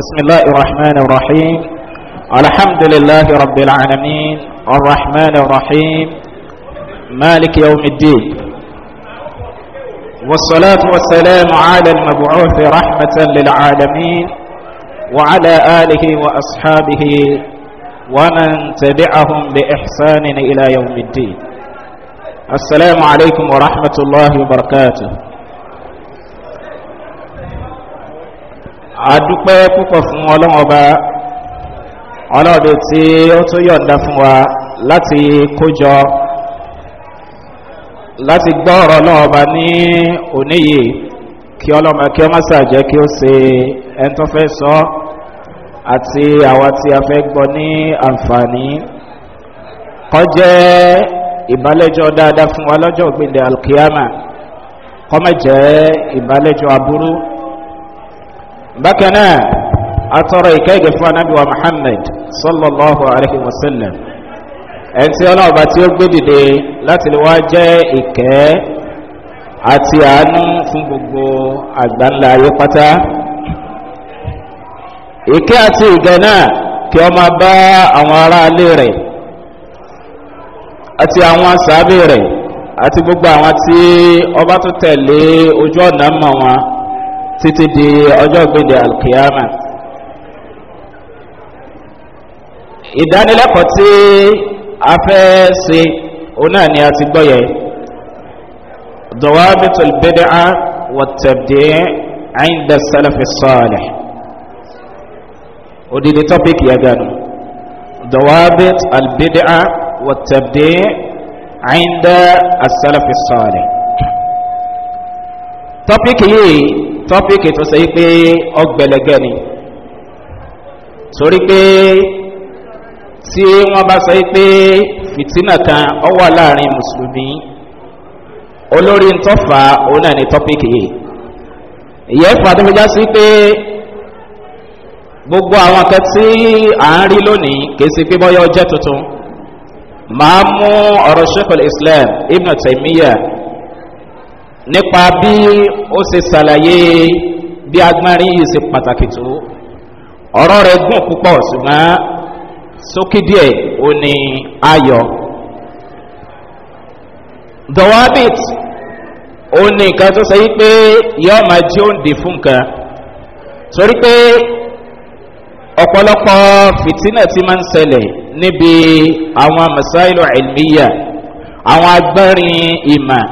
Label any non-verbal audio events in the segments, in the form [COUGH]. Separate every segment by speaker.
Speaker 1: بسم الله الرحمن الرحيم الحمد لله رب العالمين الرحمن الرحيم مالك يوم الدين والصلاة والسلام على المبعوث رحمة للعالمين وعلى آله وأصحابه ومن تبعهم بإحسان إلى يوم الدين السلام عليكم ورحمة الله وبركاته àdúpẹ́ púpọ̀ fún ọlọ́run ọba ọlọ́ọ̀dẹ tí ó tó yọ̀ǹda fún wa láti kójọ láti gbọ́ ọ̀rọ̀ ọlọ́run ọba ní òní yìí kí ọlọ́mọ kí ọ má ṣàjẹ́ kí ó ṣe ẹni tó fẹ́ sọ àti àwa tí a fẹ́ gbọ́ ní àǹfààní kọjẹ́ ìbálẹ́jọ́ dáadáa fún wa lọ́jọ́ ògbìndẹ̀ alkiyama kọ́mẹ̀jẹ́ ìbálẹ́jọ́ aburú bákan náà atọrọ ìkẹ́gẹ́ fún wa Muhammad sallallahu alaihi wa sallam ẹni tí ọlọ́ọ̀bá tí ó gbé dìde láti lè wá jẹ́ ìkẹ́ àti àánú fún gbogbo àgbáńlá ayé pátá ìkẹ́ àti ìgẹ̀ náà kí ọ máa bá àwọn aráalé rẹ̀ àti àwọn sàábé rẹ̀ àti gbogbo àwọn tí ọba tó tẹ̀lé ojú ọ̀nà mọ̀ wọn títí di ọjọ́ gbèdé alkiyama ìdánilẹ́kọ̀ọ́ tí a fẹ́ ṣe òun náà ni a ti gbọ́ yẹn ضوابط البدعة والتبديع عند السلف الصالح odidi topic ya gano ضوابط البدعة والتبديع عند السلف الصالح topic yìí tọ́pìkì tó ṣe pé ọgbẹ̀lẹ̀gẹ̀ ni torí pé tí wọ́n bá sọ pé fìtínà kan ọ wà láàrin mùsùlùmí olórí ń tọ́fà òun náà ni tọ́pìkì yìí ìyẹn fà tó fi já sí pé gbogbo àwọn kan tí à ń rí lónìí kì í ṣe pé bọ́yá ọjọ́ tuntun màá mú ọ̀rọ̀ sheikh islam ibn taymiyyah nípa bí ó ṣe ṣàlàyé bí agbárin yìí ṣe pàtàkì tó ọ̀rọ̀ rẹ̀ gùn púpọ̀ ṣùgbọ́n sókè díẹ̀ ó ní ayọ̀ dọ̀wábìt ó ní nǹkan tó ṣe pé yóò máa jí òǹdè fún nǹkan torí pé ọ̀pọ̀lọpọ̀ fìtínà ti máa ń ṣẹlẹ̀ níbi àwọn masáìlú ẹ̀lmíyà àwọn agbárin ìmọ̀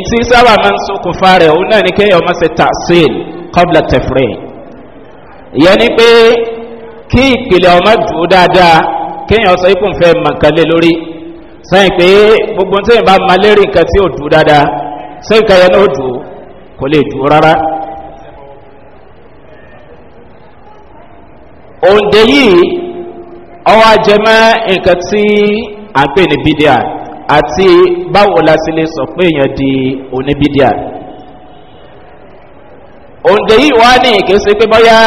Speaker 1: ntí sábà máa ń sokùnfà rẹ̀ òun náà ni kéèyàn ọmọ ṣe tàṣíl kọ́bla tẹ̀fúrẹ́ ìyẹn ni pé kí ìpìlẹ̀ ọmọ dùn dáadáa kéèyàn sọ ikú nfẹ́ mọ̀kànlé lórí sẹ́yìn pé gbogbo tí ìbá máa lérí nǹkan tí ò dùn dáadáa sẹ́yìn kan yẹn náà dùn kò lè dùn rárá. òǹdè yìí ọwọ́ ajẹmọ́ nǹkan tí à ń pè ní bídíà àti báwo la sì lè sọ pé èèyàn di oníbídíà òǹdè yìí wá ní ìkéṣe pé bóyá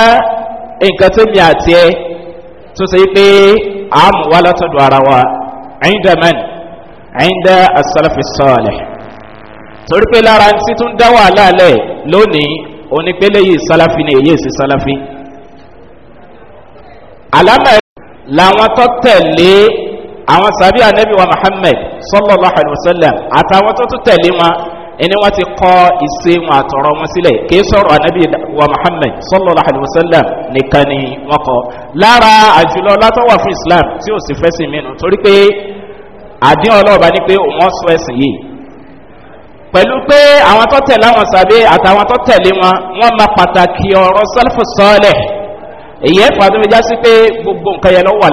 Speaker 1: nǹkan tó mi àti ẹ tó ṣe pé àmú wá látọ̀dọ̀ ara wa ẹ̀yìndà mẹ́rin ẹ̀yìndà asálàfi sọ́ọ̀lẹ̀ torí pé lára ti tún dá wàhálà lẹ̀ lónìí onípele yìí sálàfi ni èyí èsì sálàfi àlámẹ̀ làwọn tó tẹ̀lé àwọn sàbí anabi wa muhammed sallallahu alayhi wa sallam àtàwọn tó tún tẹ̀lé wọn ẹni wọn ti kọ ìṣe wọn àtọrọ wọn sílẹ̀ kì í sọ̀rọ̀ anabi wa muhammed sallallahu alayhi wa sallam nìkan ni wọn kọ lára àjùlọ látọwà fún islam tí ó sì fẹ́ sí mi nù torí pé àdín ọlọ́ọ̀bá ni pé òun sọ ẹ̀sìn yìí pẹ̀lú pé àwọn tó tẹ̀lé àwọn sàbí àtàwọn tó tẹ̀lé wọn wọn máa pàtàkì ọ̀rọ̀ sálfù èyí ẹ̀fọ́ àdúgbò já pé gbogbo nǹkan yẹn ló wà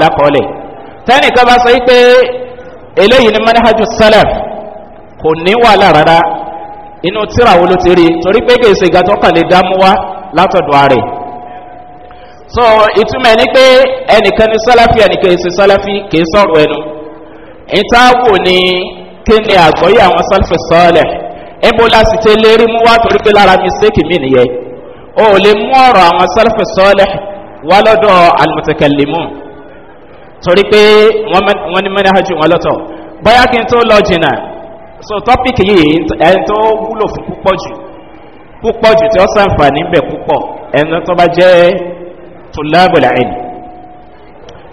Speaker 1: tẹ́nìkan bá sọ pé eléyìí ni manhajus salaf kò ní wàhálà rárá inú tíráwó ló ti rí torí pé gèsè ìgbà tó kàn lè dámú wá látọ̀dọ̀ ààrẹ so ìtumọ̀ ẹni pé ẹnìkan ní sálàfí ẹnìkan èsì sálàfí kìí sọ̀rọ̀ ẹnu ìtaàwò ni kí ni àgbọ̀yé àwọn sálàfí sọ́ọ̀lẹ̀ ẹ̀bùn láti tẹ lérí mú wá torí pé lára mistake mi nìyẹn o lè mú ọ̀rọ̀ àwọn sálàfí sọ́ọ̀lẹ̀ wá àlùmọ̀tẹ̀kẹ̀lẹ́mù torí pé wọ́n ní mẹ́nàájú wọn lọ́tọ̀ bóyá kí n tó lọ jìnà so tọ́pìkì yìí ẹni tó wúlò fún púpọ̀ jù púpọ̀ jù tí ó sàǹfà níbẹ̀ púpọ̀ ẹni tó bá jẹ́ tùlábùlà ẹni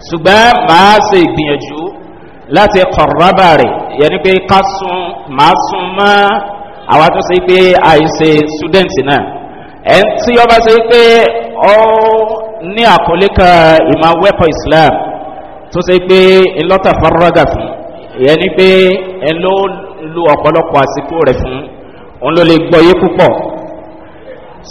Speaker 1: ṣùgbọ́n màá ṣe ìgbìyànjú láti kọ̀rọ̀bà rẹ̀ yẹni pé ká sun màá sun mọ́ àwa tó ṣe pé àìṣe ṣúdẹ̀ǹtì náà ẹni tí ọba ṣe pé ó ní àkọlé kan ìmọ̀ wẹ́pọ̀ islam tó ṣe pé ńlọ́tà faraga fi ìyẹn ni pé ẹ ló lu ọ̀pọ̀lọpọ̀ àsìkò rẹ̀ fún òun ló lè gbọ́yé púpọ̀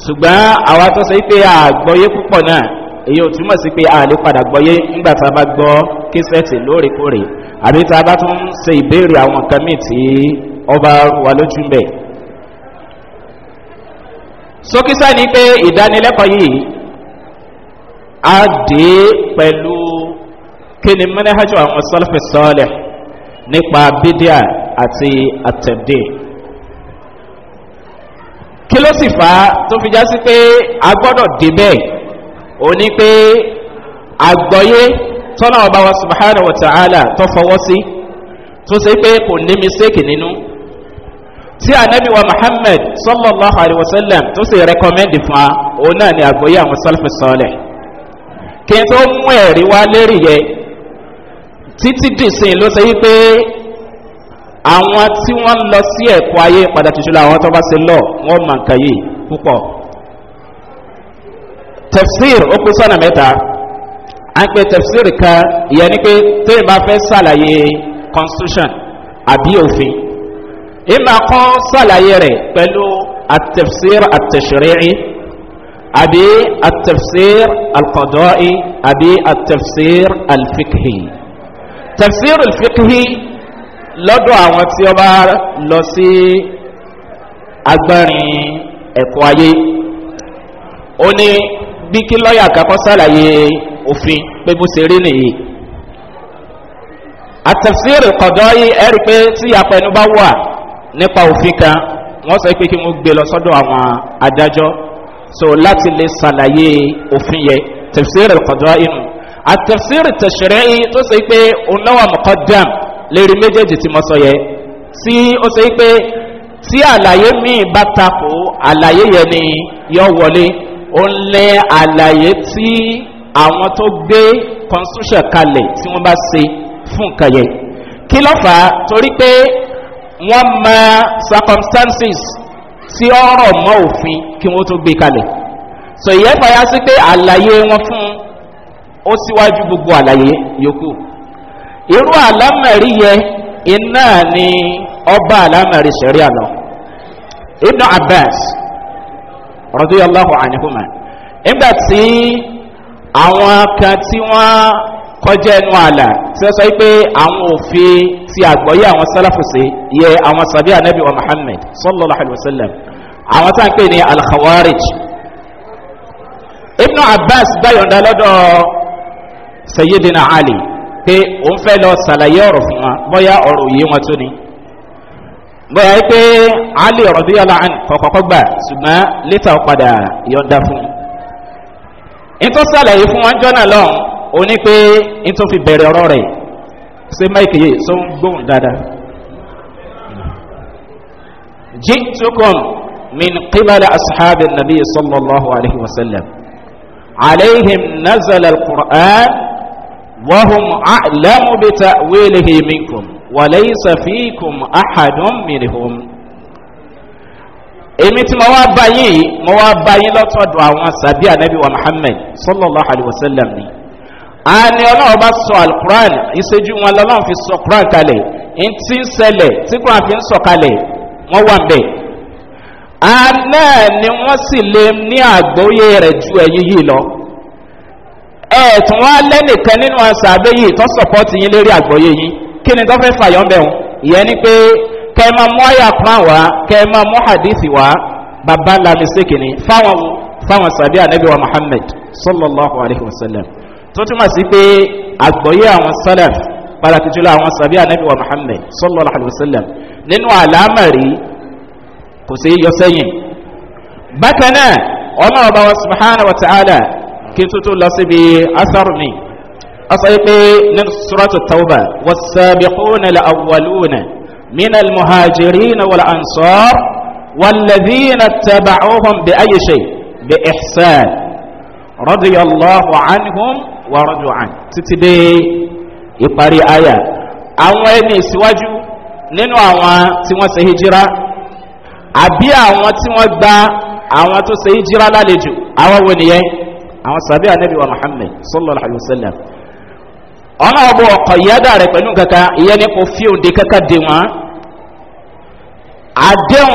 Speaker 1: ṣùgbọ́n àwa tó ṣe pé àgbọ́yé púpọ̀ náà èyí ò túmọ̀ sí pé a lè padà gbọ́yé nígbà tá a bá gbọ́ kíṣẹ́ẹ̀tì lóòrèkóòrè àbí tá a bá tún ṣe ìbéèrè àwọn nǹkan míì tí ọba wà lójú mbẹ́. sókísà ni pé ìdánilẹ́kọ̀ọ́ yìí á dé pẹ̀lú kí ni mẹ́nẹ́hájú àwọn sálfẹ̀ sọ́ọ̀lẹ̀ nípa bídíà àti àtẹ̀dé kí ló sì fà á tó fi já sí pé a gbọ́dọ̀ débẹ̀ òní pé àgbọ́yé tọ́lá ọba wa subahana wa ta'ala tó fọwọ́ sí tó ṣe pé kò ní mistake nínú tí anabi wa muhammed sallallahu alayhi wa sallam tó sì recommend fún ni àgbọ́yé àwọn sálfẹ̀ sọ́ọ̀lẹ̀ kí n tó mú ẹ̀rí wá títí dìsìn ló ṣe wípé àwọn tí wọ́n lọ sí ẹ̀kọ́ ayé padà tuntun làwọn tó bá ṣe lọ wọ́n mọ̀ nǹkan yìí púpọ̀ tẹ̀síìr ó pín sọ́nà mẹ́ta à ń pe tẹ̀síìr kan ìyẹn ni pé téèyàn bá fẹ́ ṣàlàyé constitution àbí òfin ìmọ̀ kan ṣàlàyé rẹ̀ pẹ̀lú àtẹ̀síìr àtẹ̀sírẹ́rì àbí àtẹ̀síìr àkọ́dọ́ì àbí àtẹ̀síìr àlfikì tafsir fiqhi lọ́dọ̀ àwọn tí wọ́n bá lọ sí agbárin ẹ̀kọ́ ayé ó ní bí kí lọ́ọ̀yà kakọ́ sàlàyé òfin pé bó ṣe rí nìyí àtẹ̀síìrì kọ̀dọ̀ yìí ẹ̀rí pé tí apẹnu bá wà nípa òfin kan wọ́n sọ pé kí wọ́n gbé lọ sọ́dọ̀ àwọn adájọ́ so láti lè sàlàyé òfin yẹ tẹ̀síìrì kọ̀dọ̀ inú àtẹ̀sírì tẹ̀sírẹ́yì tó ṣe pé òun náà wà mọ̀kọ́ dàm lérí méjèèjì tí mo sọ yẹ tí ó ṣe pé tí àlàyé míì bá takò àlàyé yẹn ni yọ wọlé òun lẹ àlàyé tí àwọn tó gbé constitution kalẹ̀ tí wọ́n bá ṣe fún nǹkan yẹn kí ló fà á torí pé wọ́n mọ circumstances tí ọ̀rọ̀ mọ́ òfin kí wọ́n tó gbé kalẹ̀ so ìyẹn fàyà sí pé àlàyé wọn fún un ó síwájú gbogbo àlàyé yòókù irú àlámẹ̀rí yẹ iná ni ọba àlámẹ̀rí sẹ̀rí àná ibn abbas rọ́dúyàláhù àníhùmá nígbà tí àwọn kan tí wọ́n kọjá ẹnu àlà tí wọ́n sọ pé àwọn òfin ti àgbọ̀yé àwọn sálàfùsì yẹ àwọn sàbí ànábì wa muhammed sallallahu alayhi wa sallam àwọn tá pè ní alkhawarij ibn abbas báyọ̀ndà lọ́dọ̀ sayidina ali pé òun fẹ́ lọ sàlàyé ọ̀rọ̀ fún wa bóyá ọ̀rọ̀ yìí wọn tún ni bóyá pé ali ọ̀rọ̀ bí yàrá kọ̀kọ́kọ́ gbà ṣùgbọ́n lẹ́tà padà yọ̀ǹda fún un nítorí sàlàyé fún wọn jọ́nà lọ́hùn ó ní pé nítorí fi bẹ̀rẹ̀ ọ̀rọ̀ rẹ̀ ṣé máìkì yìí sọ ń gbóhùn dáadáa jí tukùn min qibala asxaabi nabi sallallahu alayhi wa sallam alayhim nazala al-qur'an. وهم أعلم بتأويله منكم وليس فيكم أحد منهم èmi tí mo wá bá yìí mo wá bá yìí lọ́tọ̀dọ̀ àwọn sàbí ànábì wa muhammed sallallahu alayhi wa sallam ni a ní ọlọ́run bá sọ alukuran ìṣẹ́jú wọn lọ́lọ́run fi sọ kuran kalẹ̀ ntí ń ṣẹlẹ̀ tí kuran fi ń sọ kalẹ̀ wọ́n wà mbẹ́ a náà ni wọ́n sì lè ní àgbóyè rẹ̀ ju ẹ̀yìn yìí lọ ẹ̀ẹ̀tún wá lẹ́nìkan nínú àṣàbẹ́ yìí tó sọ̀pọ́tì yín lérí àgbọ̀yé yín kí ni tó fẹ́ fàyọ́ bẹ̀ wọn ìyẹn ni pé kẹ ẹ máa mú àyà kan wá kẹ ẹ máa mú hadith wá bàbá ńlá mi sí kìíní fáwọn fáwọn sàbí ànábì wa muhammed sallallahu alayhi wa sallam tó túmọ̀ sí pé àgbọ̀yé àwọn sálẹ̀f pàtàkì jùlọ àwọn sàbí ànábì wa muhammed sallallahu alayhi wa sallam nínú àlámàrí kò sí yọ sẹ́yìn bákan náà ọlọ́run bá wa subhanahu wa ta'ala kí n tó tó lọ síbi asaru mi asayi pé ní suratu tauba wasaabiquna la awwaluna min almuhajirina wal ansar والذين اتبعوهم بأي شيء بإحسان رضي الله عنهم ورضوا عنه تتدي يقري آية àwọn ẹni ìsíwájú nínú àwọn tí wọ́n ṣe hijira àbí àwọn tí wọ́n gba àwọn tó ṣe hijira lálejò àwọn wo nìyẹn àwọn sàbí anabi wa muhammed sallallahu alayhi wa sallam ọ̀nà ọ̀bọ̀ ọkọ̀ ìyáda rẹ̀ pẹ̀lú kankan ìyẹn ni kò kaka kankan dè wọn àdéhùn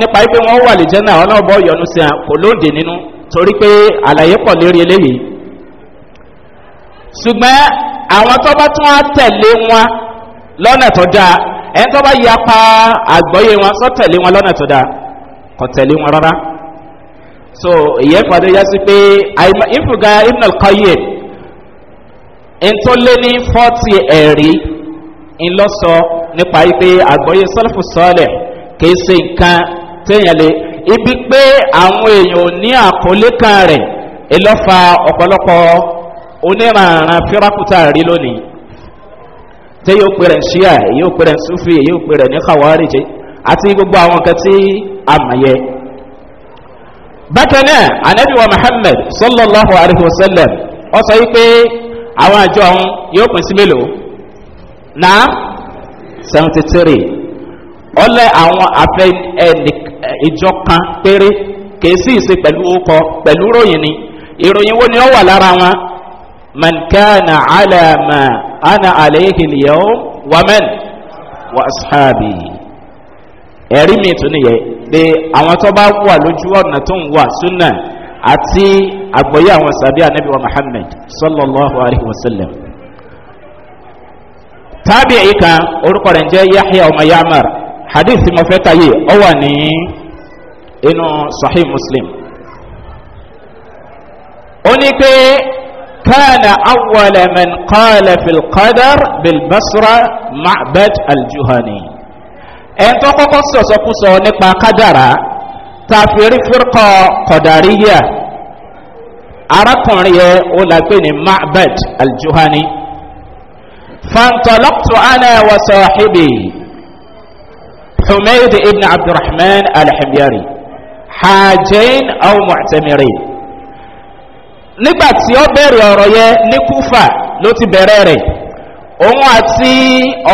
Speaker 1: nípa pé wọn wà lè jẹ́ náà ọgbọ ọ̀bọ̀ sí kò lóde nínú torí pé àlàyé pọ̀ lérí eléyìí àwọn tó bá tún á wọn so ìyẹn padà yá sí pé ìfúga ibn al-qayyim ntọ́lé ní fọ́tì ẹ̀rí ńlọ́sọ nípa ipe àgbọ̀yé sọ́lẹ̀fù sọ́ọ̀lẹ̀ kìí ṣe nǹkan téèyàn lè ibi pé àwọn èèyàn ò ní àkọlé kan rẹ̀ ìlọ́fà ọ̀pọ̀lọpọ̀ onírànràn fírákùtà rí lónìí tẹ yóò pè ṣíà èyí ò ṣúfì èyí ò ní kàwárìjì àti gbogbo àwọn kan tí bákanáà anabiwa muhammed sallallahu alayhi wa sallam ọ sọ wípé àwọn àjọ ọ̀hún yóò pín sí mélòó na seventy three ọlẹ àwọn afẹ ìjọ kan péré kìí sì ṣe pẹ̀lú orúkọ ròyìn ni ìròyìn wo ni ó wà lára wọn mankana alama ana aleyhi liyahu wamen wa ashabi ẹ̀rí mi tún nìyẹn pé àwọn tó bá wà lójú ọ̀nà tó ń wà súnà àti àgbọ̀yé àwọn sàbí anabi wa muhammed sallallahu alayhi wa sallam. tábìlì yìí kan orúkọ rẹ̀ ń jẹ́ yahya ọmọ yamar hadith mo fẹ́ ka ọ wà ní inú sahih muslim. ó ní pé كان أول من قال في القدر بالبصرة معبد الجهني ẹ̀ńtọ́ kọ́kọ́ sọ̀sọ́kúsọ nípa kájàrá tàfírí fírkọ kọ̀dàríyà arákùnrin yẹ ó làgbé ní macbeth aljuhani fantolokto ana wa sọ̀xibi xumeyd ibn abdulrahman alḥimyari xaajayn aw muctamiri nígbà tí ó bẹ̀rẹ̀ ọ̀rọ̀ yẹ ní kúfà ló ti bẹ̀rẹ̀ rẹ̀ òun àti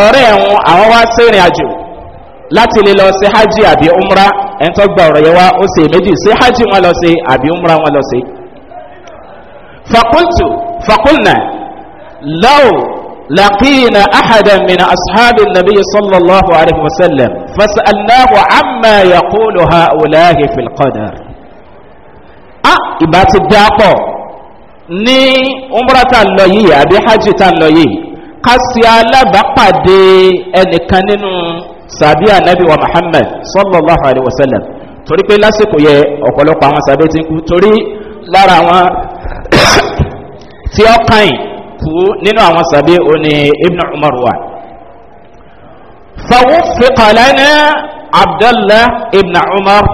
Speaker 1: ọ̀rẹ́ ẹ̀hún àwọn wá sẹ́rìn àjò láti lè lọ sí hajj àbí umra ẹni tó gba ọ̀rọ̀ yẹn wá ó sì méjì sí hajj wọn lọ sí àbí umra wọn lọ sí. fakultu fakulna law laqina axadan min asxaabi nabi sallallahu alayhi wa sallam fasalnaahu cama yaqulu ha ulaahi fi lqadar. a ìbá ti dá pọ̀ ní umra tá a lọ yìí àbí hajj tá a lọ yìí ká alábàápàdé ẹnìkan nínú sàbí anabi wa muhammed sallallahu alayhi wa sallam torí pé lásìkò yẹ ọ̀pọ̀lọpọ̀ àwọn sàbí ti kú torí lára àwọn [COUGHS] tí ó kàn kú nínú àwọn sàbí oní ibn umar wa. فوفق لنا عبد الله ابن عمر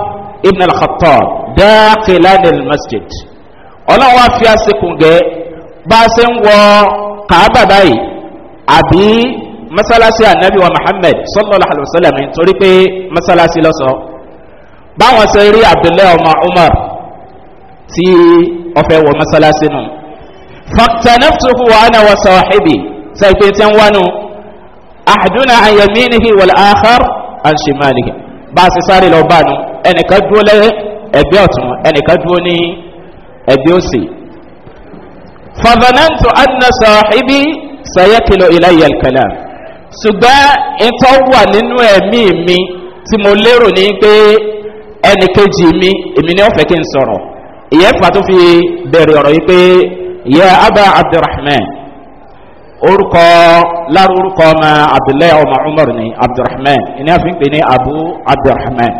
Speaker 1: ابن الخطاب داخلان المسجد ọlọ́run wá fi àsìkò gẹ́ bá a ṣe ń wọ kàábà báyìí àbí masalasi anabi wa muhammed sallallahu alaihi wa sallam nítorí pé masalasi lọ́sọ̀ báwọn ṣe rí abdullahi ọmọ umar tí ọfẹ wọ masalasi nù fatanaftuhu wa ana wa sawaxibi sẹ́yìn tí wọ́n nù àdúnà àyàmínihì wàlẹ̀ àkàr àṣìmáàlì bá a ṣe sáré lọ bá a nù ẹnìkan dúró lẹ́yìn ẹgbẹ́ ọ̀tún ẹnìkan dúró ní ẹgbẹ́ òsì fatanaftu anna sawaxibi sayakilo ilayi alkalam ṣùgbọ́n nǹkan wà nínú ẹ̀mí mi tí mo lérò ní pé ẹnì kejì mi èmi ni wọ́n fẹ́ kí n sọ̀rọ̀ ìyẹn fà tó fi bẹ̀rẹ̀ ọ̀rọ̀ yìí pé ìyá abba abdulrahman orúkọ lára orúkọ ọmọ abdullahi ọmọ umar ni abdulrahman ìní àfi ń pè ní abu abdulrahman.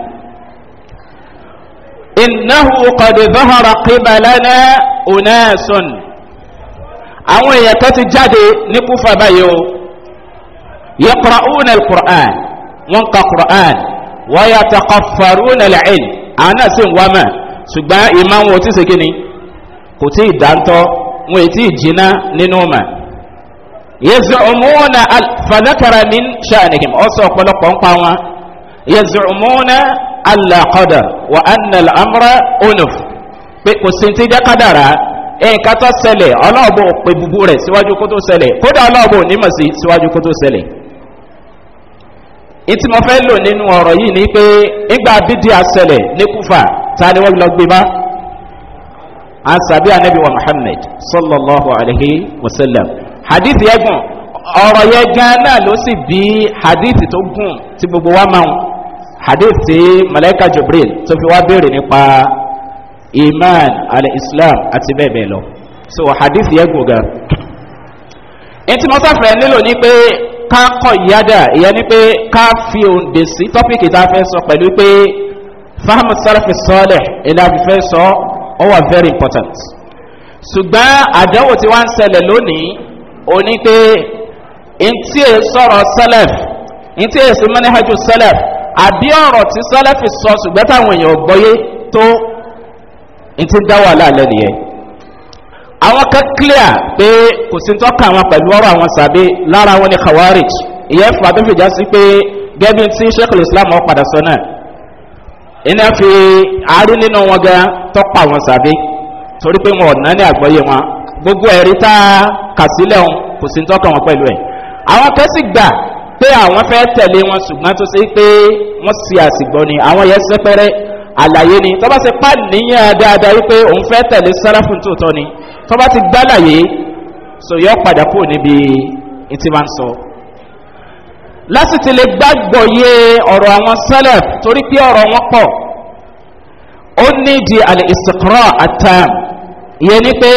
Speaker 1: إنه قد ظهر قبلنا أناس àwọn èèyàn kan ti jáde ní kúfà báyìí o yaqra'una alquran wọn ka quran wọ́n yà taqaffaruna alilm àwọn náà sì ń wá mọ̀ ṣùgbọ́n ìmọ̀ wọn ò tí ì segin ni kò tí ì dáńtọ́ wọn ò tí ì jìnnà nínú mọ̀ yẹzùmúnà fàdákàrà ní sàánìkìm ọ̀sọ̀ ọ̀pọ̀lọpọ̀ ń pa wọn yẹzùmúnà alàkọ́dà wà ánàlà amúra onuf pé kò sí ti jẹ́ kádàrá nǹkan tó ṣẹlẹ̀ ọlọ́ọ̀bù òpè bubu rẹ̀ síwájú kó tó ṣẹlẹ̀ kódà ọlọ́ọ̀bù onímọ̀ sí síwájú kó tó ṣẹlẹ̀ ìtì mo fẹ́ lò nínú ọ̀rọ̀ yìí ni pé nígbà bídí àṣẹlẹ̀ ní kúfà ta ni wọ́n lọ gbé bá ansabi anabi wa muhammed sallallahu alayhi wa sallam hadith yẹn gùn ọ̀rọ̀ yẹn gan náà ló sì bí hadith tó gùn tí gbogbo wa máa ń hadith tí malayika jibril tó fi wá béèrè nípa iman alayislam àti bẹ́ẹ̀ bẹ́ẹ̀ lọ so hadith yẹn gùn gan ìtì mo sáfẹ́ nílò ní pé ká kọ̀ ìyádà ìyẹn ni pé ká fi òǹdè sí tọ́pìkì tá a fẹ́ sọ pẹ̀lú pé fáhàmù sálàfì sọ́ọ̀lẹ̀ ilé àfẹ́fẹ́ sọ ọ wà very important ṣùgbọ́n àdánwò tí wọ́n ń ṣẹlẹ̀ lónìí ò ní pé ntí è sọ̀rọ̀ sálàf ntí è sí mẹ́nìhàjú sálàf àbí ọ̀rọ̀ tí sálàfì sọ ṣùgbọ́n táwọn èèyàn gbọ́yé tó ntí dá wàhálà lẹ́nu àwọn kan clear pé kò sí tọ́ka wọn pẹ̀lú ọ̀rọ̀ àwọn sàbí lára wọn ni khawarij ìyẹn fún abẹ́fẹ̀já sí pé gẹ́bí tí sheikh islam wọn padà sọ náà iná fi àárí nínú wọn gan tọ́pa wọn sàbí torí pé wọn ò náà ní àgbọ́yé wọn gbogbo ẹ̀rí tá a kà sílẹ̀ wọn kò sí tọ́ka wọn pẹ̀lú ẹ̀ àwọn kan sì gbà pé àwọn fẹ́ tẹ̀lé wọn ṣùgbọ́n tó ṣe pé wọ́n ṣe àsìgbọ́ ni àwọn yẹn sẹ́pẹ́rẹ́ àlàyé ni tọ́ba ṣe pàdé níyàn dáadáa wípé òun fẹ́ tẹ̀lé sáráfù tòótọ́ ni tọ́ba ti gbálàyé so yọ padà kúrò níbi ìtì máa ń sọ lásìtì lè gbàgbọ́ yé ọ̀rọ̀ àwọn sẹ́lẹ̀ torí pé ọ̀rọ̀ wọn pọ̀ ó nídìí àlè ìsìnkúrọ̀ àtàm ìyẹn ni pé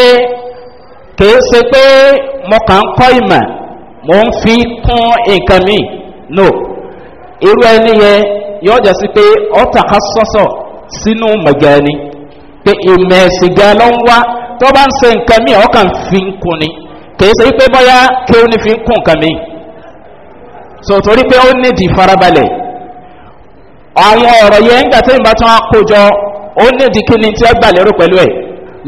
Speaker 1: kìí ṣe pé mo kàn ń kọ́ ìmọ̀ mo ń fi kún nǹkan mi no irú ẹni yẹn yóò jẹ́ sí pé ọ̀tàkà sọ́sọ̀ sínú mọ̀gá ẹni pé ìmọ̀ ẹ̀sìn gan ló ń wá tó bá ń se nǹkan míì ọkàn fi ń kun ni kìí ṣe pé bọ́yá kí ó ní fi ń kun nǹkan míì so pé ó ní di farabalẹ̀ àwọn ọ̀rọ̀ yẹn nígbà tí ìbátan á kójọ ó ní di kí ni tí ó gbà lérò pẹ̀lú ẹ̀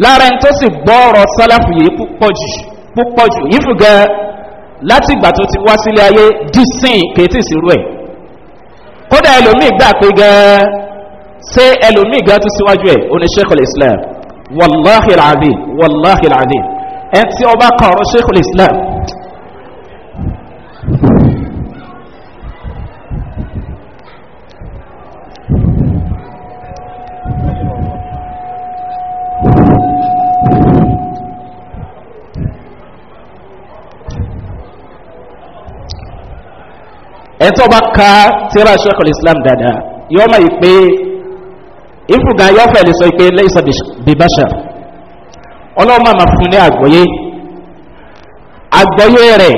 Speaker 1: lára ẹni tó sì gbọ́ ọ̀rọ̀ sálàfù yìí púpọ̀ jù púpọ̀ jù yìí fún gan láti ìgbà tó ti wá sílé ayé dísìn kìí tì sí rú ẹ̀ kódà ẹlòmíì gbà pé gan ṣé ẹlòmíì gan tó síwájú ẹ̀ oníṣẹ́kọ̀ọ́ islam والله العظيم والله العظيم اكسي او باقر شيخ الاسلام انتو باقر ترى شيخ الاسلام دادا يوم يبقى ìfúga yọ́fẹ̀ lè sọ pé lẹ́sọ̀ bíbáṣà ọlọ́run máa fún ní àgbọ́yé àgbọ́yé rẹ̀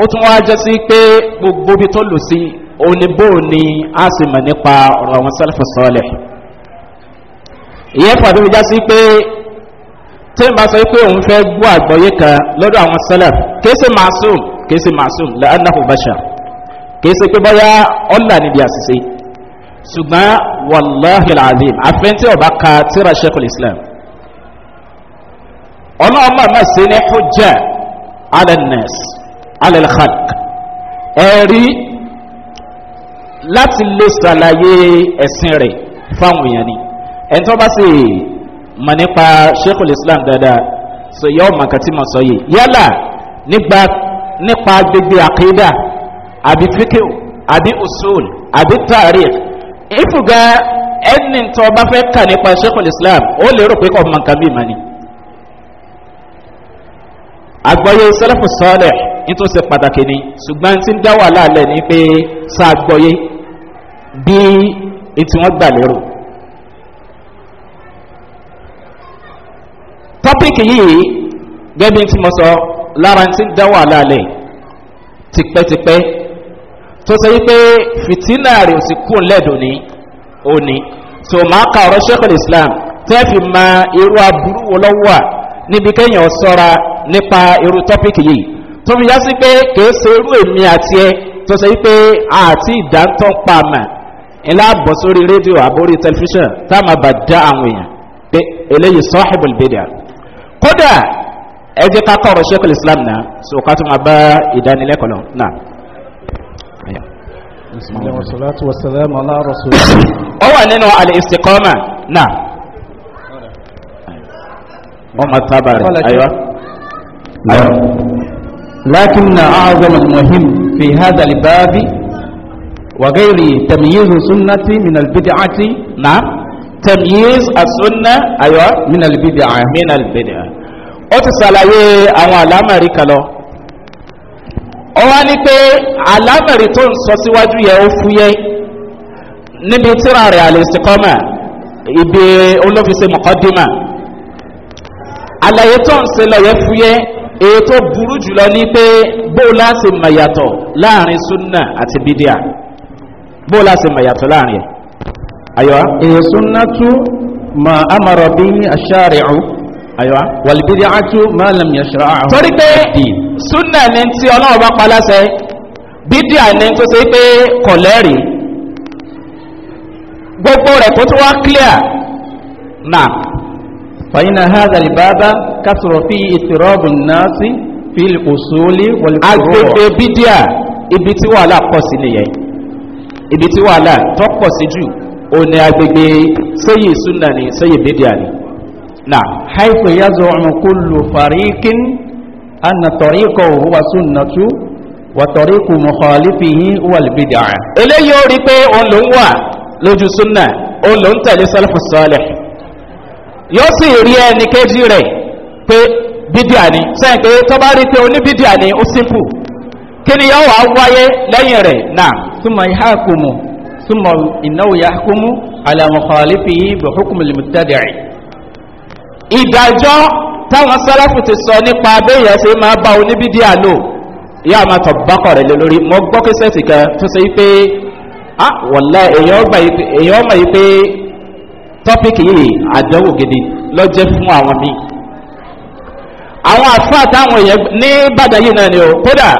Speaker 1: ó tún wá jẹ́ sí pé gbogbo bí tó lò sí oníbò ni a sì mọ̀ nípa ọ̀rọ̀ àwọn sẹ́lẹ̀fẹ̀ sọ́ọ̀lẹ̀ ìyẹn fàdé mi já sí pé tí n bá sọ pé òun fẹ́ gbọ́ àgbọ́yé kan lọ́dọ̀ àwọn sẹ́lẹ̀ kìí màásùm kìí màásùm lẹ́ẹ̀nàfọ̀ báṣà kìí pé bọ́yá ọ̀là níbi àṣìṣe ṣùgbọ́n wàláhi alazim àfẹ́ntì ọba ka tíra sheikh islam ọlọ́run máa máa ṣe ní hujjá alẹ́nẹ́s alẹ́lẹ́kàk ẹ̀rí láti lè ṣàlàyé ẹ̀sìn rẹ̀ fáwọn èèyàn ni ẹni tó bá sì mọ̀ nípa sheikh islam dáadáa sọ yọ ọmọ kan tí mo sọ yìí yálà nígbà nípa gbogbo àkéédà àbí fíkìw àbí usul àbí tàríkì ìfùgà ẹni tó bá fẹ́ kà nípa sheikh islam ó lérò pé kò mọ nǹkan bí mani àgbọ̀yé sẹ́lẹ̀fù sọ́ọ̀lẹ̀ nítorí ṣe pàtàkì ni ṣùgbọ́n tí ń dá wà láàlẹ̀ ni pé sá àgbọ̀yé bí etí wọ́n gbà lérò. tọ́píkì yìí gẹ́gẹ́ bí tí mo sọ lára tí ń dá wà láàlẹ̀ tipẹ́tipẹ́ tó sọ wípé fìtínà rẹ̀ sì kún lẹ́dùn ní òní so máa ka ọ̀rọ̀ sheikh islam tẹ́ fi ma irú aburú wo lọ́wọ́ à níbi kéèyàn sọ́ra nípa irú tọ́pìkì yìí tó fi yá sí pé kìí ṣe irú èmi àti ẹ tó sọ wípé àti ìdántọ́ pa àmà ńlá bọ̀ sórí rédíò àbórí tẹlifíṣàn tá a máa bà dá àwọn èèyàn pé eléyìí sọ́ọ́hìbù ìbédè kódà ẹ jẹ́ ká kọ́ ọ̀rọ̀ sheikh islam náà so ká tún máa bá ìdánilẹ́kọ̀ọ́ بسم الله والصلاة والسلام على رسول الله هو أنه على الاستقامة نعم هم التابعين أيوة نعم. لكن أعظم المهم في هذا الباب وغير تمييز السنة من البدعة نعم تمييز السنة أيوة من البدعة من البدعة أتسالي أو علامة ركالو ọwá ní pé alámẹ̀rí tó ń sọ síwájú yẹ ó fúyẹ́ níbi tíra rẹ̀ àlèsìkọ́mà ibi olófisè mọ̀kọ́dímà àlàyé tó ń se lọ yẹ fúyẹ́ èyí tó burú jùlọ ní pé bóòlá sì mọ̀yàtọ̀ láàrin súnà àti bídíà bóòlá sì mọ̀yàtọ̀ láàrin ẹ̀ ayọ́ èyí súnà tún ma amọ̀rọ̀ bí aṣáàrẹ̀ ọ̀hún àyíwá wàlìbídí àtú mọ́lẹ̀m yẹ̀ṣọ́rọ̀ àwọn torí pé súnà ní tí ọlọ́run bá pa láṣẹ bídí àní tó ṣe pé kọ̀lẹ́rì gbogbo rẹ̀ tó tún wá clear náà fàyínà hádàlì bàbá kásọ̀rọ̀ fi ìtìrọ́bù náà sí fíl òṣòlì wọlìkúrò agbègbè bídíà ibi tí wàhálà pọ̀ sí nìyẹn ibi tí wàhálà tó pọ̀ sí jù òní agbègbè sẹ́yìn súnà ní sẹ́yìn bídíà ni نعم حيث يزعم كل فريق أن طريقه هو سنة وطريق مخالفه هو البدع إلي يوري بي أولو لوجو سنة أولو انت لسلف الصالح يوسي رياني كجيري بي bidiani sẹ́yìn pé tọ́ba rí pé oníbidiani ó simple kí ni yóò wá wáyé lẹ́yìn rẹ̀ náà túmọ̀ ìhá kùmù túmọ̀ ìnáwó yá kùmù àlàmùkọ̀ọ́lẹ́fì yìí bẹ̀ hukumu lè mú tẹ́lẹ̀ rẹ̀ ìdájọ́ táwọn sálàfù ti sọ nípa abẹ́yẹ ṣe máa bá oníbídí àlò ìyá àmà tọ̀ bákọ̀ rẹ̀ lé lórí mọ́ gbọ́ kẹsẹ̀tì kan tó ṣe pé a wọ̀lá èèyàn mọ̀ yí pé tọ́pìkì yìí àdánwò gidi lọ́jẹ́ fún àwọn míì àwọn àfáà táwọn èèyàn ní bàdà yìí náà ni o kódà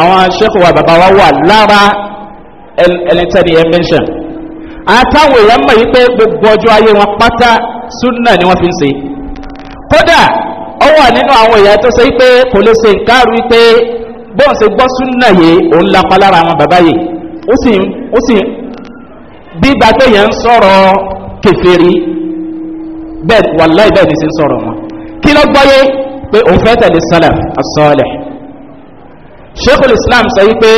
Speaker 1: àwọn sẹ́kù wa bàbá wa wà lára ẹni tẹ́ni ẹ̀ mẹ́ṣẹ̀ àtàwọn èèyàn mọ̀ yí pé gbogbo ọjọ́ ayé wọn pátá súnà ni wọ́n fi ń se kódà ó wà nínú àwọn èèyàn tó ṣe pé kò lè ṣe nǹkan rí pé bóun ṣe gbọ́ súnà yìí òun lapa lára àwọn bàbá yìí ó sì ó sì bí gbàgbé yẹn ń sọ̀rọ̀ kẹfẹ́rí bẹ́ẹ̀ wàláì bẹ́ẹ̀ ni sì ń sọ̀rọ̀ wọn kí ló gbọ́yé pé òun fẹ́ tẹ̀lé sálà àsọ̀ọ̀lẹ̀ sheikul islam sọ wípé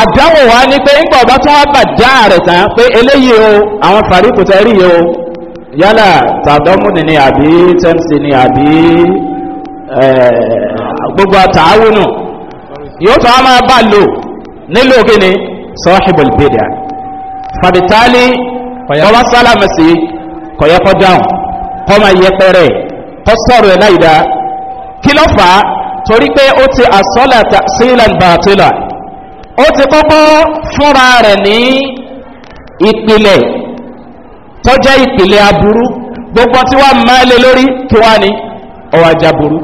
Speaker 1: àdáwò wa ni pé nígbà ọba tí wọ́n bá dá rẹ̀ tán pé eléyìí o àwọn fàríkù tẹ́ rí o yálà tàdọ́mùdì ni àbí tẹ́ǹsì ni àbí gbogbo àtàwùnù yóò tó a máa bá lò nílò kíni sọ́ọ́hìbò ìbéèrè fàbítálì ọwá sálámù sí kọ̀yẹ́kọ́ dáhùn kọ́ máa yẹpẹrẹ kọ́ sọ̀rọ̀ ẹ̀ láì dáa kí ló fà á torí pé ó ti àsọ́là sílan bàtìlà ó ti kọ́kọ́ fúnra rẹ̀ ní ìpìlẹ̀ tó jẹ́ ìpìlẹ̀ aburú gbogbo tí wọ́n máa lé lórí kí wá ní ọwọ́ ajá burú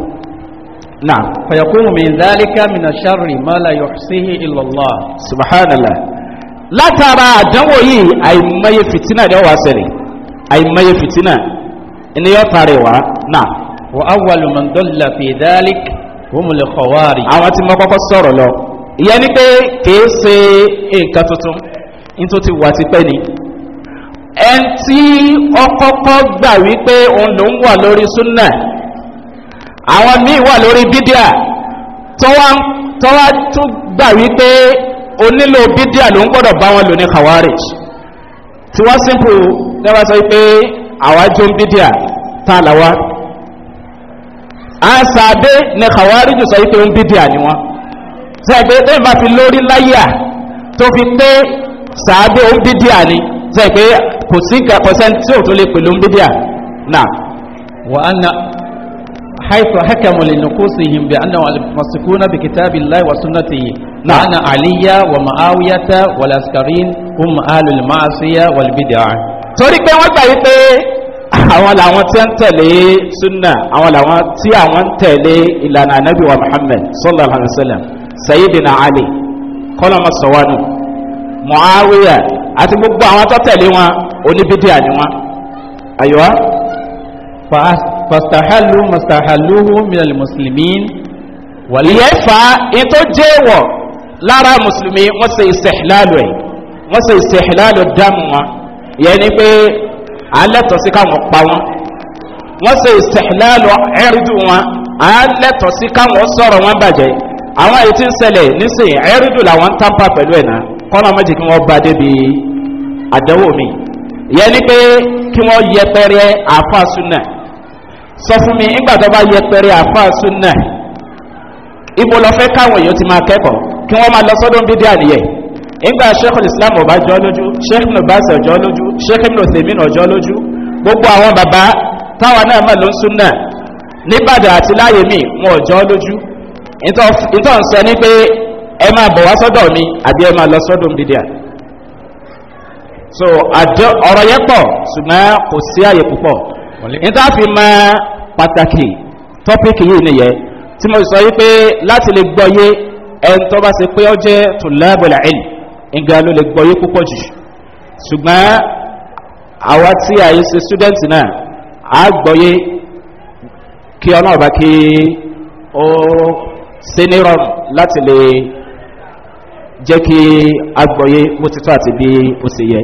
Speaker 1: náà fẹ̀yẹ̀kúnmù mi ìdálíkà mìnà sáré mọ́lá yọ̀síhì ìlọ́lá subhanallah látara àdánwò yìí àìmọye fìtínà ni ó wá sẹ̀rẹ̀ àìmọye fìtínà ni ó tàrí wá náà. wọ́n á wà lùmọ̀ndọ́lá fi ìdálík wọ́n mú lè kọ̀wárì. àwọn mo kọ́kọ́ sọ̀rọ̀ lọ ìyẹn ni pé kì í ṣe nǹkan tuntun nítorí wà ti pẹ́ ni ẹn tí ọkọ́kọ́ gbà wípé òun ló ń wà lórí súnà àwọn míì wà lórí bídíà tọ́wá tún gbà wípé onílò bídíà ló ń gbọ́dọ̀ bá wọn lò ní kawarij tí wọ́n simple lẹ́wọ́n sọ wípé àwájú bídíà tá a làwá àṣàbẹ́ ní kawarij sọ wípé ń bídíà ni wọ́n sẹ́gbẹ́ tó ń bá fi lórí láyà tó fi pé sàábẹ́ ń bídíà ni sẹ́ pé kò sí pẹ̀sẹ̀n tí ò tó lè pẹ̀lú bídíà náà wà á na haifu hakamu lè nukú sí yìí bí anna wà masikú na bí kitabi lai wa sunna yi na ana aliyya wa ma'awiyata wa laskarin um alul ma'asiya wa bídíà torí pé wọ́n gbà pé àwọn làwọn tí ń tẹ̀lé sunna àwọn làwọn tí àwọn ń tẹ̀lé ìlànà anabi wa muhammed sallallahu alaihi wa sallam sayyidina ali kọ́lọ́mọ sọ̀wánu muawiya àti gbogbo àwọn tó tẹ̀lé wọn oníbídíà ni wọn. àyọ̀wá fastahalu mastahaluhu minal muslimin wàlíyẹ́ fa ètò jẹ́wọ̀ lára mùsùlùmí wọ́n ṣe ìṣẹ̀hìlálù ẹ̀ wọ́n ṣe ìṣẹ̀hìlálù dáàmú wọn yẹn ni pé alẹ́tọ̀ sí káwọn pa wọn wọ́n ṣe ìṣẹ̀hìlálù ẹ̀rùdù wọn alẹ́tọ̀ sí káwọn sọ̀rọ̀ wọn bàjẹ́ àwọn èyí tí ń ṣẹlẹ̀ nísìnyí ẹ̀rùdù làwọn ń tàǹpà pẹ̀lú ẹ̀ náà kọ́nà méjì kí wọ́n gba débi àdánwò mi ìyẹn ni pé kí wọ́n yẹpẹrẹ àáfàá súnà sọ fún mi nígbà tó bá yẹpẹrẹ àáfàá súnà ibo lọ fẹ́ káwọn èèyàn ti máa kẹ́kọ̀ọ́ kí wọ́n máa lọ sọ́dún bídí àníyẹ nígbà sheikh islam ọba jọ lójú sheikh ibn bass ọjọ lójú sheikh ibn osemin ọjọ lójú gbogbo àwọn bàbá táwọn náà mọ̀ ló ń súnà nígbàdàn àti láàyè mi wọn ọjọ lójú ìtọ́ ń sọ ní pé ẹ máa bọ̀ wá sọ́dọ̀ mi àbí ẹ máa lọ sọ́dọ̀ mídíà so àjọ ọ̀rọ̀ yẹn pọ̀ ṣùgbọ́n kò sí àyè púpọ̀ níta fi mọ pàtàkì tọ́pìkì yìí nìyẹn tí mo sọ yí pé láti lè gbọ́ yé ẹni tó bá ṣe pé ó jẹ́ tùlábọ̀lá ẹ̀lì ìgbà ló lè gbọ́ yé púpọ̀ jù ṣùgbọ́n àwa tí a yìí ṣe student náà a gbọ́ yé kí ọlọ́ọ̀bá kí ó ṣe ní rọrùn láti lè jẹ́ kí agbọ̀yé mo ti tó àti bí ó ti yẹ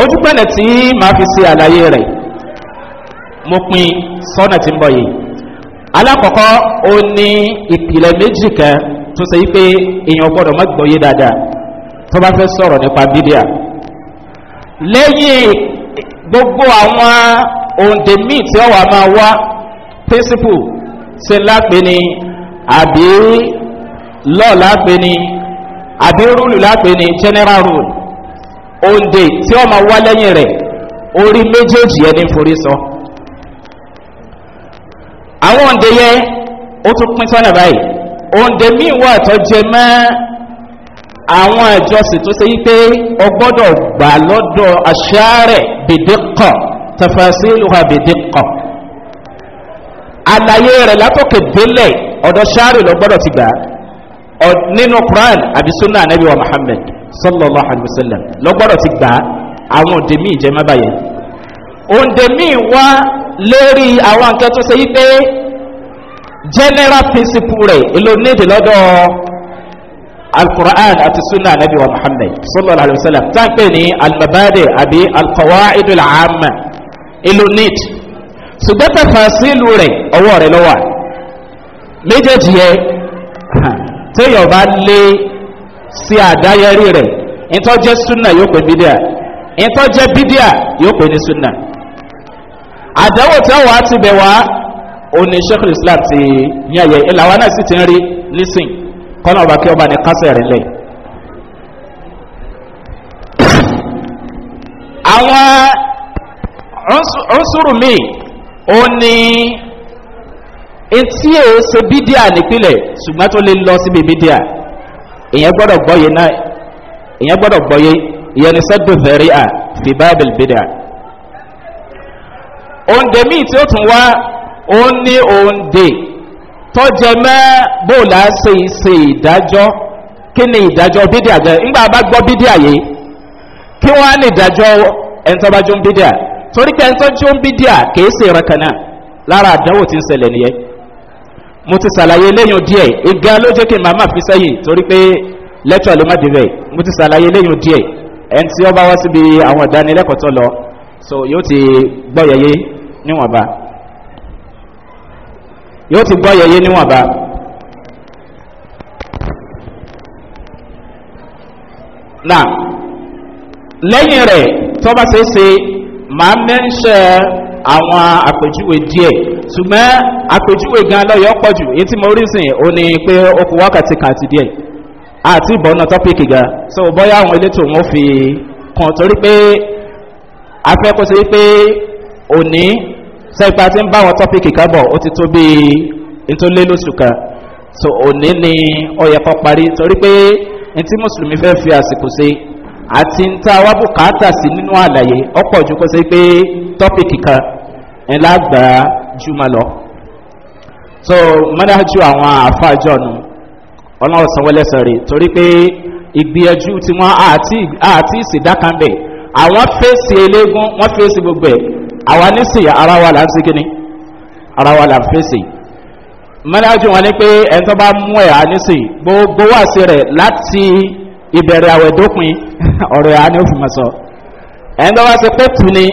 Speaker 1: ojúpẹ̀lẹ̀ tí màá fi ṣe àlàyé rẹ̀ mo pin sọ́nà tí ń bọ̀ yìí alákọ̀ọ́kọ́ ó ní ìpìlẹ̀ méjì kan tó ṣe pé èèyàn gbọ́dọ̀ má gbọ́yé dáadáa tó bá fẹ́ sọ̀rọ̀ nípa bídíà lẹ́yìn gbogbo àwọn òǹdè míì tí ó máa wá pínsípù ṣe lápẹ́ ni àbí law lápẹ́ ni àbí rúlù lápẹ́ ni general rule oúnjẹ tí ó máa wá lẹ́yìn rẹ̀ orí méjèèjì ẹni forí sọ àwọn oúnjẹ yẹ ó tún pín sọ́nà báyìí oúnjẹ míì wà tó jẹ mọ́ àwọn ìjọsìn tó ṣe wípé ọgbọ́dọ̀ gbà lọ́dọ̀ aṣáárẹ̀ bìdíkọ̀ tafasiluha bìdíkọ̀ àlàyé rẹ̀ látọ̀kẹ̀ délẹ̀ ọ̀dọ̀ ṣáárẹ̀ lọ́gbọ́dọ̀ ti gbà á nínú quran àbí sunna anabi wa muhammed sallallahu alayhi wa sallam lọ́gbọ́dọ̀ ti gbà àwọn òde míì jẹ́ má báyẹn òde míì wá lórí àwọn nǹkan tó ṣe yí pé general principle rẹ̀ èlò nídìí lọ́dọ̀ alquran àti sunna anabi wa muhammed sallallahu alayhi wa sallam tá à ń pè ní almabade àbí alqawaidul amma èlò nídìí ṣùgbọ́n tẹ̀fà sílù rẹ̀ ọwọ́ rẹ̀ lọ́wọ́ méjèèjì yẹn téèyàn bá lé sí àdáyẹrí rẹ̀ ìtọ́jẹ́ súnà yóò pè bídíà ìtọ́jẹ́ bídíà yóò pè ní súnà àdáwò tí wàá ti bẹ̀ wá òní sheikh islam ti yẹ̀yẹ̀ ìlàwọ́ náà sì ti ń rí nísìn kọ́nà ọba kí ọba ní kásẹ̀ rẹ̀ lẹ̀. àwọn ọ̀sùrù míì ó ní etí ò ṣe bídíà nípìnlẹ̀ ṣùgbọ́n tó lè lọ síbi bídíà ìyẹn gbọ́dọ̀ gbọ́yé náà ìyẹn gbọ́dọ̀ gbọ́yé ìyẹn ní sẹ́dùn fẹ́rí à fi báàbìlì bídíà. oúnjẹ míì tí ó tún wá òun ní oúnjẹ tọ́jẹ mẹ́ bóòlà ṣe ṣe ìdájọ́ kí ni ìdájọ́ bídíà jẹ́ ńgbà bá gbọ́ bídíà yìí kí wọ́n á ní ìdájọ́ ẹ̀ńtọ́bájú bídíà torí pé bídíà kì í ṣe ìrẹ̀kànnà lára àdánwò tí ń ṣẹlẹ̀ nìyẹn mo ti ṣàlàyé léyìn díẹ̀ ìga ló jẹ́ kí n màmá fi sẹ́yìn torí pé lẹ́tọ̀ ló má débẹ̀ mo ti ṣàlàyé léyìn díẹ̀ ẹni tí ó bá wá síbi àwọn ìdánilẹ́kọ̀ọ́ tó lọ so yóò ti gbọ́ yẹyẹ níwọ̀nba yóò ti gbọ́ yẹyẹ níwọ̀nba. náà lẹ́yìn rẹ̀ tó bá ṣe é ṣe màá mẹ́ńṣẹ́ àwọn àpèjúwe díẹ̀ ṣùgbọ́n àpèjúwe gan lọ́yọ̀ pọ̀ jù èyí tí mo rí sìn ó ní pé ó kù wákàtí kan àti díẹ̀ àti ìbọ̀nà tọ́pìkì gan so bọ́yá àwọn elétò wọn fi kàn torí pé afẹ́ kó ṣe pé òní sẹ́gbà tí ń bá àwọn tọ́pìkì kan bọ̀ ó ti tó bí nítorí lóṣù kan so òní ni ó yẹ kọ́ parí torí pé ní tí mùsùlùmí fẹ́ fi àsìkò ṣe àti ń ta wá bùkátà sí nínú àlàyé ọ̀pọ̀ ju kó sẹ́ pé tọ́pìkì kan ẹ̀ lágbàá jùmọ̀ lọ. so mọ́dájú àwọn àfáàjọ nù ọlọ́run sanwó lẹ́sẹ̀ rè torí pé ìgbìyànjú tí wọ́n àti ìsìdákàmbẹ̀ àwọn fèsì eléégún wọ́n fèsì gbogbo ẹ̀ àwa nísìnyí ara wa là ń sìnkí ni ara wa là ń fèsì mọ́dájú wọn ni pé ẹ̀ tó bá mú ẹ̀ ànísìnyí gbogbo wàásì rẹ̀ láti ìbẹ̀rẹ̀ àwẹ̀ dópin ọ̀rọ̀ ẹ̀ á ní òfin mọ̀ sọ. ẹ̀yin bá wá sí pé tù ní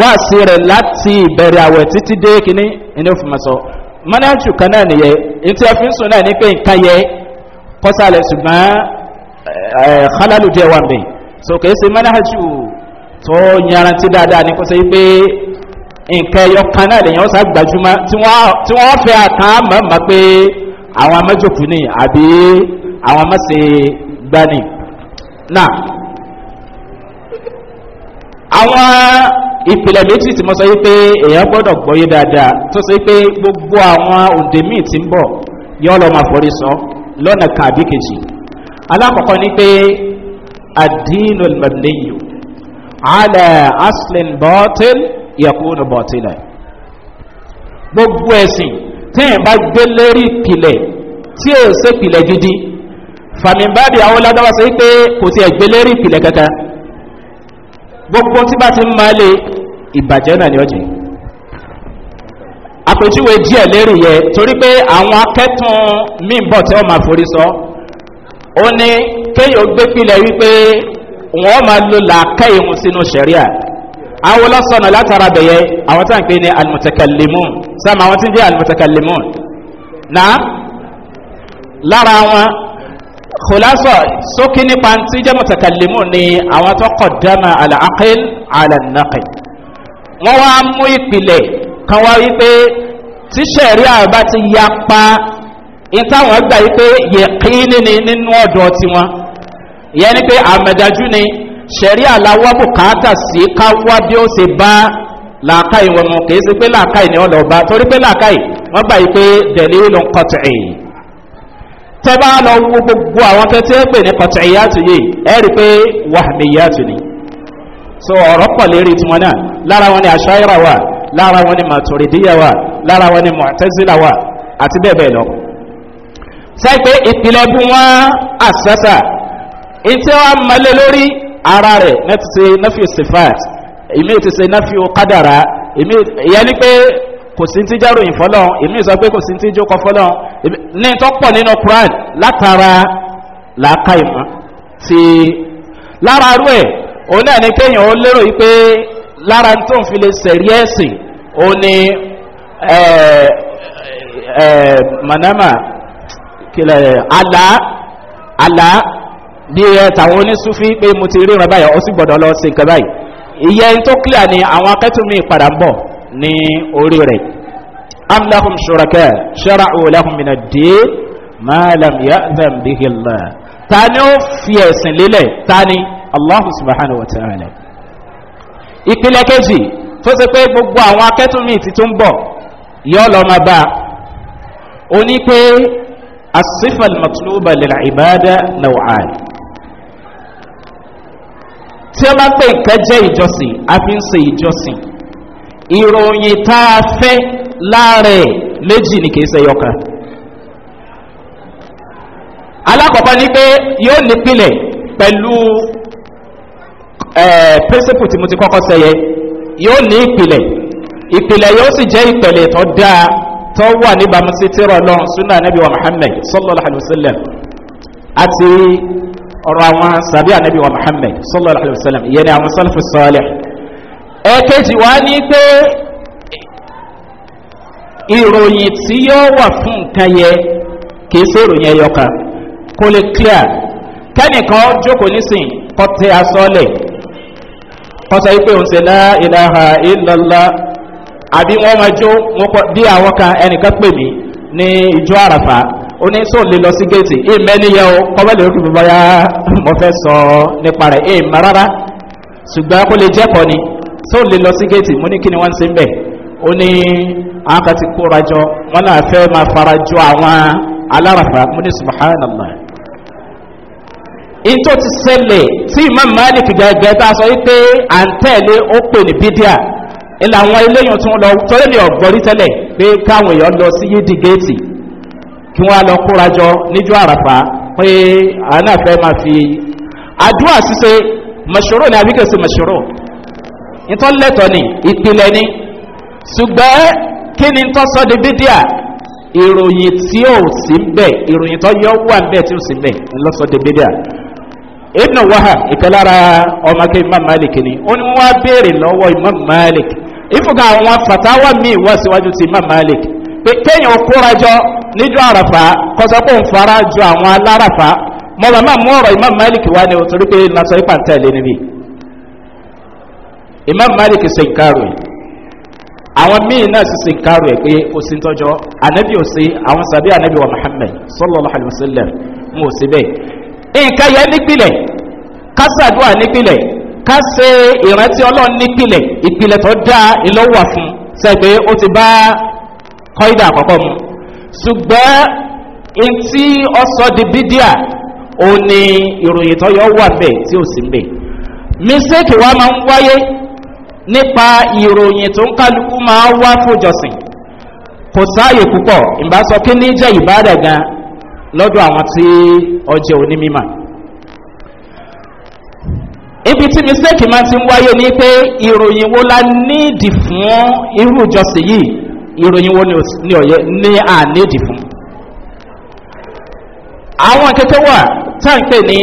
Speaker 1: wá sí rẹ̀ láti ìbẹ̀rẹ̀ àwẹ̀ títí dé kínní ní òfin mọ̀ sọ. mọ́nàjù kan náà nìyẹn ntí ẹ fi ń sùn náà ní pé nǹkan yẹ kọ́sàlẹ̀ ṣùgbọ́n xalalu jẹ́ wà mí. so kìí ṣe mọ́nàjù tó yarantí dáadáa ní kọ́sẹ́ pé nǹkan ẹyọ kan náà lèyàn sá gbajúmọ́ tí wọ́n fẹ́ àkàn mọ̀ọ́mọ́ pé àwọn amájòkú ni àbí àwọn amáṣe gbani na àwọn ìpìlẹ̀ méjì tí mo sọ wípé èèyàn gbọ́dọ̀ gbọ́yé dáadáa tó sọ wípé gbogbo àwọn òǹdè míì ti ń bọ̀ yọ lọ máa forí sọ lọ́nà kan àbí kejì alákọ̀ọ́kọ́ ni pé àdínú mẹ́lẹ́yìn alẹ́ aslin bọ́tìl yẹkùnú bọ́tìlẹ̀ gbogbo ẹ̀sìn tí èèyàn bá gbé lérí ìpìlẹ̀ tí èèyàn ṣe gidi fàmìbáàbì àwọn ládọ́wà sí pé kò ti ẹ̀gbẹ́ lérí ìpìlẹ̀ kankan gbogbo tí bá ti ń máa lè ìbàjẹ́ náà ni ọjì àpèjúwe díẹ̀ lérí yẹ torí pé àwọn akẹ́tùn mímbọ̀ tí wọ́n máa forí sọ ó ní kéyò gbé pìlẹ̀ wípé wọ́n máa lo làákẹ́ ìhun sínú sẹ̀ríà àwọn lọ́sọ̀nà látara bẹ̀yẹ àwọn tá à pè ní almutakalimun sáà máa wọ́n jẹ́ almutakalimun náà lára wọn kòlásọ̀ sókè nípa tí jẹ́mọ̀tàkàlímù ni àwọn tó kọ̀ dáma àlàákìl àlànàkì wọ́n wá mú ìpìlẹ̀ kan wá wípé tí sẹ̀rí àbá ti ya pa ìtàwọn gbà wípé yẹ̀kíní ni nínú ọ̀dọ̀ tiwọn ìyẹn ni pé àmẹ̀dájú ni sẹ̀rí àláwọ́ bùkátà sí káwá bí ó ṣe bá làákàyè wọn mu kì í ṣe pé làákàyè ni ọ̀lọ́ba torí pé làákàyè wọ́n gbà wípé dẹ̀lí ló ń kọ́tù ẹ̀yìn tọba lọ wo gbogbo àwọn tẹ́tí ẹ pè ní kọ̀tẹ̀yàtì yìí ẹ pé wàhálìyàtì ni so ọ̀rọ̀ pọ̀ lérí tiwọn náà lára wọn ni aṣáírà wà lára wọn ni màtòrídìyà wà lára wọn ni mọ̀tẹ́sílà wà àti bẹ́ẹ̀ bẹ́ẹ̀ lọ. sẹ́yìn pé ìpìlẹ̀ bí wọ́n àṣẹ́sà ìtí wọn mọ́lé lórí ara rẹ̀ náà ti ṣe nọ́fì sifat èmi ti ṣe nọ́fì kádàrá èmi ìyẹn pé kò sí ti jẹ́rò ìfọ́lọ́ èmi ní tọ́pọ̀ nínú quran látara làákà ìmọ̀ ti lára arú ẹ̀ òun náà ni kéèyàn ó lérò yí pé lára tó ń fi lè sẹ̀rí ẹ̀sìn òun ni manama kílẹ̀ àlá àlá bí ẹ tàwọn onísúfí pé mo ti ríran báyìí ó sì gbọ́dọ̀ lọ sí nǹkan báyìí ìyẹn tó clear ni àwọn akẹ́tùmí padà ń bọ̀ ní orí rẹ̀ am lahum shuraka shara'u lahum min ad-din ma lam ya'zam bihi Allah ta ni ó fi ẹ̀sìn lélẹ̀ ta ni Allah subhanahu wa ta'ala ìpínlẹ̀ kejì tó ṣe pé gbogbo àwọn akẹ́tùn míì ti tún bọ̀ yọ lọ máa bá a ó ní pé asifal matuluba lè ìbáadá náà tí a máa ń pè nǹkan jẹ́ ìjọsìn a fi ń ṣe ìjọsìn ìròyìn tá a fẹ́ láàrẹ̀ méjì ní kìí sẹ́yọ alákọ̀ọ́kọ́ ni pé yóò nípìnlẹ̀ pẹ̀lú pírísìpù tí mo ti kọ́kọ́ sẹ́yẹ yóò ní ìpìlẹ̀ ìpìlẹ̀ yóò sì jẹ́ ìpìlẹ̀ tó dáa tó wà níbàámu sí tírọ̀ lọ́n súnà anábì wa muhammed sallallahu alayhi wa sallam àti ọ̀rọ̀ àwọn sàbí anábì wa muhammed sallallahu alayhi wa sallam ìyẹn ni àwọn sálfù sọ́ọ̀lẹ̀ ẹ̀kẹ́jì wá ní pé ìròyìn tí yóò wà fún nǹkan yẹ kìí sí ìròyìn ẹyọkà kó lè clear kẹ́nìkan jókòó nísìn kọ́tẹ́ asọ́lẹ̀ kọ́tẹ́ ipé òun abi lá ìlàhà ìlọ́lá àbí wọ́n máa jó bí àwọn kan ẹnìkan pè mí ní ìjọ àràfà lọ sí géètì o yá mo fẹ́ sọ nípa rẹ̀ ni tó lè lọ sí géètì mo ní kí ni wọ́n ti ń bẹ̀ ó ní àwọn kan ti kóra jọ wọn náà fẹ́ máa fara jọ àwọn alárafa mo ní subhanallah ìtò ti sẹlẹ̀ tí imam malik gẹ́gẹ́ tá a sọ wípé à ń tẹ̀lé ó pè ní bídíà ilà àwọn eléyìn tó ń lọ torí mi ọ̀gbọ́rí tẹ́lẹ̀ pé káwọn èèyàn lọ sí yídi géètì kí wọ́n á lọ kórajọ níjọ́ àràfà pé àánà fẹ́ máa fi àdúrà ṣíṣe mọ̀ṣọ́rọ̀ ni àbíkẹ́sì mọ̀ṣọ́rọ̀ ìtọ́lẹ̀tọ̀ ni ni ṣùgbọ́n kí ni tọ́sọ́ di bídíà ìròyìn tí ó sì ń bẹ̀ ìròyìn tó yọ wà ń bẹ̀ tí ó sì ń bẹ̀ ńlọ́sọ́ di imam malik ni ó ní wọn béèrè lọwọ imam malik ìfúnka àwọn fatawa míì wọ síwájú ti imam malik pé kéèyàn kórajọ níjọ àràfà kọsọpọ ń fara ju àwọn alárafà mọlọmọ ọrọ imam malik wá ní pé nasọ imam malik ṣe nkaro yìí àwọn míì náà sì ṣe yìí pé kò sí tọjọ anabi ò sí àwọn sàbí anabi wa muhammed sallallahu alayhi wa sallam mo ò sí bẹ́ẹ̀ nǹkan yẹn nípìnlẹ̀ kásàdúrà nípìnlẹ̀ kásẹ̀ ìrántí ọlọ́run nípìnlẹ̀ ìpìlẹ̀ tó fún sẹ́gbẹ́ ó ti bá kọ́ídà àkọ́kọ́ mu ṣùgbọ́n ntí ọsọ di bídíà òun ìròyìn yọ wà bẹ́ẹ̀ tí ò sí bẹ́ẹ̀ wa máa ń nípa ìròyìn tó ń kálukú máa wá fòjọsìn kò sáàyè púpọ̀ ìbá sọ kí ní jẹ́ ìbáàdà gan lọ́dọ̀ àwọn tí ọjẹ́ onímímà ibi tí mistake máa ti ń wáyé ni pé ìròyìn wo la níìdì fún irú ìjọsìn yìí ìròyìn wo ni ọ̀yẹ́ ní àníìdì fún àwọn kẹkẹ wà tá à ń pè ní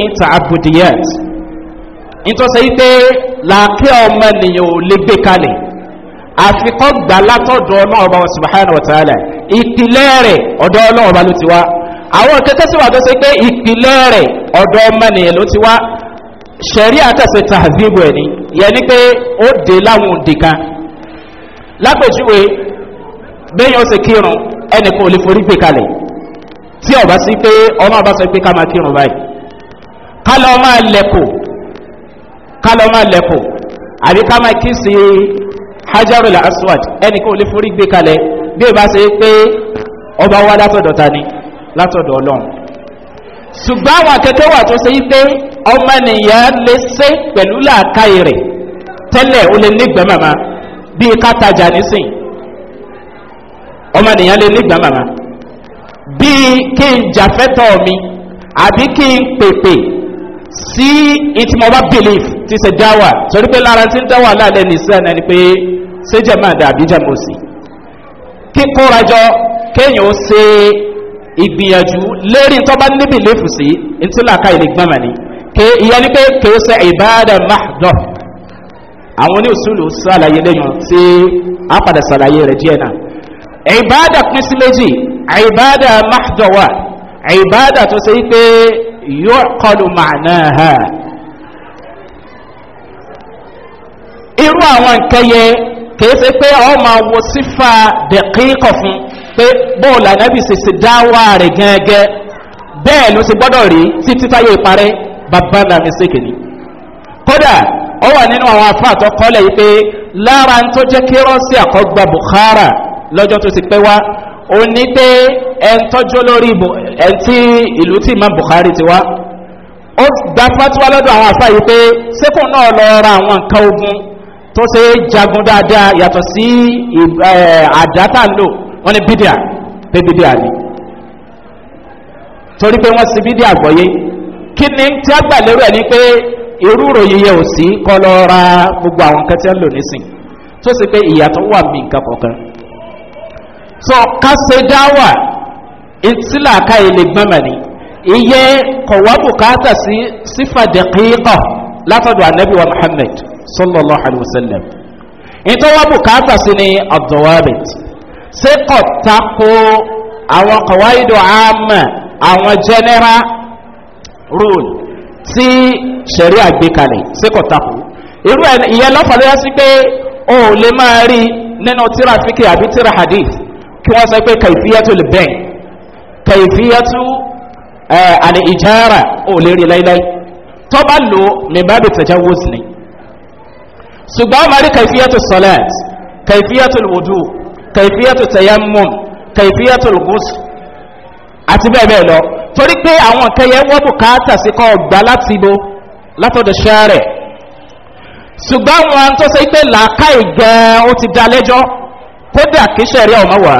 Speaker 1: nítọ́sẹ̀ yí pé làákẹ́ ọmọ ènìyàn ò lè gbé kalẹ̀ àfikọ́ gbà látọ̀dọ̀ ọlọ́run ọba wọn subahana wa ta'ala ìpìlẹ̀ rẹ̀ ọ̀dọ̀ ọlọ́run ọba ló ti wá àwọn kẹ́kẹ́ sí wà tó ṣe pé ìpìlẹ̀ rẹ̀ ọ̀dọ̀ ọmọ ènìyàn ló ti wá ni yẹn ni pé ó dé láwọn òde kan lápèjúwe ká lọ máa lẹ̀kọ̀ àbí ká máa kí sí hajarul aswad ẹnì kan ò lè forí gbé kalẹ̀ bí ìbá ṣe pé ọba wa látọ̀dọ̀ ta ni látọ̀dọ̀ ọlọ́run ṣùgbọ́n àwọn akẹ́kẹ́ wà tó ṣe pé ọmọ nìyẹn lè ṣe pẹ̀lú làákàyè rẹ̀ tẹ́lẹ̀ ó lè nígbà màmá bíi kátajà nísìn ọmọ nìyẹn lè nígbà màmá bíi kí n jàfẹ́tọ̀ mi àbí kí n pèpè sí ìtìmọ̀bá belief ti ṣe dáwà torí pé lára ti ń dáwà lálẹ́ ní sẹ́nà ni pé ṣé jẹ̀mọ́ àdá àbí jẹ̀mọ́ sí kíkórajọ kéèyàn ó ṣe ìgbìyànjú lérí tó bá níbi léfù sí ntí làákà ilé gbọ́n màní ìyẹn ni pé kì í ṣe ìbáàdà máàdọ̀ àwọn oníṣòlù ṣàlàyé lẹ́yìn tí a padà ṣàlàyé rẹ̀ díẹ̀ náà ìbáàdà pín sí méjì ìbáàdà máàdọ̀ wà ìbáàdà tó ṣe pé yóò kọlu màánà ha. irú àwọn nkẹyẹ kìí ṣe pé ọ máa wo sífà dẹ̀kíkọ̀ fún pé bóòlù ànábì ṣe ṣe dáwà rẹ̀ gẹ́gẹ́ bẹ́ẹ̀ ló ṣe gbọ́dọ̀ rí títí táyé parẹ́ bàbá náà mi ṣèkè ni kódà ó wà nínú àwọn afá àtọkọlẹ̀ yìí pé lára ń tó jẹ́ kí rọ́ọ̀sì àkọ́gbà bukhara lọ́jọ́ tó ti pẹ́ wá ó ní pé ẹ̀ńtọ́jọ́ lórí ẹ̀ńtí ìlú tí imam bukhari ti wá ó gba fatuwa lọ́dọ̀ àwọn afá yìí pé sékùn náà lọ ra àwọn nǹkan ogun tó ṣe jagun dáadáa yàtọ̀ sí àdátà lò wọ́n ní bídíà pé bídíà ni torí pé wọ́n sì bídíà gbọ́yé kí ni tí a gbà lérò ẹ̀ ni pé irú ìròyìn yẹ ò sí kọ́ lọ ra gbogbo àwọn nǹkan tí a ń lò nísìn tó sì pé ìyàtọ̀ wà mí nǹkan kọ̀ọ̀kan so ká ṣe dáwà ìtìlá ká ilé gbọ́mọ̀ ni ìyẹn kọ̀wá bùkátà sí sífàdẹ̀kíkọ̀. Si, látọ̀dọ̀ anabi wa muhammed sallallahu alayhi wa sallam ìtọ́wá bùkátà sí ni abdulwabit ṣé kò tako àwọn kọ̀wáìdò àmà àwọn general rule tí sẹ̀rí àgbékalẹ̀ ṣé kò tako irú ìyẹn lọ́fọ̀lẹ́ yá sí pé o ò lè máa rí nínú tíra fíkì àbí tíra hadith kí wọ́n sọ pé kàìfíyàtú lè bẹ́ẹ̀ kàìfíyàtú àni eh, ìjára ò lè rí láíláí tọ́ba lò mẹ́bàbí tẹ̀já wọ́sì ni ṣùgbọ́n ọmọ rí kàìfíyàtò sọ́lẹ̀t kàìfíyàtò lòdù kàìfíyàtò tẹ̀yẹ́mùn kàìfíyàtò lògùsù àti bẹ́ẹ̀ bẹ́ẹ̀ lọ torí pé àwọn kẹyẹ wọ́n bùkátà sí kọ́ ọgbà láti ibo látọ̀dọ̀ ṣẹ́rẹ̀ ṣùgbọ́n wọn tó ṣe pé làákàì gan-an ó ti dá lẹ́jọ́ kódà kí ṣẹ̀rí ọ̀mọ́ wá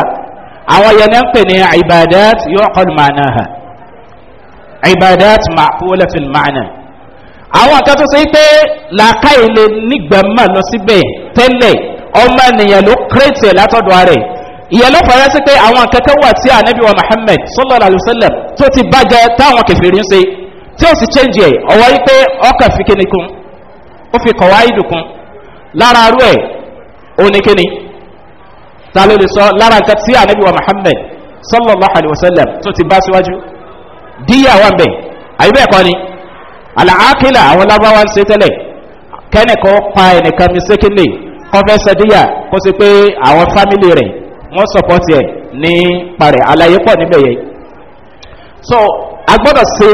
Speaker 1: àwọn yẹn ń pè ní ibadat yóò kọ́ ìmọ̀ àná ha ibadat ma'kúlẹ̀ fi ìmọ̀ àná àwọn kan tó ṣe pé làákàyè lè nígbàmà lọ síbẹ̀ tẹ́lẹ̀ ọmọ ènìyàn ló kírètì látọ̀dọ̀ rẹ̀ ìyẹn ló fọwọ́ sí pé àwọn kankan wà tí anabi wa muhammed sallallahu alayhi wa sallam tó ti bàjẹ́ táwọn kẹfìrí ń ṣe tí ó sì chẹ́ǹjì ẹ̀ ọ̀wọ́ yìí pé ọkàn fi kíni kun ó fi kọ̀wá ìdùnkún lára arú ẹ̀ oníkíni ta ló lè sọ lára nǹkan tí anabi wa muhammed sallallahu alayhi wa sallam tó ti bá síwájú díyà wà ń àyíbẹ̀ kọ́ni àlàákìlà àwọn lábáwá ń ṣe tẹ́lẹ̀ kẹ́nìkan pa ẹnìkan mi sékìlì kọ́fẹ́ kó sì pé àwọn fámìlì rẹ̀ wọ́n sọ̀pọ̀tì ẹ̀ ní parẹ̀ àlàyé pọ̀ níbẹ̀ yẹn. so a gbọ́dọ̀ ṣe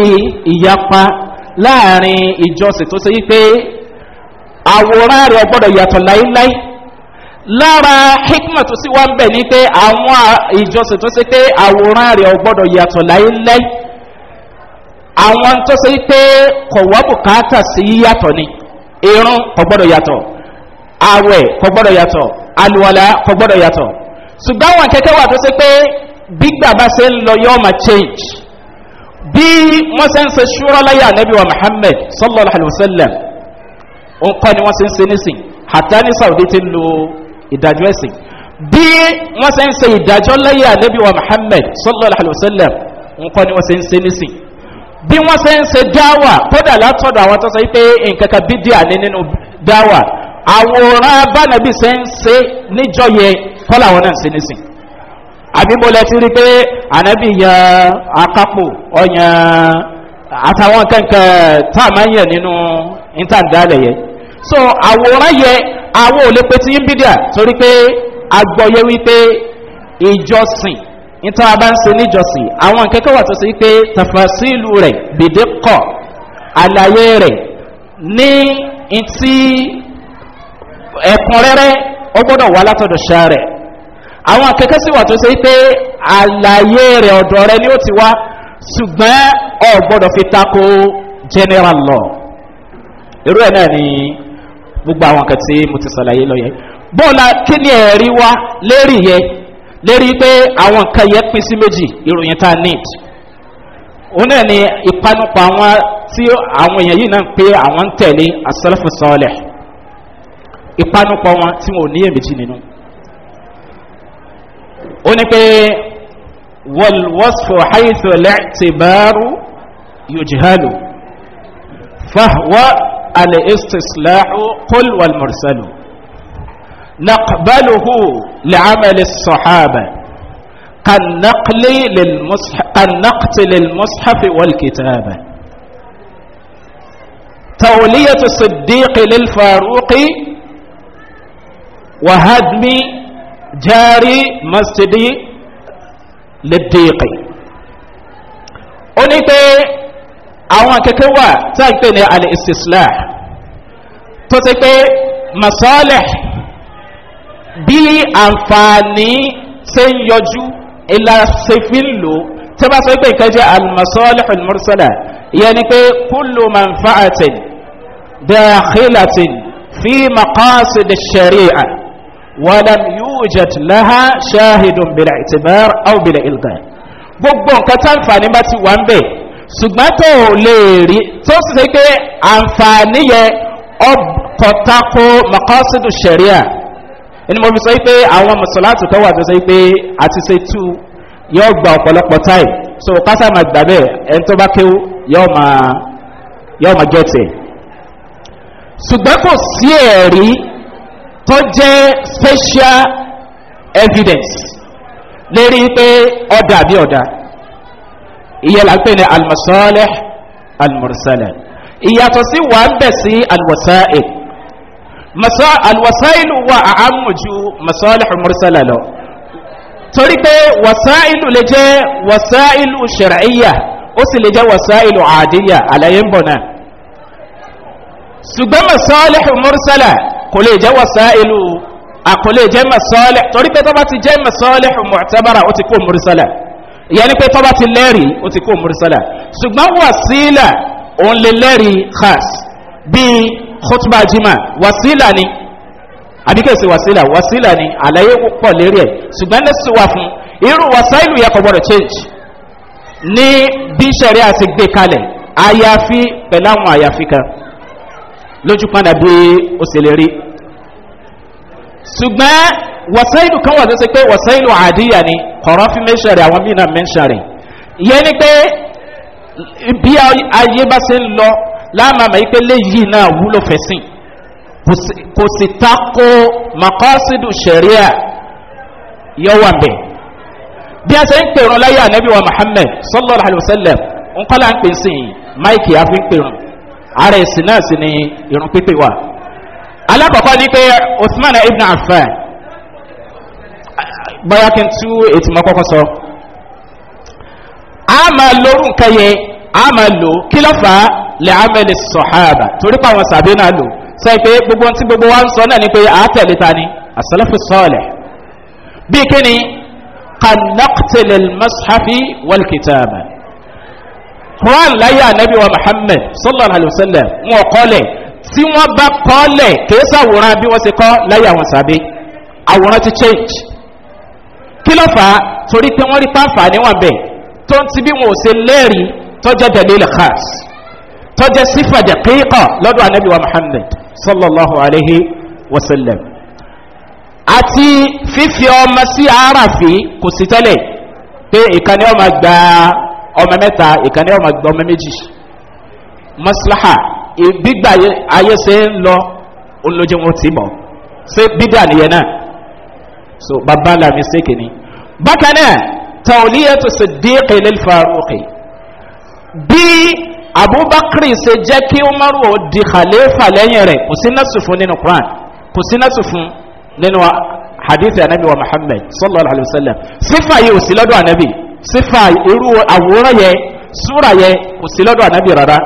Speaker 1: ìyapa láàrin ìjọsìn tó ṣe yí pé àwòrán rẹ̀ gbọ́dọ̀ yàtọ̀ láíláí lára hikma tó sì wá ń bẹ̀ ni pé àwọn ìjọsìn tó ṣe pé àwòrán rẹ̀ gbọ́dọ̀ yàtọ̀ láéláé àwọn tó ṣe pé kọ̀wọ́ bùkátà sí yíyàtọ̀ ni irun kò gbọ́dọ̀ yàtọ̀ àwẹ̀ kò gbọ́dọ̀ yàtọ̀ àlùwàlà kò gbọ́dọ̀ yàtọ̀ ṣùgbọ́n àwọn kẹ́kẹ́ wà tó ṣe pé gbígbà bá ṣe ń lọ yọ́ ma change bí wọ́n ṣe ń ṣe ṣúra láyà nabi wa muhammed sallallahu alayhi wa sallam nǹkan ni wọ́n ṣe ń ṣe nísìn àtà ní saudi ti lo ìdájọ́ ẹ̀sìn bí wọ́n ṣe ń ṣe ìdájọ́ láyà nabi wa muhammed sallallahu alayhi wa sallam nǹkan ni wọ́n ṣe ń ṣe nísìn bí wọ́n ṣe ń ṣe dáwà kódà látọ̀dọ̀ àwọn tó sọ pé nǹkan kan bí díà ní nínú dáwà àwòrán abánàbí ṣe ń ṣe níjọ yẹn kọ́lá àwọn náà ṣe nísìn àbíbo lẹ ti rí pé ànábì yan akápò ọyàn àtàwọn kankan tá a máa ń yàn nínú intanidalẹ yẹn so àwòrán yẹn àwọn ò lè pe ti ń bí torí pé agbọyẹ wípé ìjọsìn nítorí a bá ń se níjọsìn àwọn kẹ́kẹ́ wà tó sí pé tafasilu rẹ̀ gbèdékọ̀ àlàyé rẹ̀ ní ti ẹ̀kúnrẹ́rẹ́ ó gbọ́dọ̀ wà látọ̀dọ̀ ṣá rẹ̀ àwọn kẹ́kẹ́ sì wà tó sí pé àlàyé rẹ̀ ọ̀dọ̀ rẹ̀ ni ó ti wá ṣùgbọ́n ọ gbọ́dọ̀ fi tako general law irú ẹ̀ náà ni gbogbo àwọn kẹ́kẹ́ tí mo ti sàlàyé lọ yẹn bóòlà kí ni ẹ̀rí wa lérí yẹn lérí pé àwọn nǹkan yẹn pín sí méjì ìròyìn tá a need òun náà ni ìpanupọ̀ àwọn tí àwọn èèyàn yìí náà ń pé àwọn ń tẹ̀lé asọ́lẹ́fù ìpanupọ̀ wọn tí wọn ò ní èméjì nínú. ó ní pé wọ́lwọ́sọ̀ àìsọ̀lẹ̀ ti bẹ́ẹ̀rù yòjìhálù fahwa alẹ́ istislahu kólwàlmọ̀rẹ́sẹ̀lù. نقبله لعمل الصحابة كالنقل للمصحف للمصحف والكتابة تولية الصديق للفاروق وهدم جاري مسجد للضيق onípe àwọn kẹkẹ wà tí a ń pè ní alẹ́ istislah tó على الاستصلاح n مصالح bí àǹfààní ṣe ń yọjú ìlànà ṣe fi ń lò tí wọ́n bá sọ pé nǹkan jẹ́ almasọ́lẹ̀ ìmọ̀rọ̀sọ́lẹ̀ ìyẹn ni pé kúlù máa ń fa àtẹ̀yìn داخلة في مقاصد الشريعة ولم يوجد لها شاهد بالاعتبار أو بالإلغاء gbogbo nǹkan tí àǹfààní bá ti wà ń bẹ̀ ṣùgbọ́n tó lè rí tó sì ṣe pé àǹfààní yẹ ọkọ̀tako makọ́sídù sẹ̀ríà ẹni mo fi sọ pé àwọn mùsùlùmí tó wà tó sọ pé àti ṣe tú yóò gba ọ̀pọ̀lọpọ̀ táì so kásá máa gbà bẹ́ẹ̀ ẹni tó bá kéwú yóò máa yóò máa jẹ́ tiẹ̀ ṣùgbọ́n kò sí ẹ̀rí tó jẹ́ special evidence lérí pé ọ̀dà bí ọ̀dà ìyẹn là ń pè ní almasaleh almursaleh ìyàtọ̀ sí wàá bẹ̀ sí alwasaẹ̀ alwasailu wa àámù ju masalihul mursala lọ torí pé wasailu lè jẹ́ wasailu ṣẹ̀rẹ̀ẹ́yà ó sì lè jẹ́ wasailu àdíyà àlàyé ń bọ̀ náà ṣùgbọ́n masalihul mursala kò lè jẹ́ wasailu àkọlé jẹ́ masalih torí pé tọ́ba ti jẹ́ masalihu mu'tabara ó ti kó mursala ìyẹn pé tọ́ba ti lẹ́rìí ó ti kó mursala ṣùgbọ́n wasila òun lè lẹ́rìí khas bíi khutba jimá wasila ni àbíkẹ́sì wasila wasila ni àlàyé pọ̀ lérí ẹ̀ ṣùgbọ́n lẹ́sì wà fún irú wasailu yẹ kò gbọ́dọ̀ change ní bí sẹ̀rí àti gbé kalẹ̀ àyàfi pẹ̀lú àwọn àyàfi kan lójú padà bí ó sì lè rí wasailu kan wà tó ṣe wasailu àdíyà ni kọ̀rọ̀ fi mẹ́ṣẹ̀ rẹ̀ àwọn mìíràn mẹ́ṣẹ̀ rẹ̀ yẹ ni pé bí ayé láàmà mà ipe léyìí náà wúlò fẹ̀sìn kò sì tako makọ́sídù sẹ̀ríà yóò wà bẹ̀. bí a ṣe ń pèrún láyé ànábì wa muhammed sallallahu alayhi wa sallam nkọ́lá ń pè sí i máìkì àfi ń pèrún ara ẹ̀sìn náà sì ni irun pípé wa. alákọ̀ọ́kọ́ ni pé usman ibn afan bóyá kí n tú ètò mọ́kọ́kọ́ sọ. a máa lórúkọ yẹn a máa lò kí ló fà á lè amẹ́lẹ̀ sọ̀háàbà torí pa àwọn sàbí náà lò sọ pé gbogbo tí gbogbo wa ń sọ náà ni pé àátẹ̀lé ta ni àsọlẹ́fù sọ́ọ̀lẹ̀ bí kí ni kanaktilil mashafi walkitaba quran láyé anabi wa muhammed sallallahu alayhi wa sallam wọn kọ́lẹ̀ tí wọ́n bá kọ́lẹ̀ kìí sàwòrán bí wọ́n ti kọ́ láyé àwọn sàbí àwòrán ti change kí ló fà á torí pé wọ́n rí pàǹfà níwọ̀n bẹ́ẹ̀ tó ń ti bí wọn ò ṣe lẹ́rìí tọ́jọ́ dalil khas tọ́jọ́ sífà dẹ̀kíkọ̀ lọ́dọ̀ anabi wa muhammed sallallahu alayhi wa sallam àti fífi ọmọ sí àràfi kò sí tẹ́lẹ̀ pé ìkànnì ọmọ gba ọmọ mẹ́ta ìkànnì ọmọ gba ọmọ méjì maslaha gbígbà ayé ṣe ń lọ olójú wọn ti mọ̀ ṣé bídà nìyẹn náà so bàbá làmì ṣèkìní bákan náà tàwọn olóyè tó ṣe bí abubakar ṣe jẹ́ kí umaru di khalifa lẹ́yìn rẹ̀ kò sí násù fún nínú quran kò sí násù fún nínú hadith anabi wa muhammad sallallahu alayhi wa sallam sífà yìí ò sí lọ́dọ̀ anabi sífà irú àwòrán yẹ súra yẹ kò sí lọ́dọ̀ anabi rárá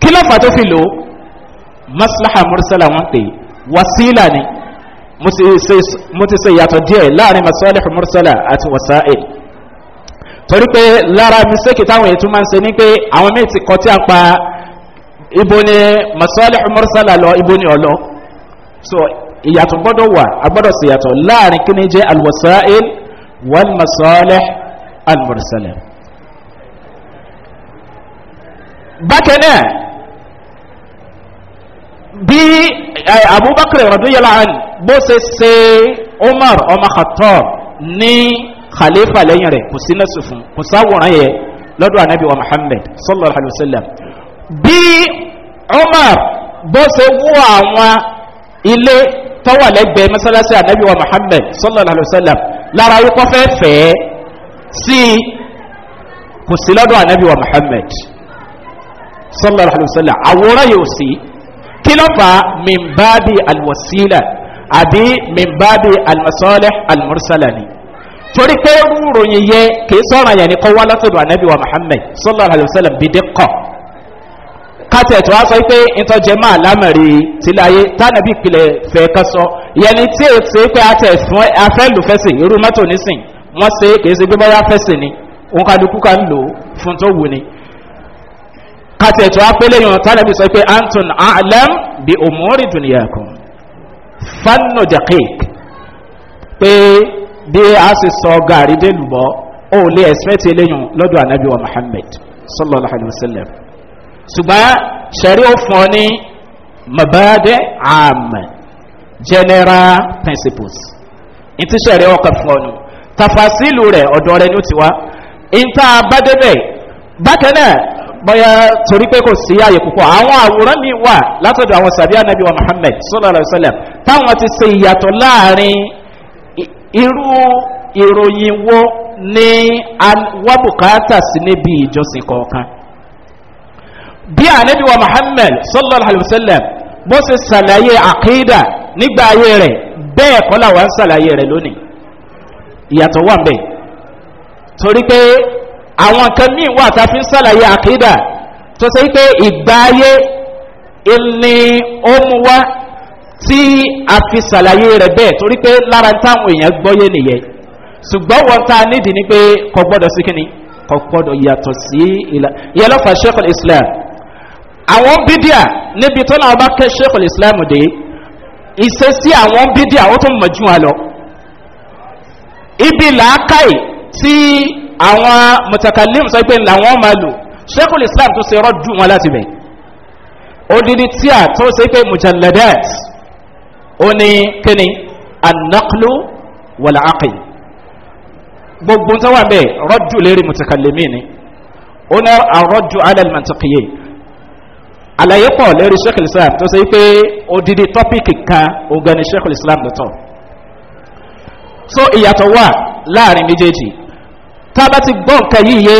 Speaker 1: kí ló fà tó fi lò maslaha mursala wọn pè wasila ni mo ti ṣe yàtọ̀ díẹ̀ láàrin masalih mursala àti wasa'il torí pé lára mistake táwọn ètò máa ń se ní pé àwọn míì ti kọ́ tí a pa ibo ni masọ́lẹ̀ mọ́sálà lọ ibo ni ọlọ so ìyàtọ̀ gbọ́dọ̀ wà a gbọ́dọ̀ sì yàtọ̀ láàrin kí ni jẹ́ alwasa'il wal masọ́lẹ̀ almursalẹ̀ bákan náà bí abubakar rọ̀dúyẹ̀lá bó ṣe ṣe umar ọmọ khattab ní khalifa lẹ́yìn rẹ̀ kò sí lẹ́sùn fún kò sáwòrán yẹ lọ́dọ̀ anabi wa muhammed sallallahu alayhi wa sallam bí umar bó ṣe wú àwọn ilé tọ́wà lẹ́gbẹ̀ẹ́ mọ́sálásí anabi wa muhammed sallallahu alayhi wa sallam lára wípọ́ fẹ́ fẹ́ sí kò sí lọ́dọ̀ anabi wa muhammed sallallahu alayhi wa sallam àwòrán yóò sí kí ló fà mí bá àbí mí bá bí almasalih torí pé ròyìn yẹ kìí sọ̀rọ̀ yẹn nìkan wá látọ̀dọ̀ anabi wa muhammed sallallahu alayhi wa sallam bìdí kọ̀ kátì ẹ̀tọ́ wá sọ pé ìtọ́jẹ́ máa lámẹ̀rí tìláyé tánàbí ìpìlẹ̀ fẹ́ ká sọ yẹn ni tí èsì pé afẹ́lùfẹ́sìn irú mọ́tò nísìn wọ́n ṣe kìí ṣe gbébọ́ yá fẹ́sìn ni òun ká dúkú ká ń lò fún tó wù ni kátì ẹ̀tọ́ wá pé lẹ́yìn tánàbí sọ pé anton alam bi omori duniya kan fannu jakek pé bí a sì sọ gàrí délùbọ́ ó lè ẹ̀sìpẹ́tì eléyìn lọ́dọ̀ ànábì wa muhammed sallallahu alayhi wa sallam ṣùgbọ́n ṣẹ̀rí ó fún ọ ní mabade am general principles ìtí ṣẹ̀rí ọkọ̀ fún ọ nù tafasilu rẹ̀ ọ̀dọ́ rẹ̀ ni ó ti wá ìta abádébẹ̀ bákan náà bọ́yá torí pé kò sí ààyè púpọ̀ àwọn àwòrán mi wà látọ̀dọ̀ àwọn sàbí ànábì wa muhammed sallallahu alayhi wa sallam táwọn ti ṣe ìyàtọ̀ láàrin irú ìròyìn wo ni wọ́n bùkátà sí níbi ìjọsìn kọ̀ọ̀kan bí ànábìwá muhammed sallallahu alayhi wa sallam bó ṣe ṣàlàyé àkídà nígbà ayé rẹ̀ bẹ́ẹ̀ kọ́ làwọn ń ṣàlàyé rẹ̀ lónìí ìyàtọ̀ wà bẹ́ẹ̀ torí pé àwọn kan míì wà tá fi ṣàlàyé àkídà tó ṣe pé ìgbà ayé ìní ó mu wá tí a fi ṣàlàyé rẹ̀ bẹ́ẹ̀ torí pé lára táwọn èèyàn gbọ́yé nìyẹn ṣùgbọ́n wọn ta nídìí ni pé kò gbọ́dọ̀ sí kíni kò gbọ́dọ̀ yàtọ̀ sí ìlà ìyẹn lọ́fà islam àwọn bídíà níbi tó náà bá kẹ́ sheikh islam dé ìṣesí àwọn bídíà ó tún mọ̀jú wa lọ ibi làákàyè tí àwọn mutakalim sọ pé làwọn máa lò sheikh islam tó ṣe rọ́ọ̀dù wọn láti bẹ̀ odidi tíà tó ṣe pé mujalladat ó ní kíni anaklu wàlàákì gbogbo tó wà bẹ́ẹ̀ rọ́jù lérí mùtàkàlẹ́mì ni ó ní àrọ́jù alẹ́lmọ̀tàkìyè àlàyé pọ̀ lérí sheikh islam tó ṣe pé odidi tọ́pìkì kan ogan ni sheikh islam lọ́tọ̀ so ìyàtọ̀ wà láàrin méjèèjì tá a bá ti gbọ́ nǹkan yìí yé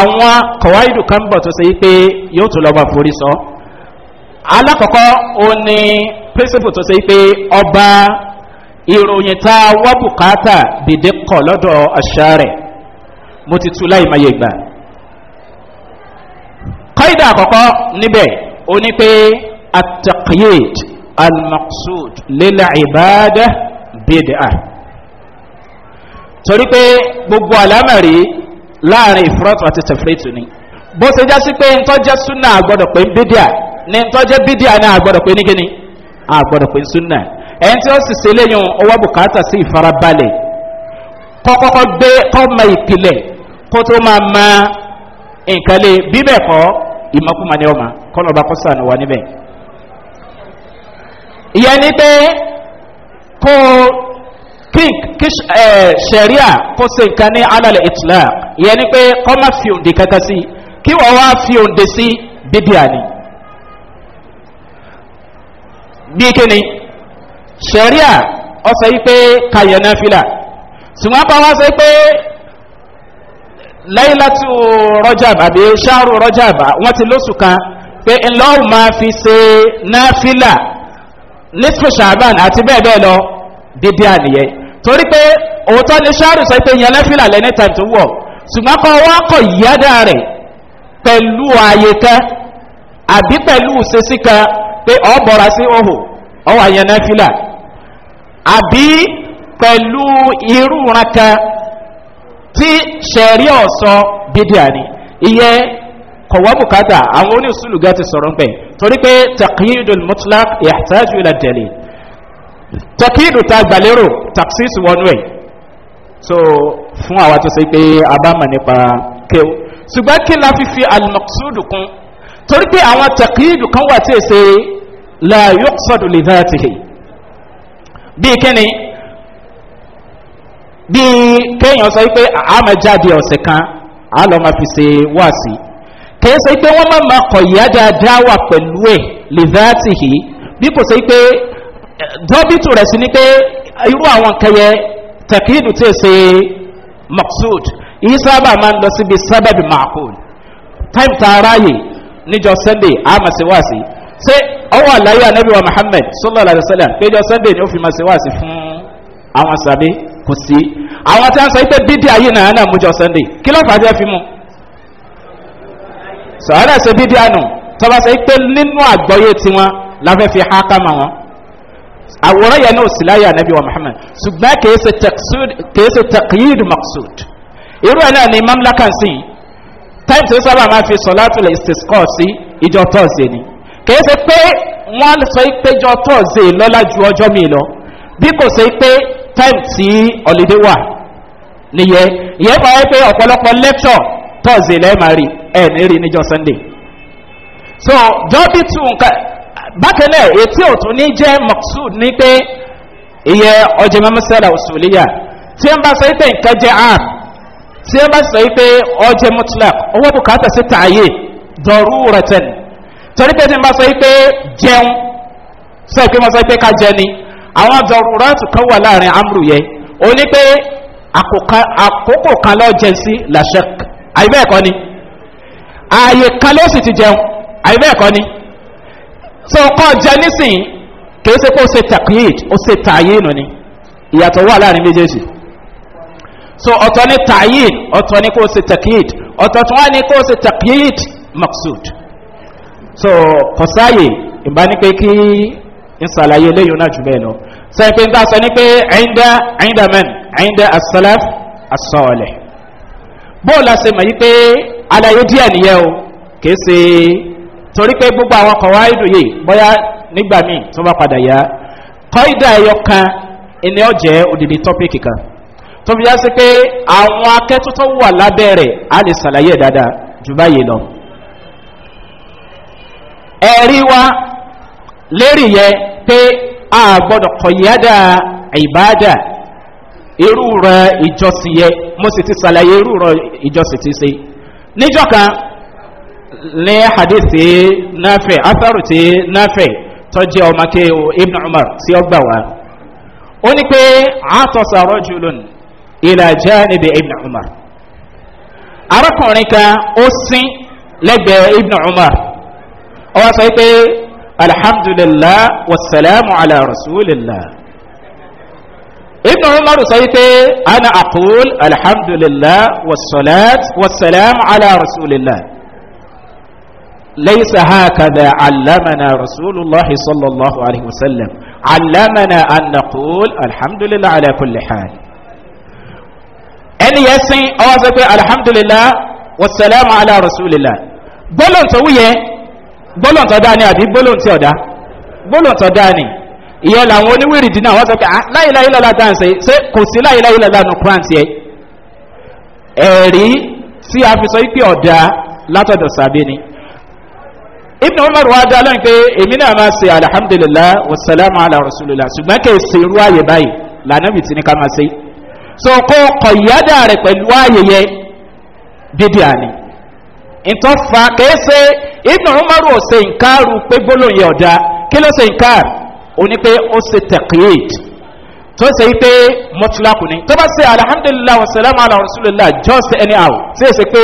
Speaker 1: àwọn kọ̀wáìdù kan bọ̀ tó ṣe pé yóò tún lọ́mọ forí sọ alákọ̀ọ́kọ́ ó ní. principle to ṣe pé ọba ìròyìn tá a wá bùkátà dìde kọ̀ lọ́dọ̀ àṣà rẹ̀ mo ti tu láì máa yẹ gbà. kọ́ìdà àkọ́kọ́ níbẹ̀ ó ní pé atakiyed almaksud lílà ìbáadá bèdà torí pé gbogbo àlámàrí láàrin ifuru àti tẹ̀fúrẹ́tù ni bó ṣe já sí pé ntọ́jẹ́ súnà àgbọ̀dọ̀ pé ń bídíà ni ntọ́jẹ́ bídíà ní àgbọ̀dọ̀ pé ní àgbọ̀dọ̀ pé súnà ẹni tí ó sì ṣe léyìn ọwọ́ bùkátà sí ìfarabalẹ̀ kọ́kọ́kọ́ gbé kọ́mọ ìpìlẹ̀ kó tó máa ma nǹkan lé bí kọ́ ìmọ̀kúmọ̀ ọmọ kọ́nà ọba kọ́ sànù wa níbẹ̀. ìyẹn ni pé kó kí sẹ̀ríà kó se nǹkan ní alàlẹ̀ ìtìlá ìyẹn ni pé kọ́mọ fi òǹdè kankan sí kí wọ́n wá fi òǹdè sí bíbí àná. bí kíni sẹ̀ríà ọ̀sẹ̀ yìí pé kayọ̀ náà fìlà wá sẹ́ pé àbí ṣáàrù wọ́n ti lóṣù kan pé máa fi ṣe náà fila nísìkò ṣàbàn àti bẹ́ẹ̀ bẹ́ẹ̀ lọ dídí àníyẹ torí pé òótọ́ ni ṣáàrù sọ pé yẹn lẹ́fìlà lẹ́ni tó wọ̀ wá kọ̀ rẹ̀ pẹ̀lú kan àbí pẹ̀lú pé ọ bọ̀ra sí òhò ọwọ́ àyànná fílà àbí pẹ̀lú irú raka tí sẹ̀rí ọ̀sọ́ bídíà ni ìyẹn kọ̀wọ́ bùkátà àwọn oníṣùlùgá ti sọ̀rọ̀ pẹ̀ torí pé takidul mutlak ìyàtájú ilẹ̀ tẹ̀lé takidu ta gbàlérò taxis one way, so fún àwa tó ṣe pé a bá mọ̀ nípa kéw ṣùgbọ́n kí n láfi fi alimọ̀súdù kún torí pé àwọn tàkìdù kan wà tí è ṣe láàyò sọ́dún lè dá tìhì bí kíni bí kéèyàn sọ pé àmọ́ jáde ọ̀sẹ̀ kan á lọ́ máa fi ṣe wá sí kèé sọ pé wọ́n máa ma kọ̀ ìyá dáadáa wà pẹ̀lú ẹ̀ lè dá tìhì bí kò sọ pé dọ́bìtù rẹ̀ sí ni pé irú àwọn kẹyẹ tàkìdù tí è ṣe maksud ìyí sábà máa ń lọ síbi sábàbí maakul táìmù tá a níjọ sunday a máa ṣe wáàsí ṣé ọwọ́ àlàyé anabi wa muhammed sallallahu alayhi wa sallam péjọ sunday ni ó fi máa ṣe wáàsí fún àwọn sàbí kò sí àwọn tí wọ́n sọ pé bídí ayé náà náà mújọ sunday kí ló fàájẹ́ fi mú sọ̀rọ̀ ṣe bídí àná tọ́ba sọ pé nínú àgbọ́yé tiwọn láfẹ́ fi há ká ma wọn àwòrán yẹn náà sì láyé anabi muhammed ṣùgbọ́n kì í ṣe taqyid irú ẹ̀ náà ni mamlakan sí yìí time tí ó sábà máa fi sọ̀látùlẹ̀ ìsìnkọ́ sí ìjọ tọ́sídẹ̀ẹ́ ni kìí ṣe pé wọ́n sọ pé ìjọ tọ́sídẹ̀ẹ́ lọ́la ju ọjọ́ mi lọ bí kò ṣe pé time tí ọ̀lẹ́dẹ̀ wà nìyẹn ìyẹn bá wọ́n pé ọ̀pọ̀lọpọ̀ lecture tọ́sídẹ̀ẹ́ lẹ́ẹ̀ máa rí ẹ̀ ní rí níjọ sunday so jọ́bí tù nǹkan bákan náà etí òtún ní jẹ́ mọ̀sùd ní pé ìyẹn ọjọ́ mọ́mọ́sẹ́lá òṣùlẹ́yà tí tí ẹ bá sọ yìí pé ọjẹ mutlak owó bùkátà sí tààyè dọ̀rú rẹ̀tẹ̀n torí pé tí ẹ bá sọ yìí pé jẹun sọ pé mo sọ pé ká jẹ ni àwọn dọ̀rú rẹ̀tù kan wà láàrin amúrù yẹ o ní pé àkókò kan lọ jẹ sí làṣẹk àyíbẹ́ẹ̀ kọ́ ni ààyè kan ló sì ti jẹun àyíbẹ́ẹ̀ kọ́ ni so kọ́ jẹ nísìnyí kì í ṣe pé ó ṣe tàkìyè ó ṣe tààyè nù ni ìyàtọ̀ wà láàrin méjèèjì so ọ̀tọ̀ ni tayin ọ̀tọ̀ ni kò sí takid ọ̀tọ̀ tí wọ́n ní kò sí takid maksud so kò sáàyè ìbánikẹ́ kí n ṣàlàyé lẹ́yìn náà jù bẹ́ẹ̀ lọ sẹ́yìn pé n ta sọ ni pé ẹ̀yìndà ẹ̀yìndà mẹ́n ẹ̀yìndà asalaf asọ́ọ̀lẹ̀ bóòlù àṣẹ mọ̀ yìí pé àlàyé díẹ̀ nìyẹn o kìí ṣe torí pé gbogbo àwọn kọ̀wá ìdòye bóyá nígbà míì tó bá padà yá kọ́ ìdá ẹ̀yọ kan ìní ọ̀jẹ̀ òdìdí tọ́pìkì kan tó fi já sí pé àwọn akẹ́tútọ́ wà lábẹ́ a lè ṣàlàyé dada jù báyìí lọ ẹ̀rí wa lérí yẹ pé a gbọ́dọ̀ kọ̀yádà ìbáàdà irú rẹ ìjọsìn yẹ mo sì ti ṣàlàyé irú rẹ ìjọsìn ti ṣe níjọ́ ní hadithi náfẹ̀ atharu ti náfẹ̀ tó jẹ́ ọmọ ibn umar tí ó gbà wá ó ní pé àtọ̀sà rọ́jùlùn إلى جانب ابن عمر أركونك أسن لك ابن عمر أوصيك الحمد لله والسلام على رسول الله ابن عمر سيدي أنا أقول الحمد لله والصلاة والسلام على رسول الله ليس هكذا علمنا رسول الله صلى الله عليه وسلم علمنا أن نقول الحمد لله على كل حال ẹni yẹn sin ọwọ́ sọ pé alhamdulilah wasalaamu ala rasulillah gbólóhùn tó wúyẹ gbólóhùn tó dáa ni àbí gbólóhùn tí ọ̀dá gbólóhùn tó dáa ni ìyẹn làwọn oníwìrì dín náà wọ́n sọ pé láìláì ah, lọ́la tá à ń ṣe ṣé kò sí láìláì lọ́la nù kúrántì ẹ̀ ẹ̀rí tí a fi sọ pé ọ̀dá látọ̀dọ̀ sàbẹ̀ ni ibn umar wa dá lóyún pé èmi náà máa ṣe alhamdulilah wasalaamu ala rasulillah ṣùgbọ́n kì í ṣe irú àyè báyìí lànà bìtì ni ká máa ṣe sọ̀kọ́ kọ̀yádà rẹ̀ pẹ̀lú ayẹyẹ dídí àní ìtọ́fà kẹ́ẹ́sẹ́ ibn umaru ọ̀sẹ̀ nkaaru pé gbólóyè ọ̀dá kí ló ṣe nkaaru ó ní pé ó ṣe tẹ̀kíyèd tó ṣe pé mọ́tíláàkù ni tó bá ṣe alhamdulilah wa salamu ala rasulillah just anyhow ṣe é ṣe pé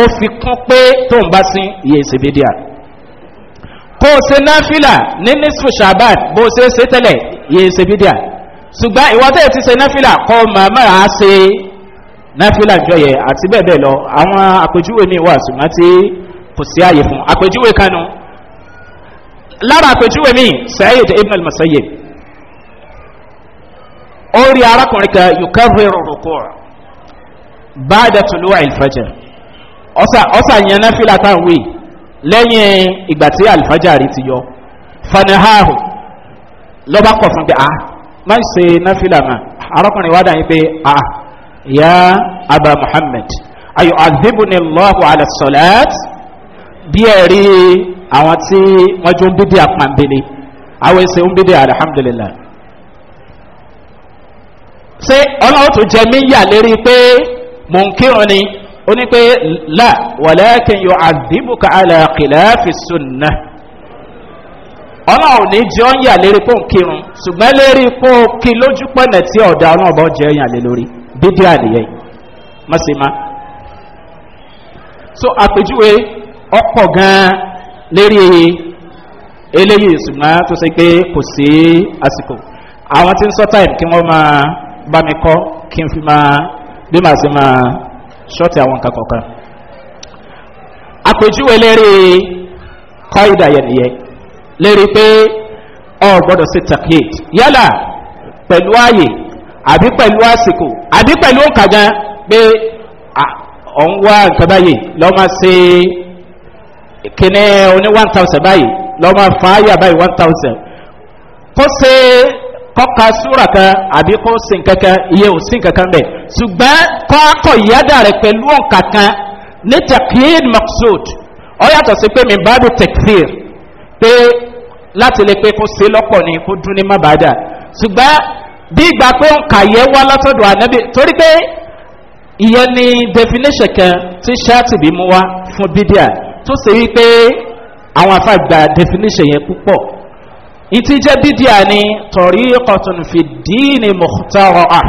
Speaker 1: ó fi kún pé tó ń bá sin iye ìṣèbédìá kó o ṣe náfìlà ní nísfù shaban bó o ṣe é ṣe tẹ́lẹ̀ iye ìṣèbédìá ṣùgbọ́n ìwọ́tẹ́ ti ṣe náfìlà kọ́ màmá ṣe náfìlà jọyẹ àti bẹ́ẹ̀ bẹ́ẹ̀ lọ àwọn àpèjúwe ní ìwà ṣùgbọ́n tí kò sí ààyè fún àpèjúwe kanu lára àpèjúwe mi sayid ibn al-musayyib ó rí arákùnrin kan yukarriru rukur ba'da tulu'a al-fajr ọ̀sà ọ̀sà yẹn náfìlà táwọn wí lẹ́yìn ìgbà tí al-fajr rí ti yọ fanahahu lọ́ba fún pé ah má ṣe náfìlà mà arákùnrin wa dàn yín pé a ya aba muhammed ayo azibuni allahu ala salat díẹ̀ rí àwọn tí wọ́n jó ń bídí àpàǹbẹ̀lẹ̀ àwọn ẹsẹ̀ ń bídí alihamdulilayi ṣé ọlọ́run tó jẹ mí yà lérí pé mò ń kírun ni ó ní pé la wàlẹ́kìn yóò àdìbùkà àlàkìlà fi sùn náà ọlọ́run ní jẹ́ ń yà lérí pọ́n kírun ṣùgbọ́n lérí pọ́n kí lójú pẹ̀lẹ̀ tí ọ̀dà ọ̀nà ọ̀bọ̀ jẹ́ yàn lé lórí bídí àníyàn mọ́símá so àpèjúwe ọ̀pọ̀ gan-an lérí eléyìí ṣùgbọ́n tó ṣe pé kò sí àsìkò àwọn tí ń sọ táìm kí wọ́n máa bá mi kọ́ kí n fi máa bí màá ṣe máa ṣọ́ọ̀tì àwọn nǹkan kọ̀ọ̀kan àpèjúwe lérí kọ́ ìdàyẹ̀ nìyẹn lérí pé ọ gbọ́dọ̀ sí takid yálà pẹ̀lú ààyè àbí pẹ̀lú àsìkò àbí pẹ̀lú òǹkàgá pé ọ̀n wá nǹkan báyìí lọ́ máa ṣe kíní oní one thousand báyìí lọ́ máa fa àyà báyìí one thousand kó ṣe kọ́ka súra kan àbí kó sin kankan iye ò sin kankan bẹ́ẹ̀ ṣùgbọ́n kọ́ akọ̀ ìyádà rẹ̀ pẹ̀lú òǹkà kan ní takid maksud ọ yàtọ̀ sí pé mi bá dùn takfir pé láti lè pé kó se lọ́pọ̀ ni kó dún ní má bàá dà ṣùgbọ́n bí ìgbà pé ń kàyẹ́ wá látọ̀dọ̀ ànábì torí pé ìyẹn ni definition kan tí ṣáàtì bí mú wá fún bídíà tó ṣe wípé àwọn afa gba definition yẹn púpọ̀ ìtí jẹ́ bídíà ni torí kọ̀tún fi díìnì mọ̀tàrọ̀ à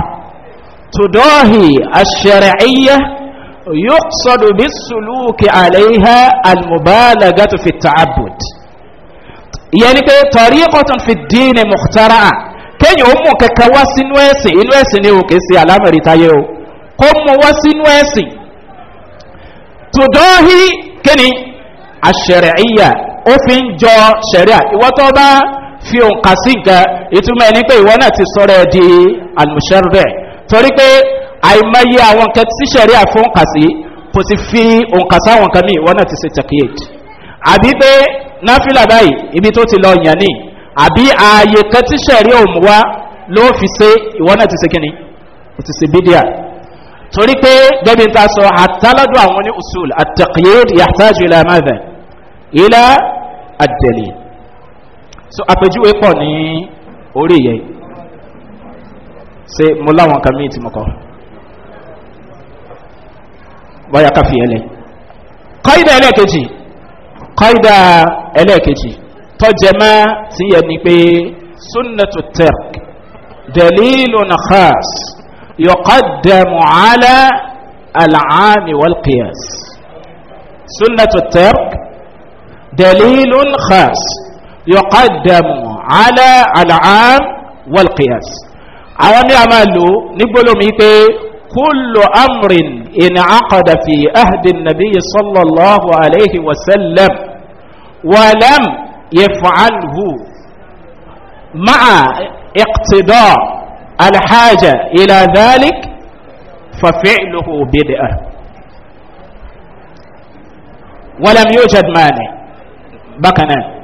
Speaker 1: tùdọ́hì àṣẹrẹ̀ ẹ̀yẹ́ yóò sọdọ̀ bí sùlùkì àlẹ́ ìhà àlùmọ̀bá làgàtò tààbùtì ìyẹn ni pé tọ̀rí kọ́tùn fi dín ní mùkútàrà kéèyàn ó mú kẹ̀kẹ́ wá sínú ẹ̀sìn inú ẹ̀sìn ni òkè sí alámẹ̀rí táyé o kó mú wá sínú ẹ̀sìn tùdọ́hí kíni àṣẹ̀rẹ̀íyà ó fi ń jọ ṣẹ̀ríà ìwọ́ bá fi òǹkà sí nǹkan ìtumọ̀ ẹni pé ìwọ náà ti sọ̀rọ̀ ẹ̀ di àlùmùsẹ̀rẹ̀ torí pé àìmọye àwọn nǹkan tí ṣẹ̀ríà fún òǹkà sí kò sì fi òǹkà sáwọn nǹkan míì ìwọ náà ti ṣe tẹ̀kíyèd àbí pé náfìlà báyìí ibi tó ti lọ yàn ní àbí ààyè kan tí sẹ̀rí òun wá ló fi ṣe ìwọ náà ti ṣe kíni ti ṣe bídíà torí pé gbẹ́bí ta sọ àtàlọ́dọ̀ àwọn ní usul àtàkìyèd yàtàjù ilẹ̀ amáfẹ́ ilẹ̀ àdẹ̀lẹ̀ so àpèjúwe pọ̀ ní orí yẹn ṣe mo láwọn kan míì tí mo kọ́ bọ́yá káfíẹ́lẹ̀ kọ́ ìdá ẹlẹ́ẹ̀kejì قيدا إليكي تجمع سيني بي سنة الترك دليل خاص يقدم على العام والقياس سنة الترك دليل خاص يقدم على العام والقياس عام يعمل نقول ميكي كل أمر انعقد في أهد النبي صلى الله عليه وسلم ولم يفعله مع اقتضاء الحاجة إلى ذلك ففعله بدء ولم يوجد مانع بكنا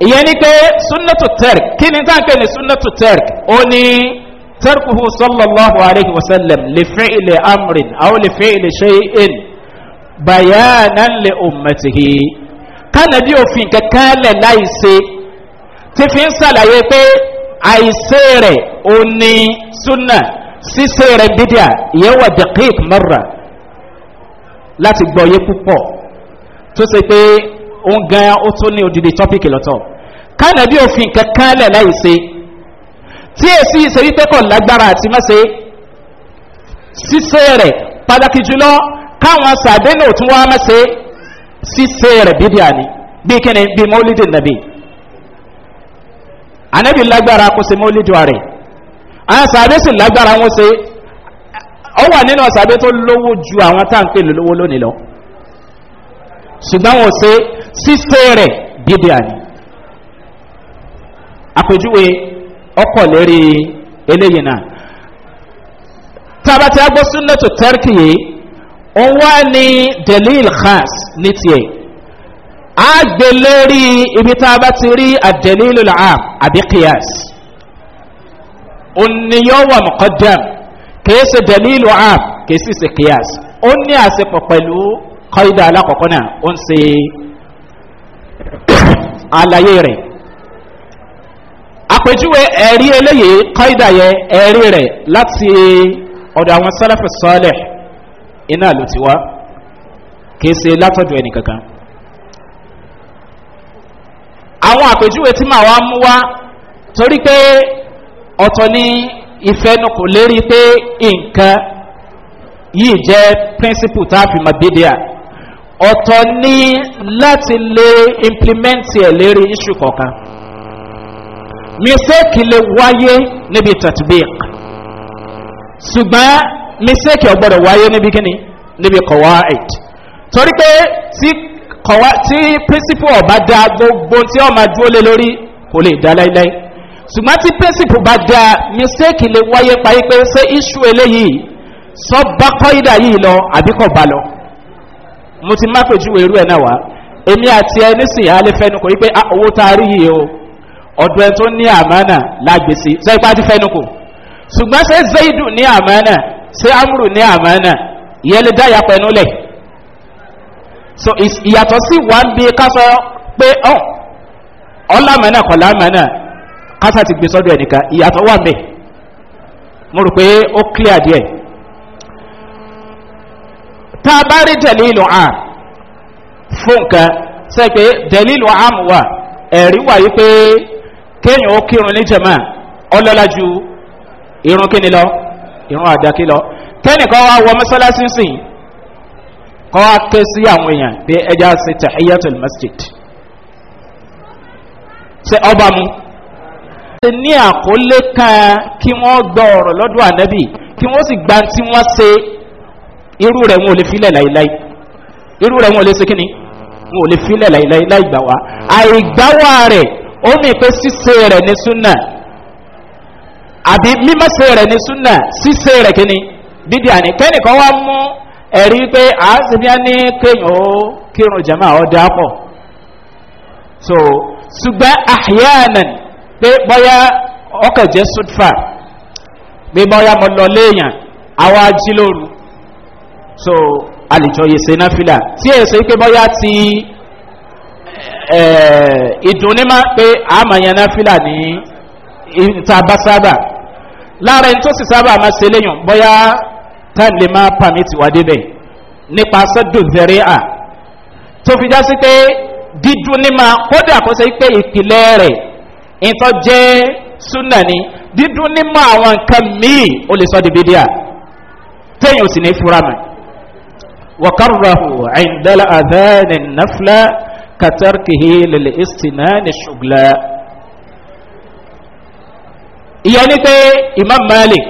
Speaker 1: يعني كي سنة الترك كي نتاكي سنة الترك أني تركه صلى الله عليه وسلم لفعل أمر أو لفعل شيء بيانا لأمته كان دي òfin kankan lẹ̀ láìsí tí fi ń ṣàlàyé pé àìsí rẹ̀ ò ní súnà ṣíṣe rẹ̀ bídíà ìyẹn wà dẹ̀kík mọ́ra láti gbọ́yé púpọ̀ tó ṣe pé ó ń gan ó tún ní odidi tọ́pìkì lọ́tọ̀ kánàbí òfin kankan lẹ̀ láìsí tí èsì ìṣe wípé kọ̀ lágbára àti mẹ́sẹ̀ ṣíṣe rẹ̀ pàtàkì jùlọ káwọn sàdénà tún wá mẹ́sẹ̀ ṣíṣe rẹ̀ bídíà ni bí kíni bí mọ́lídìí nàbí anabi lágbára kò sí mọ́lídìí rẹ̀ àwọn sàdé sì lágbára wọn ṣe ọ wà nínú sàdé tó lówó ju àwọn tá à lówó lónìí lọ ṣùgbọ́n wọn ṣe ṣíṣe rẹ̀ bídíà ni àpèjúwe ọkọ̀ lérí eléyìí náà tabata agbósúnlẹ̀ tó tẹ́rkì yìí òun wá ní delil khas ní tiẹ̀ á gbé lérí ibi tá a bá ti rí adelil la'am àbí qiyas oníyọ́wà mọ̀kọ́dẹ́m kìí ṣe delil la'am kìí sì ṣe ó ní àṣepọ̀ pẹ̀lú kọ́ídà alákọ̀ọ́kọ́ náà ó ń ṣe [COUGHS] àlàyé rẹ̀ àpèjúwe ẹ̀rí eléyìí kọ́ìdà yẹn ẹ̀rí rẹ̀ láti ọ̀dọ̀ àwọn sẹ́lẹ̀fẹ̀ sọ́ọ̀lẹ̀ iná ló ti wá kìí ṣe látọ̀dọ̀ ẹnì kankan. àwọn àpèjúwe tí màá wá mú wá torí pé ọ̀tọ̀ ní ìfẹ́nu kò lérí pé nǹkan yìí jẹ́ píríncípù tá a fi mọ bídíà ọ̀tọ̀ ní láti lè implement ẹ̀ lérí iṣu kọ̀ọ̀kan mistake lè wáyé níbi tatbiq ṣùgbọ́n mistake ọgbọ́dọ̀ wáyé níbi kíni níbi kọ̀wáìd torí pé tí kọ̀wá tí principle ọba da gbogbo tí ọmọ dúró lé lórí kò lè dá láíláí ṣùgbọ́n tí principle bá da mistake lè wáyé parí pé ṣé iṣu eléyìí sọ bá kọ́ídà yìí lọ àbí kọ̀ bá lọ mo ti má pèjúwe irú ẹ̀ náà wá èmi àti ẹ nísìnyí alẹ́ fẹ́nu kò yí pé ah, owó tá a rí yìí o ọ̀dọ̀ ẹ tó ní àmánà lágbèsè sẹ́pá ti fẹ́nu kù ṣùgbọ́n ṣe zaidu ní àmánà ṣe amúrù ní àmánà ìyẹn lè dá ìyapẹ̀ ẹnu lẹ̀ so ìyàtọ̀ sí wà ń bi ká sọ pé ọ̀làmánà kọ̀làmánà kásá ti gbé sọ́dọ̀ ẹnìkan ìyàtọ̀ wà ń bẹ̀ mo rò pé ó clear díẹ̀ tá a bá rí tẹ̀lé ìlú àm fún nǹkan sẹ́ pé tẹ̀lé ìlú àm wà ẹ̀rí wà yí pé. kéèyàn ó kírun ní jẹ̀mọ́ ọlọ́lá ju irun kíni lọ irun àdákí lọ tẹ́nìkan wá wọ mọ́sálásí sìn kọ́ wá ké sí àwọn èèyàn bí ẹja ṣe tàhíyàtul masjid ṣe ọba mu ṣe ní àkólé kan kí wọ́n gbọ́ ọ̀rọ̀ lọ́dún ànábì kí wọ́n sì gba tí wọ́n ṣe irú rẹ̀ wọn ò lè filẹ̀ láìláì irú rẹ̀ wọn ò lè ṣe kíni wọn ò lè filẹ̀ láìláì láì gbà wá àìgbáwá rẹ̀. omi pe sise rẹ ni sunna àbí mímọ se rẹ ni sunna sise rẹ kini bidi ani kẹnikan wa mu eri pe a sebi ani kéwọn o kírun jama o da pọ so sugbẹ ahyẹnan pe bọyá ọkẹjẹ sudfa pe bọyá mo lọ léèyàn awa jí lóru so alijọ yèsè náà fila tí yèsè pe bọyá ti. Tí... Eh, ìdùnní máa pé àmàyàn náà ní ìtàbá sábà lára ẹni tó sì sábà máa ṣe léyìn bóyá táìmù lè máa pàmìtì wá débẹ̀ nípa sọ́dọ̀ zẹ̀rẹ̀ à tó fi já sí pé dídùn kódà kó pé ìpìlẹ̀ rẹ̀ ìtọ́ jẹ́ súnà ni dídùn àwọn nǹkan míì ó lè sọ di bídíà téèyàn ò sì ní fura mọ́ wọ́n kárùrọ̀ àìndẹ́lẹ̀ àbẹ́ẹ̀nì náfúlẹ́ katarkihi lèlè istinani ṣùgbọ́n. ìyẹn ni pé imam malik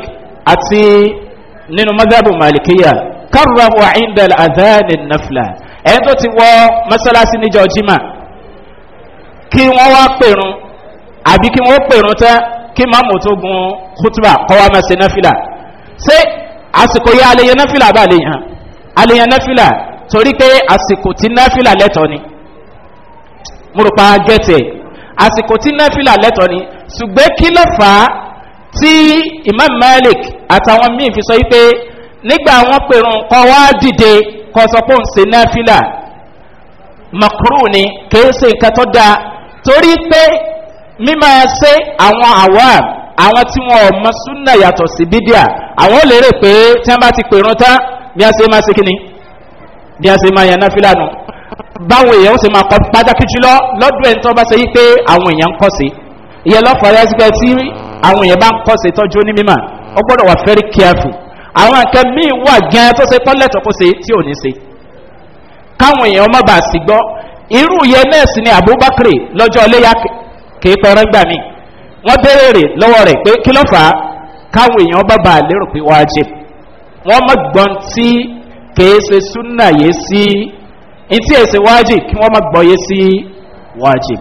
Speaker 1: àti nínú madhabu malikiya karramu indal adhani nafla ẹni tó ti wọ masalasi níjọ jimá kí wọ́n wá pèrún àbí kí wọ́n pèrún tán kí mamu tó gun kutuba kọ́wá ma ṣe nafila ṣé àsìkò yẹ alẹ́yẹ nafila bá lè yàn nafila torí pé àsìkò tí nafila lẹ́tọ̀ọ́ ni múrùpá gẹ̀tẹ̀ àsìkò tí nẹ́fìlà lẹ́tọ̀ ni ṣùgbẹ́ kí ló fà á tí imam malik àtàwọn míì fi sọ wípé nígbà wọn pèrún kọ wá dìde kọ sọ pé òun ṣe nẹ́fìlà makuru ni kìí ṣe nǹkan tó dáa torí pé mímọ ṣe àwọn àwa àwọn tí wọn ò mọ súnà yàtọ̀ sí bídíà àwọn ò lérè pé tí wọn bá ti pèrún tán bí a ṣe máa ṣe kíni bí a ṣe máa yàn náà fílànà báwọn èèyàn sì máa kọ pàtàkì jùlọ lọ́dún ẹni tó bá ṣe yí pé àwọn èèyàn ń kọ́ sí ìyẹn lọ́fọ̀ọ́ yẹn tí àwọn èèyàn bá ń kọ́ sí tọ́jú ní mímà ó gbọ́dọ̀ wà very careful àwọn nǹkan míì wà gan tó ṣe tọ́lẹ̀tọ̀ kó ṣe tí ò ní ṣe káwọn èèyàn má bàa sì gbọ́ irú yẹn náà sì ni abubakar lọ́jọ́ iléyà kìí gbà mí wọ́n béèrè lọ́wọ́ rẹ̀ pé kí ló ntí ẹsẹ wájib kí wọn má gbọyé sí wájib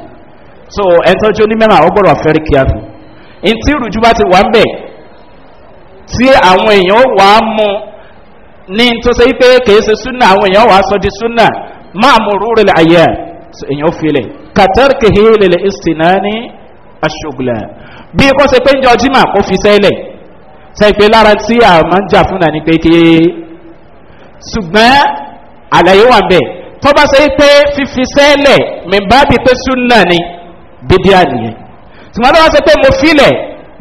Speaker 1: so ẹtọjú onímọ̀ràn àwọn gbọdọ̀ fẹ́rí kíákù ntí rújú bá ti wà ń bẹ̀ tí àwọn èèyàn wà á mú ní tó ṣe pé kìí ṣe súnà àwọn èèyàn wà á sọ di súnà máa mú rúurẹ̀ ayé èèyàn filẹ̀ kàtàrí kìí lèlè ìsìnà ní aṣọ́gbìlà bí kò ṣe pé ń jọ jimá kó fi sẹ́lẹ̀ ṣe lára tí àwọn máa ń jà fún nàní pé kí ṣùgbọ́n àlàyé wà ń bẹ̀ tọ́ba ṣe pé fífi sẹ́lẹ̀ mìbábi pé súnà ni bíbí àníyàn tùmọ̀tò wá ṣe pé mo filẹ̀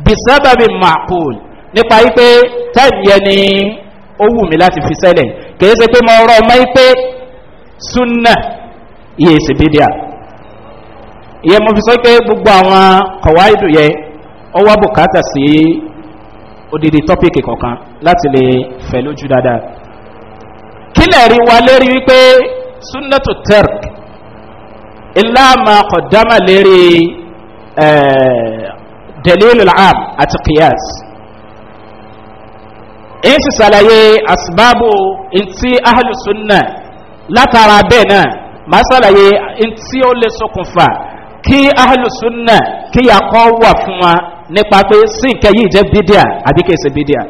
Speaker 1: bisábàbí màkúl nípa wípé táìmìyẹ ni ó wù mí láti fi sẹ́lẹ̀ kìí ṣe pé mo rọ ọmọ yìí pé súnà yìí ṣe bíbí à ìyẹn mo fi sọ pé gbogbo àwọn kọ̀wá ìdù yẹ ọ wá bùkátà sí odidi tọ́pìkì kọ̀ọ̀kan láti lè fẹ̀ lójú dáadáa kílẹ̀ rí wa lérí wípé sunnatu turk ilama kọ̀dámà lérí dalilu al'am àti qiyas èyí sì sàlàyé asibabu ntí ahalu sunna látara bẹ́ẹ̀ náà màá sàlàyé ntí ó lè sokùnfà kí ahalu sunna kí yàkọ́ wà fún wa nípa pé sí nǹkan yìí jẹ́ bídíà àbí kìí ṣe bídíà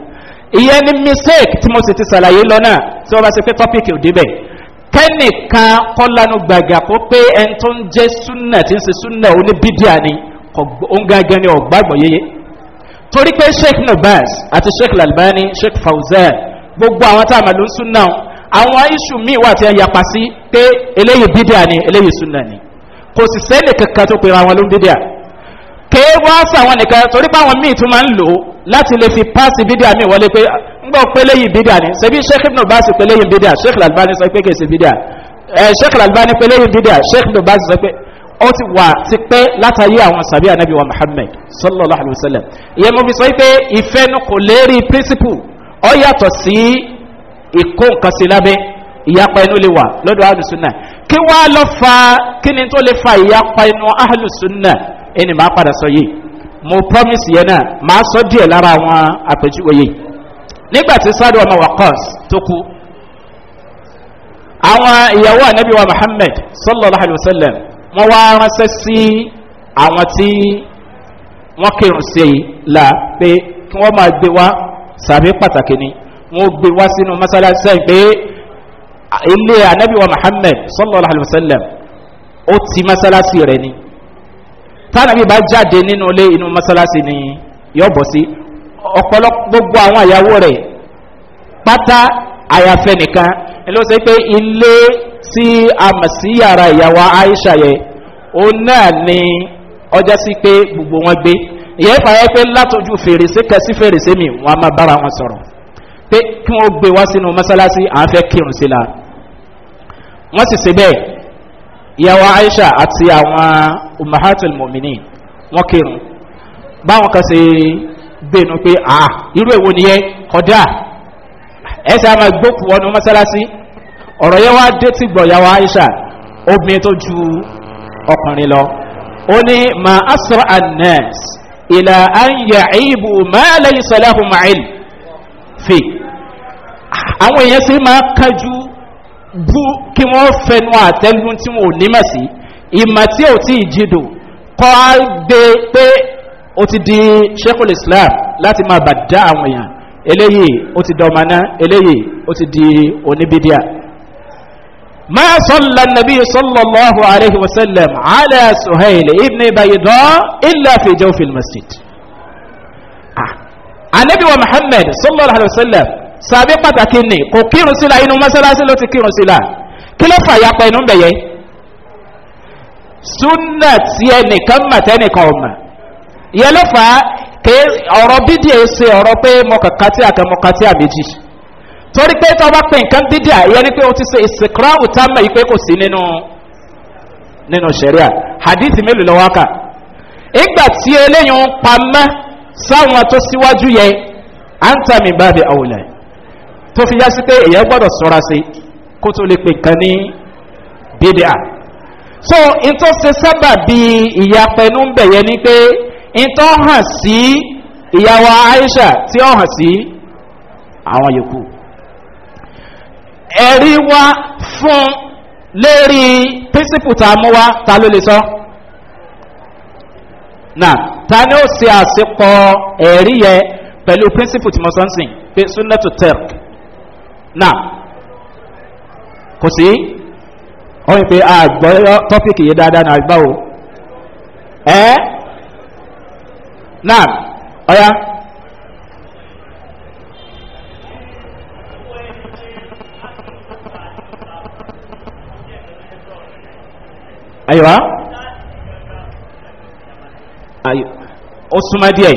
Speaker 1: ni mistake tí mo sì ti sàlàyé lọ́nà tí wọ́n bá ṣe pé tọ́pìkì ò débẹ̀ kẹ́nìkan kọ́lánú gbàgà kó pé ẹni tó ń jẹ́ súnà tí ń se súnà oníbídíà ni ọ̀gágan ni ọ̀gbàgbọ̀ yeye torí pé sheikh nubas àti sheikh lalbani sheikh fauzan gbogbo àwọn tá a màlúù súnà àwọn iṣu míì wà tí a yapa sí pé eléyìí bídíà ni eléyìí súnà ni kò sì sẹ́nì kankan tó pera wọn ló ń bídíà kèé wá sàwọn nìkan torí páwọn míì tún máa ń lò láti lè fi páàsì bídíà míì wọlé pé ń gbọ́ pélé yìí bídíà ni ṣebí sheikh ibn basi pélé yìí bídíà sheikh lalbani sọ pé kèé ṣe bídíà ẹ sheikh lalbani pélé yìí bídíà sheikh ibn basi sọ pé ó ti wà ti pẹ́ látàyé àwọn sàbí anabi wa muhammed sallallahu alayhi wa sallam ìyẹn mo fi sọ pé ìfẹ́nu kò lérí principle ọ yàtọ̀ sí ìkó nǹkan sí lábẹ́ ìyapa inú lè wà lọ́dọ̀ ahlùsùnà kí wàá lọ fa kí tó lè fa ìyapa inú ahlùsùnà ẹni máa padà sọ yìí mo promise yẹn náà máa sọ díẹ̀ lára àwọn àpèjúwe yìí nígbà tí sáàdù ọmọ wakọ́s tó kú àwọn ìyàwó anabi wa muhammed sallallahu alayhi wa sallam wọn wá ránṣẹ́ sí àwọn tí wọ́n kírun sí i la pé kí wọ́n máa gbé wá sàbí pàtàkì ni wọ́n gbé wá sínú mọ́sálásí ẹ̀ pé ilé anabi wa muhammed sallallahu alayhi wa sallam ó ti mọ́sálásí rẹ̀ ni tánàbí bá jáde nínú ilé inú mọ́sálásí ni yọ bọ̀ sí ọ̀pọ̀lọpọ̀ gbogbo àwọn àyàwó rẹ̀ pátá àyàfẹ́ nìkan ló ṣe pé ilé sí àmàsíyàrá ìyàwó aisha yẹ òun náà ni ọjọ́ sí pé gbogbo wọn gbé ìyẹn fàyẹ pé látọjú fèrèsé kẹsí fèrèsé mi wọn a máa bára wọn sọ̀rọ̀ pé kí wọ́n gbé wá sínú mọ́sálásí à ń fẹ́ kírun sí la wọ́n sì ṣe bẹ́ẹ̀ ìyàwó aisha àti àwọn umahatul mọ̀mìnì wọ́n kírun báwọn kan ṣe gbẹ̀nu pé à irú èwo nìyẹn kọjá ẹsẹ̀ àmà gbókù ọ̀nà mọ́sálásí ọ̀rọ̀ yẹn wá dé tí gbọ̀ ìyàwó aisha obìnrin tó ju ọkùnrin lọ ó ní ma asra anes ìlà ànyà ìbù mẹ́lẹ̀ ìsọ̀lẹ́hùn màáìl fi àwọn èèyàn sì máa kájú bú kí wọ́n fẹnu àtẹ́lú tí wọ́n ò nímọ̀ sí ìmọ̀ tí ò tí ìjìdò kọ́ á gbé pé ó ti di sheikul islam láti máa bà dá àwọn èèyàn eléyìí ó ti dọ̀mọ́ná eléyìí ó ti di oníbídíà máa sọ́lá nàbí sọ́lọ́lọ́hu àríhì alẹ́ sọ̀hẹ́lẹ̀ sàbí pàtàkì nì kò kírun sílá inú mọ́sálásí ló ti kírun sílá kí ló fà yapa inú bẹ̀yẹ súnà tí ẹnìkan mà tẹnìkan ọ̀mà ìyẹn ló fà á ké ọ̀rọ̀ bídìí ṣe ọ̀rọ̀ pé mọ̀kàkà tí àkà mọ̀kà tí àméjì torí pé tọ́ bá pè nǹkan bídìí àyẹ́ ni pé o ti ṣe ìsìnkúráwù tá mọ̀ yìí pé kò sí nínú nínú sẹ̀ríà hadith mélòó lọ́wọ́ kà ìgbà tí eléyìí ń pamẹ́ sáwọn tó síwájú yẹ à bá bẹ àwòlẹ̀ tó fi yá sí pé èyàn gbọ́dọ̀ sọ́ra sí kó tó lè pè kan ní bídíà so n tó ṣe sábà bí ìyapẹnu ń bẹ̀yẹ ni pé n tó hàn sí ìyàwó aisha tí ó hàn sí àwọn yòókù ẹ̀rí wá fún lérí pínsípù tá a mú wá ta ló lè sọ náà ta ni ó ṣe àṣepọ̀ ẹ̀rí yẹ pẹ̀lú pínsípù tí mo sọ ń sìn pé sunnatu turk náà kò sí wọ́n yìí pé àgbọ̀ tọ́pìkì yìí dáadáa náà gbá o ẹ́ náà ọ̀yá. ayiwa ayi o suma diẹ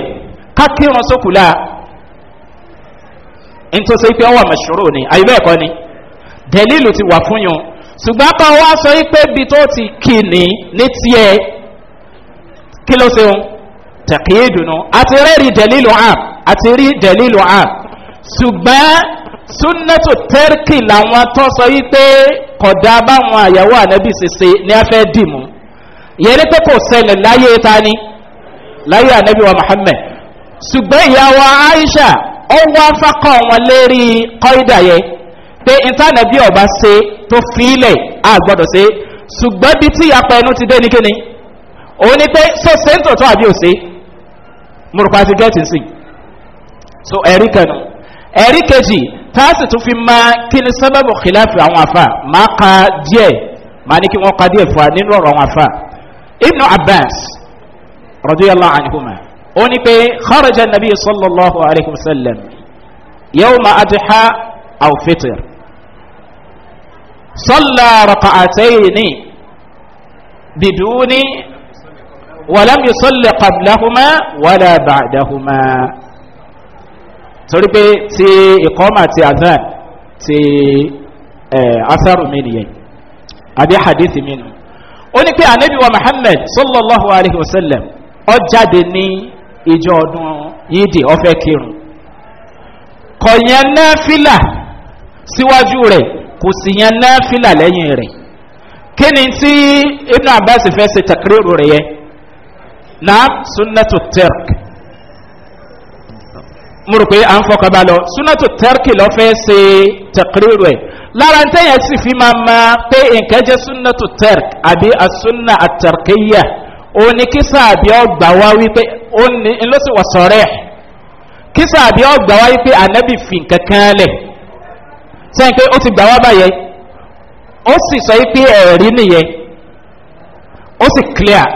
Speaker 1: kakirun sokula nítorí sọ pé ọwọ́ mẹ̀ṣúrò ni àyè ni dẹ̀lílù ti wà fún yun ṣùgbọ́n bá wa sọ pé bí tó ti kì ní ní tiẹ̀ kí ló ṣeun tẹ̀kíyé dùnú àti rẹ́ẹ̀rì dẹ̀lílù àm àti rí dẹ̀lílù àm ṣùgbọ́n súnnẹ́tò tẹ́rkì làwọn tó sọ pé kọ̀dá báwọn àyàwó ànábì ṣèṣe ní a fẹ́ dì mú pé kò ṣẹlẹ̀ láyé ta láyé ànábì wa muhammed ṣùgbọ́n ìyá wa aisha ó wá fákọ̀ wọn lérí kọ́ídà yẹn pé ìtànàbí ọba ṣe tó fílẹ̀ àgbọ̀dọ̀ ṣe ṣùgbọ́n bí tí ìyapa ẹnu ti dé ní kíni òun ni pé so sẹ́ńtò tó àbí òṣè mùrùpá ti gẹ́ẹ̀tì sí so ẹ̀rí kẹnu ẹ̀rí kejì táàsì tún fi máa kí ni sábàbù kìláàfì àwọn afa máa ka díẹ̀ máa ní kí wọ́n ka díẹ̀ fún wa nínú ọ̀rọ̀ àwọn afa ibnu abbas rọ̀díyàlá àníhùmá ó ní pé kharaja nabi sallallahu alayhi wa sallam yóò ma adìhá alfitir sọ́lá raka'atayni biduni wàlám yóò sọ́lá qablahuma wàlá bàdàhuma torí pé ti ìkọ́mà ti azan ti asaru mi nìyẹn àbí hadith mi nù ó ní pé anabi wa muhammed sallallahu alayhi wa ní ìjọ ọdún yídì ọfẹ́ kírun kọ̀yẹn náà fìlà síwájú rẹ̀ kò sì yẹn náà fìlà lẹ́yìn rẹ̀ kí ni tí ibn abbas fẹ́ ṣe takiriru rẹ̀ yẹ naam sunnatu turk mo rò pé à ń fọkàn bá lọ sunnatu turk lọ fẹ́ ṣe takiriru rẹ̀ lára ń tẹ̀yẹ̀ sì fi máa ma pé nǹkan jẹ́ sunnatu turk àbí asunna atarkiya. At ó ní kí sáàbí ọgbà wá wípé ó ní ńlọ́sí wà sọ̀rẹ́ ẹ̀ kí sáàbí ọgbà wá wípé ànábì fi nǹkan kan lẹ̀ sẹ́yìn pé ó ti gbà wá báyẹn ó sì sọ wípé ẹ̀rí nìyẹn ó sì clear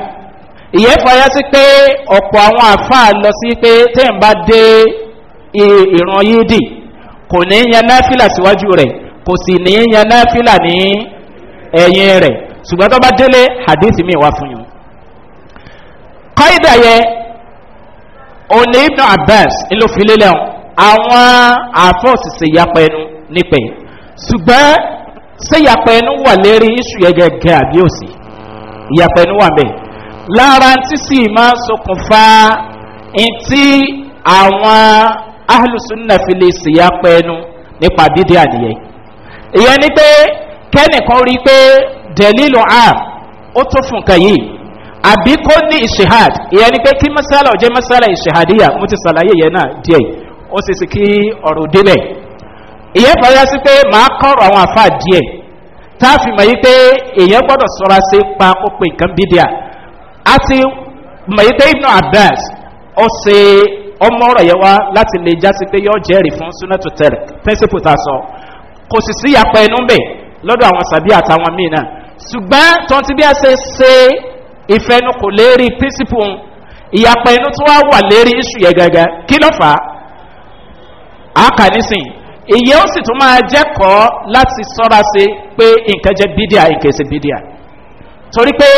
Speaker 1: ìyẹn fọyá sí pé ọ̀pọ̀ àwọn àfáà lọ sí pé tẹ́yìn bá dé ìran yídì kò ní yan náfìlà síwájú rẹ̀ kò sì ní yan náfìlà ní ẹ̀yìn rẹ̀ ṣùgbọ́n tó bá délé hadith mi wá fún yín. kọ́ìdà yẹ òní ibn abbas ló fi lélẹ̀ àwọn àfọ̀sìsì yapa ẹnu nípẹ̀ ṣùgbọ́n ṣé yapa ẹnu wà lérí iṣu yẹn gẹ́gẹ́ àbí òsì yapa ẹnu wà bẹ́ẹ̀ lára tí sì máa ṣokùnfà ntí àwọn ahlùsùnà fi lè ṣe yapa ẹnu nípa dídí àdìyẹ ìyẹn ni pé kẹ́nìkan rí i pé dẹ̀lílù a ó tó fún nǹkan yìí àbí kó ní ìṣèhàd ìyẹn ni pé kí masala ọ̀jẹ́ masala ìṣèhàdíyà mo ti ṣàlàyé yẹn náà díẹ̀ ó sì sì kí ọ̀rọ̀ délẹ̀ ìyẹn fọyọ́ sí pé màá kọ́rọ̀ àwọn àfa díẹ̀ tá a fi mọ̀ yí pé èèyàn gbọ́dọ̀ sọ́ra sí pa kó pe nǹkan bí díà a ti mọ̀ yí pé ibnu abbas ó ṣe ọmọ ọ̀rọ̀ yẹn wá láti lè jásí pé yọ jẹ́rìí fún sunatu tẹ̀rẹ̀ principle ta sọ kò sì sí yàpẹ̀ inú bẹ̀ lọ́dọ̀ àwọn sàbí àtàwọn míì náà ṣùgbọ́n tó bí a ṣe ṣe ìfẹ́nu kò lérí pírísìpù ìyàpẹ̀ inú tí wọ́n wà lérí iṣu yẹn gẹ́gẹ́ kí ló fà á kà nísìn ìyẹn ó sì tún máa jẹ́kọ̀ọ́ láti sọ́ra sí pé nǹkan jẹ́ bídíà nǹkan ṣe bídíà torí pé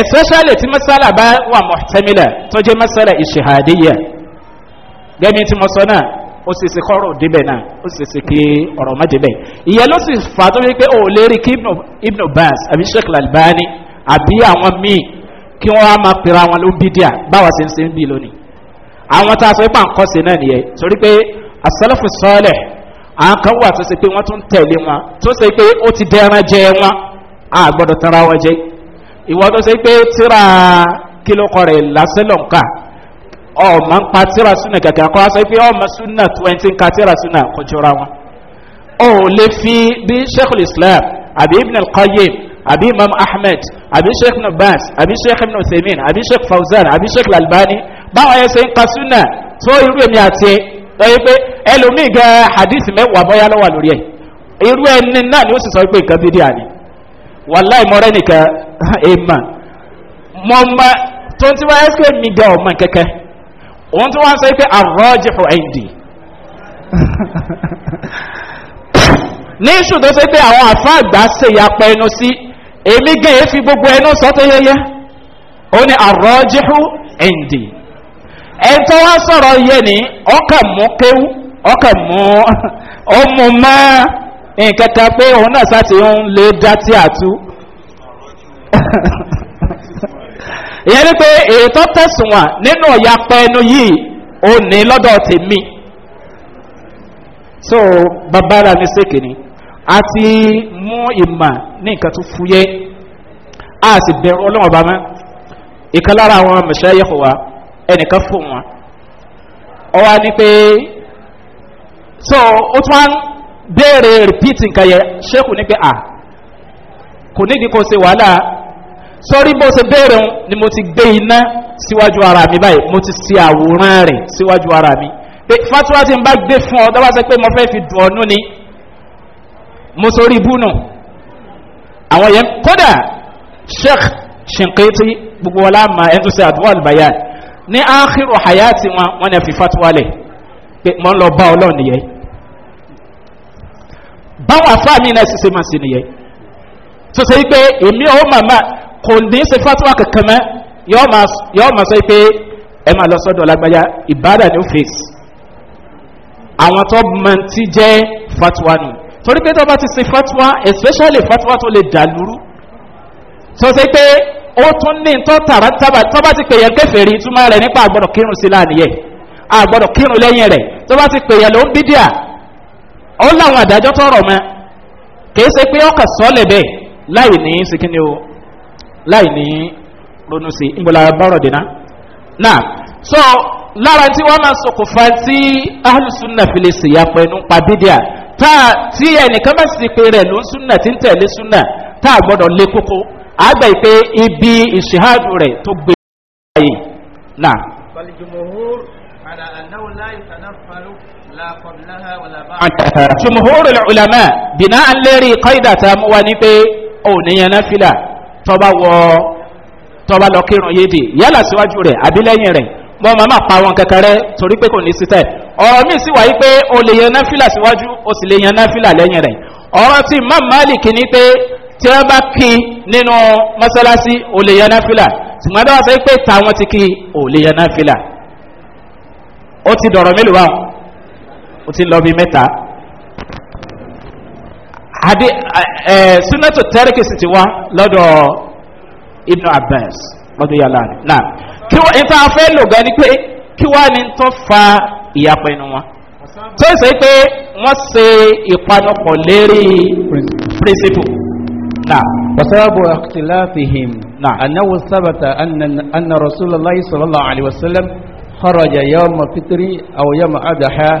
Speaker 1: especially tí masala bá wà mọ̀tẹ́mílẹ̀ tó jẹ́ masala ìṣèhàdíyẹ gẹ́gẹ́ tí mo sọ náà ó sì ṣe kọ́rọ̀ débẹ̀ náà ó sì ṣe kí ọ̀rọ̀ má débẹ̀ ìyẹn ló sì fà á tó fi pé ó lérí kí ibnu bas àbí sheikh lalbani àbí àwọn míì kí wọ́n á máa pera wọn ló bí díà báwa ṣe ń ṣe ń bí lónìí àwọn tá a sọ pé à ń kọ́sẹ̀ náà nìyẹn torí pé àṣẹlẹ́fù sọ́ọ̀lẹ̀ àwọn kan wà tó ṣe pé wọ́n tún tẹ̀lé wọn tó ṣe pé ó ti dẹran jẹ wọn a gbọ́dọ̀ tara wọn jẹ ìwọ tó ṣe pé tíra kílókọ rẹ̀ lásìlọ̀ǹkà ọmọ ń pa tíra súnà kẹ̀kẹ́ kọ́ aṣọ pé ọmọ súnà twenty ń ka tíra súnà kò jọra wọn. ó lè fi bí sheikh islam àbí ibn al-qayyim àbí imam ahmed àbí sheikh nabas àbí sheikh ibn usaimin àbí sheikh fauzan àbí sheikh lalbani báwọn ẹsẹ̀ ń ka súnà tó irú èmi àti lọ́yẹ́ pé ẹlòmíì gan hadith mẹ́wàá bọ́yá lọ́wọ́ lórí ẹ̀ irú ẹni náà ni ó sì sọ pé nǹkan bíi díà ni wàláì mọ́rẹ́ nìkan [LAUGHS] èèmà mọ́ mọ́ tó ń tí wọ́n ẹ́sẹ̀ mi gan ọ̀mọ́ kẹ́kẹ́ òun tí wọ́n sọ pé àrọ́jì fún ẹ̀ǹdì ní ìṣù tó sọ pé àwọn àfáàgbà ṣèyà pẹ́ẹ́nu sí èmi gan fi gbogbo ẹnu sọ́tẹ́ yẹyẹ ó ní àrọ́jíhù ẹ̀ǹdì ẹni tó wá sọ̀rọ̀ yẹ ni ọkà mú kéwú ọkà mú ọmú má nǹkan kan pé òun náà sáti ń lé dá tí a tú [LAUGHS] ìyẹn ni pé ètò tẹ̀sùn wà nínú ọ̀yà pẹ́ẹ́nu yìí ò ní lọ́dọ̀ tèmi so babara rà a ti mú ìmà ní nǹkan tó fúyẹ́ a sì bẹ̀rù ọlọ́wọ́n bá mọ́ ìkan lára àwọn mẹ̀ṣẹ́ yẹ̀kọ̀ wa ẹnìkan fún wọn ọ wá ní pé so ó tún wá ń béèrè rìpíìtì nǹkan yẹn ṣéèkù ní pé à kò nídìí kò ṣe wàhálà sọrí bó ṣe béèrè ni mo ti gbé iná síwájú ara mi báyìí mo ti ṣe àwòrán rẹ̀ síwájú ara mi pé fatiwa ti ń bá gbé fún ọ dábàá sẹ pé mo fẹ́ fi dùn ọ́nú ni mọ́sórí búnù àwọn yẹn kódà sheikh shinketi gbogbo wọlá ma ẹni tó ṣe àdúrà ní áhìrò hayati wọn wọn ni a fi fatuwalẹ̀ pé mọ́ ń lọ bá ọlọ́run nìyẹn báwọn afáàmì náà ṣiṣẹ́ máa ṣe nìyẹn tó ṣe pé èmi ò màmá kò ní ṣe fatuwa kankan mọ́ yọ́ọ́ máa sọ pé ẹ máa lọ sọ́dọ̀ lágbájá ìbáàdà ní ó àwọn tó mọ̀ ti jẹ́ fatuwa nù torí pé tó bá ti sin fatwa especially fatwa tó lè dàlúrú tó ṣe pé ó tún ní tó bá ti pè yẹn kẹfẹ́rí túmọ̀ rẹ̀ nípa àgbọ̀dọ̀ kírun sí láàníyẹ àgbọ̀dọ̀ kírun lẹ́yìn rẹ̀ tó bá ti pè yẹn ló ń bídíà ó láwọn àdájọ́ tọrọ mọ́ kìí ṣe pé ọkàn sọ́ọ̀lẹ̀ bẹ́ẹ̀ láì ní sikini o láì ní ronú sí ìgbòlá bọ́rọ̀ dènà náà so lára tí wọ́n máa sokùnfà tí ahlùsùn náà fi lè ṣèyà pẹ̀lú pa bídíà tá tí ẹnìkan bá sì pe rẹ̀ ló súnà tí ń tẹ̀lé súnà tá a gbọ́dọ̀ lé kókó àgbà ìpè ibi ìṣèhádù rẹ̀ tó gbé ayé náà. jùmùhúrù ìlànà bìnà án lérí kọ́ìdà tá a mú wa ní pé ó níyàn náà fìlà tọ́ba wọ tọ́ba lọ kírun yéde yálà síwájú rẹ̀ àbí rẹ̀ mọ́ màmá pa wọn kankan torí pé kò ní sítẹ̀ ọ̀rọ̀ míì sì wà yí pé o lè yan náfìlà síwájú o sì lè yan náfìlà lẹ́yìn rẹ̀ ọ̀rọ̀ tí imam malik ní pé tí wọ́n bá kí nínú mọ́sálásí o lè yan náfìlà ṣùgbọ́n dáwọ́ sọ pé táwọn ti kí o lè yan náfìlà ó ti dọ̀rọ̀ mélòó wa ó ti lọ bí mẹ́ta adi ẹ sunnatu ti wa lọdọ ibnu abbas lọdọ yàrá náà kí wọn ìta tó fa ìyapọ̀ inú wọn tó ṣe pé wọ́n ṣe ìpanupọ̀ lérí principle. وسبب اختلافهم أنه ثبت أن أن رسول الله صلى الله عليه وسلم خرج يوم الفطر أو يوم أضحى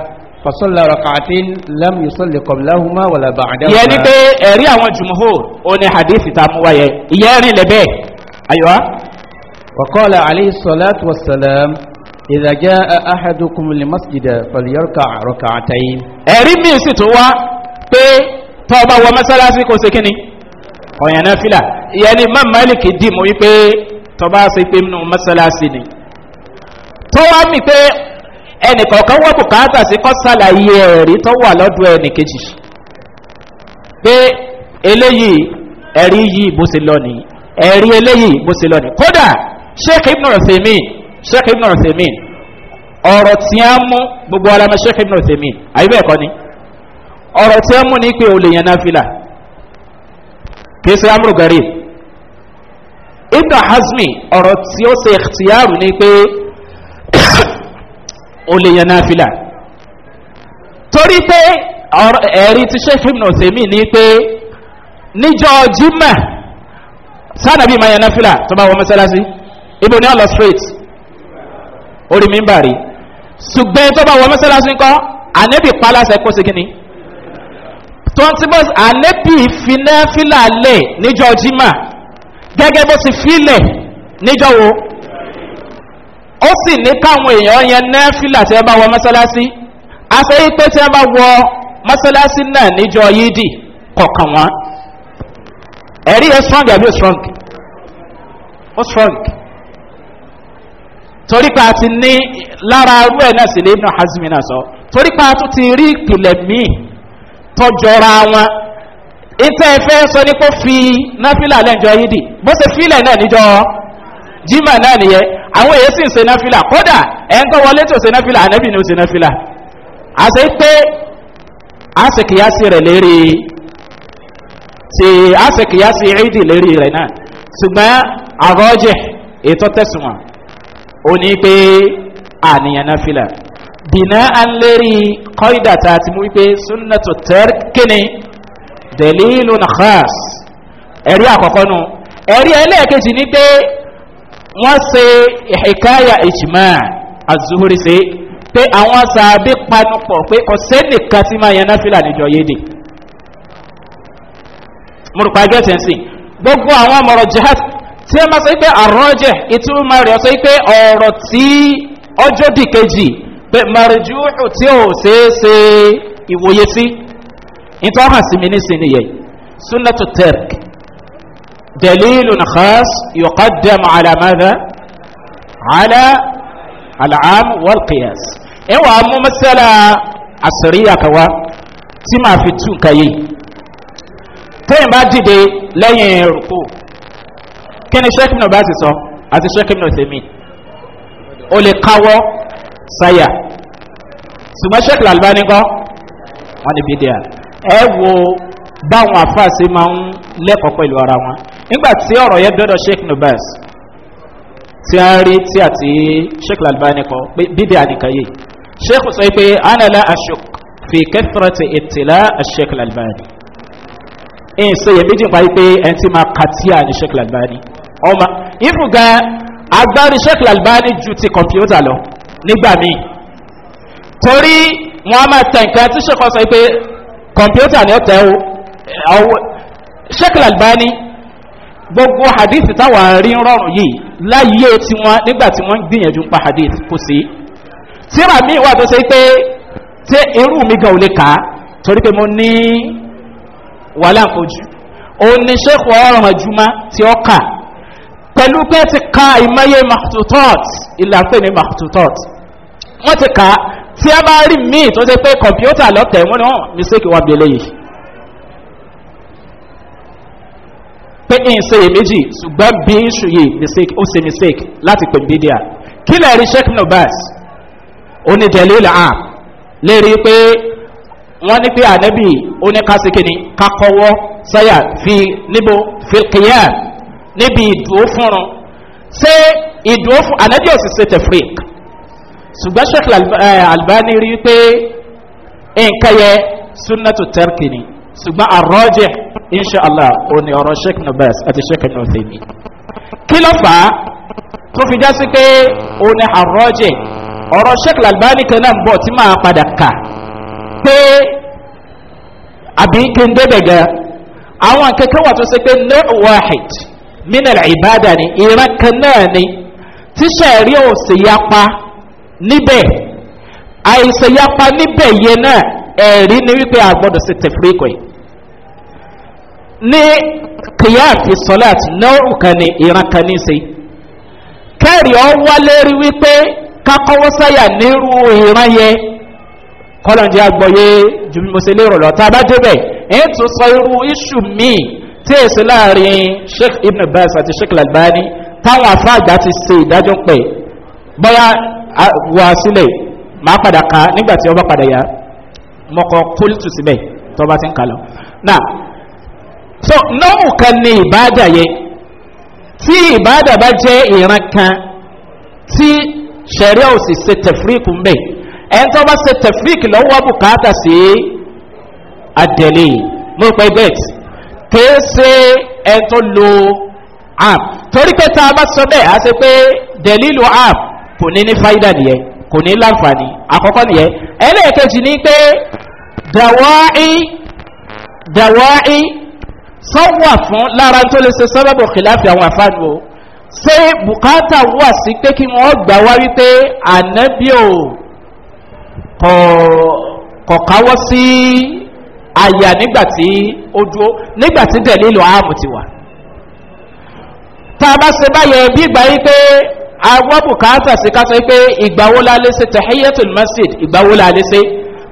Speaker 1: فصلى ركعتين لم يصلي قبلهما ولا بعدهما يعني بي اري àwọn jumhur oni hadith ta mu waye iyerin lebe aywa وقال عليه الصلاة والسلام إذا جاء أحدكم المسجد فليركع ركعتين ẹ̀rí mi sì tún wá pé tọ́ ọba wọ mọ́sálásí kò ṣe kínni ọ̀yàn náà fìlà ìyẹn ni má máìlìkì dì mú wípé tọ́ba ṣe pé nù mọ́sálásí ni tó wá mi pé ẹnìkọ̀ọ̀kan wọ́n bùkátà sí kọ́ sàlàyé ẹ̀rí tó wà lọ́dọ̀ ẹnìkejì pé eléyìí ẹ̀rí yìí bó ṣe lọ nìyí ẹ̀rí eléyìí bó ṣe lọ nìyí kódà sheikh ibn rasemin sheikh ibn ọ̀sẹ̀mìn ọ̀rọ̀ tí a mú gbogbo alamọ sheikh ibn ọ̀sẹ̀mìn àyíbẹ̀ ẹ̀kọ́ ni ọ̀rọ̀ tí a mú ni pé o lè yan náfìlà kìí ṣe amúrò gàrí ibn hazmi ọ̀rọ̀ tí ó ṣe ìtìyàrù ni pé o [COUGHS] lè yan náfìlà torí pé ẹ̀rí ti sheikh ibn ọ̀sẹ̀mìn ni pé níjọ́ jimá sanabi ma yan náfìlà tó bá wọ mọ́sálásí ibo ni ọ̀lọ́ straight orí mi ń bà rí ṣùgbọ́n tó bá wọ mọ́sálásí ńkọ́ ànẹ́bì paláṣẹ kó sí kínní tontibus ànẹ́bì finẹ́fìlà lẹ̀ níjọ jimá gẹ́gẹ́ bó ti filẹ̀ níjọ wo ó sì ní káwọn èèyàn yẹn nẹ́fìlà tí wọ́n bá wọ mọ́sálásí àṣeyí pé tí wọ́n bá wọ mọ́sálásí náà níjọ yídì kọ̀ọ̀kan wọn ẹ̀rí yẹn strong àbí ó strong ó strong torípa ti ní lára arú ẹ̀ náà sì lè ibùdó hazmi náà sọ torípa tó ti rí ìpìlẹ̀ míì tọjọra wọn ìtẹ́ ẹ fẹ́ sọ ní kó fi náfìlà lẹ́njọ́ yídì bó ṣe fílẹ̀ náà níjọ́ jimá náà nìyẹn àwọn èyí sì ń ṣe náfìlà kódà ẹ̀ ń kọ́ wọlé tó ṣe náfìlà ànábì ni ó ṣe náfìlà àṣẹ pé àṣekìyàsí rẹ̀ lérí ti àṣekìyàsí ìdì lérí rẹ̀ náà ṣùgbọ́n àrọ́jẹ̀ ètò tẹ̀sùn wọn ó ní pé àníyàn náà filà bìnà à ń lérí kọ́ìdà tá a ti mú wípé sunna tó tẹ́r kíni dalilu na khas ẹ̀rí àkọ́kọ́ nu ẹ̀rí ẹlẹ́ẹ̀kejì ni pé wọ́n ṣe ìhìkáyà ìjìmá azuhuri ṣe pé àwọn sàbí panupọ̀ pé kò sẹ́nìkan tí máa yan náà filà níjọ yéde mùrùpá gẹ́sẹ̀ ń sìn gbogbo àwọn ọmọ ọ̀rọ̀ tí a máa sọ pé àrọ́jẹ̀ ìtumọ̀ rẹ̀ sọ pé ọ̀rọ̀ tí ọjọ́ dìkejì pé mọ̀rẹ̀júhù tí ó ṣeéṣe ìwòye sí ìtọ́hàn sí mi nísìn nìyẹn sunnatu turk dalilu nkhas yuqaddam ala madha ala al'am wal qiyas ẹ mú masala àṣírí àkàwá tí màá fi tún kàyé tẹ́yìn bá dìde lẹ́yìn rúkú kíni sheikh ibn abbas sọ àti sheikh ibn ọ̀sẹ̀mí o lè káwọ́ sáyà ṣùgbọ́n sheikh lalbani kọ́ wọn ni bídíà ẹ wo báwọn afáàsì máa ń lẹ́kọ̀ọ́ pẹ̀lú ara wọn nígbà tí ọ̀rọ̀ yẹn dọ́dọ̀ sheikh ibn abbas tí a rí tí àti sheikh lalbani kọ́ bídíà nìkan yìí sheikh sọ pé anala ashok fi kẹfìrẹ́tì ìtìlá sheikh lalbani ẹ̀ ń sọ yẹn méjì pa yìí pé ẹ̀ ń ti máa kàtíyà ní sheikh lalbani ọmọ ìfún gan agbárí sheikh albani ju ti kọ̀mpútà lọ nígbà míì torí wọn a máa tẹ nǹkan tí sheikh sọ pé kọ̀mpútà ni ó tẹ o sheikh albani gbogbo hadith táwọn rí rọrùn yìí láyé tiwọn nígbà tí wọn gbìyànjú pa hadith kò sí tíra míì wà tó ṣe pé tí irú mi gan ò lè kà á torí pé mo ní wàhálà kojú òun ni sheikh ọ̀rọ̀ juma tí ó kà pẹ̀lú pé ti ka ìmọye maktutot ìlàpẹ́ ní maktutot wọ́n ti ka tí a bá rí míì tó ṣe pé kọ̀mpútà lọ́tẹ̀ wọ́n ni wọ́n oh, mistake wọ́n bèèrè yìí pé in ṣe èméjì ṣùgbọ́n bí iṣu yìí mistake ó ṣe mistake láti pè bídíà kí lè rí sheik nobas onídẹ̀lé làá lè rí pé wọ́n ní pé ànábì oníkásíkìní kakọ́wọ́ sáyà fi níbo fi kìíyà níbi ìdúró fúnrun ṣé ìdúró fún anabi ò sì ṣe tefrik ṣùgbọ́n sheikh albani rí i pé nǹkan yẹ sunnatu turkey ni ṣùgbọ́n àrọ́jẹ̀ inshallah òní ọ̀rọ̀ sheikh nabas àti sheikh nọ́ọ̀sẹ̀mí kí ló fà á tó fi já sí pé òní àrọ́jẹ̀ ọ̀rọ̀ sheikh albani kan náà ń bọ̀ tí máa padà kà pé àbí kí n débẹ̀ gan àwọn kankan wà tó ṣe pé no wahid. mínàlá ibada ni iran kan náà ni tí sẹ̀rí ò sì yapa níbẹ̀ àìsàn yapa níbẹ̀ yẹn náà ẹ̀rí ni wípé àgbọ̀dọ̀ sí tẹ̀fúríkọ̀ yìí ní kìyàfi sọlát náà kan ní ìran kan ní sí kẹ́rì ọ wálé rí wípé kákọ́wọ́ sáyà nírú ìran yẹn kọ́lọ̀njẹ́ àgbọ̀yé jùmọ̀sẹ̀ lérò lọ tá a bá débẹ̀ ẹ̀ tún sọ irú iṣu míì tí èsì láàrin sheikh ibn abbas àti sheikh lalbani táwọn afáàgbà ti se ìdájọ́ pẹ̀ bọ́yá wà sílẹ̀ máa padà ká nígbàtí ọba padà yá mọ́kọ kólítù síbẹ̀ tọba ti ń kà lọ. so náà kan ní ìbáàdà yẹ tí ìbáàdà bá jẹ́ ìran kan tí sẹ̀ríà ò sì se tẹ̀fíríkù ń bẹ̀ ẹni tó bá se tẹ̀fíríkù lọ́wọ́ bùkátà sí adẹ̀lẹ̀ mo pẹ́ bẹ́ẹ̀ kìí ṣe ẹ̀tọ́ lo app torí pé tá a bá sọ bẹ́ẹ̀ a ṣe pé dẹ̀lílù app kò ní ní fáídà nìyẹn kò ní láǹfààní àkọ́kọ́ nìyẹn ẹlẹ́ẹ̀kejì ni pé dàwáì dàwáì sọ́wà fún lára tó lè ṣe sábàbò kìláfì àwọn àfáàní o ṣé bùkátà wà sí pé kí wọ́n gbà wá wípé ànábíò kọ̀ọ̀káwọ́ sí àyà nígbàtí ó dúó nígbàtí dẹ̀lí lọ ààbò ti wà tá a bá ṣe báyẹ̀ bí ìgbà yí pé àwọn bùkátà sí ká sọ pé ìgbàwó tẹ̀híyẹ́tùl masjid ìgbàwó lálé sí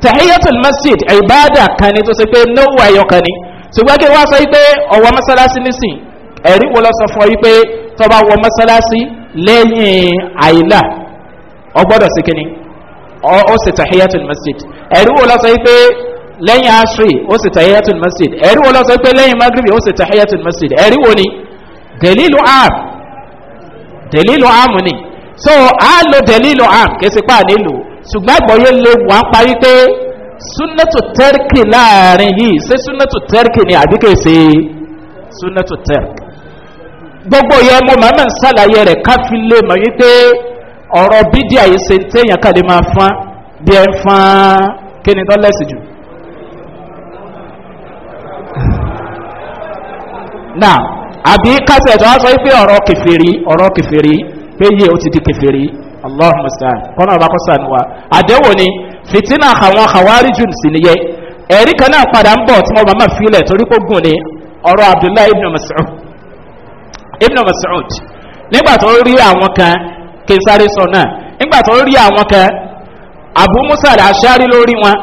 Speaker 1: tẹ̀híyẹ́tùl masjid ìbáàdà kan ní tó ṣe pé nóòwò ayọ̀kan ni ṣùgbọ́n kí wọ́n sọ pé ọ̀wọ́ mọ́sálásí nísìn ẹ̀rí wo lọ sọ fún ọ yí pé tọba wọ mọ́sálásí masjid ẹ̀rí wo lọ lẹ́yìn asiri ó sì tahiyatul masjid ẹ̀rí wo lọ́sọ pé lẹ́yìn magribi ó sì tahiyatul masjid ẹ̀rí wo ni delilu am delilu am ni so a lo delilu am kesi pa nílò ṣùgbọ́n àgbọ̀yé lè wà ń parí pé sunnatu tẹ́rkì láàrin yìí ṣé sunnatu tẹ́rkì ni àbí kò ṣe sunnatu tẹ́rkì gbogbo yẹn mo máa ń ṣàlàyé rẹ̀ káfí lè mọ̀ wípé ọ̀rọ̀ bídíà yìí ṣe ń téèyàn kàlẹ́ máa fán bí ẹ ń fán kí ni tó jù. náà àbí kásẹ̀ tó wá sọ pé ọ̀rọ̀ kẹfẹ́rí ọ̀rọ̀ kẹfẹ́rí di kẹfẹ́rí allah kọ́nà ọba fitina àwọn àwárí jù sí ẹ̀rí kan náà padà ń bọ̀ ni ọ̀rọ̀ abdullahi ibn ibn nígbà tó rí àwọn kan kí n sáré sọ abu musa lórí wọn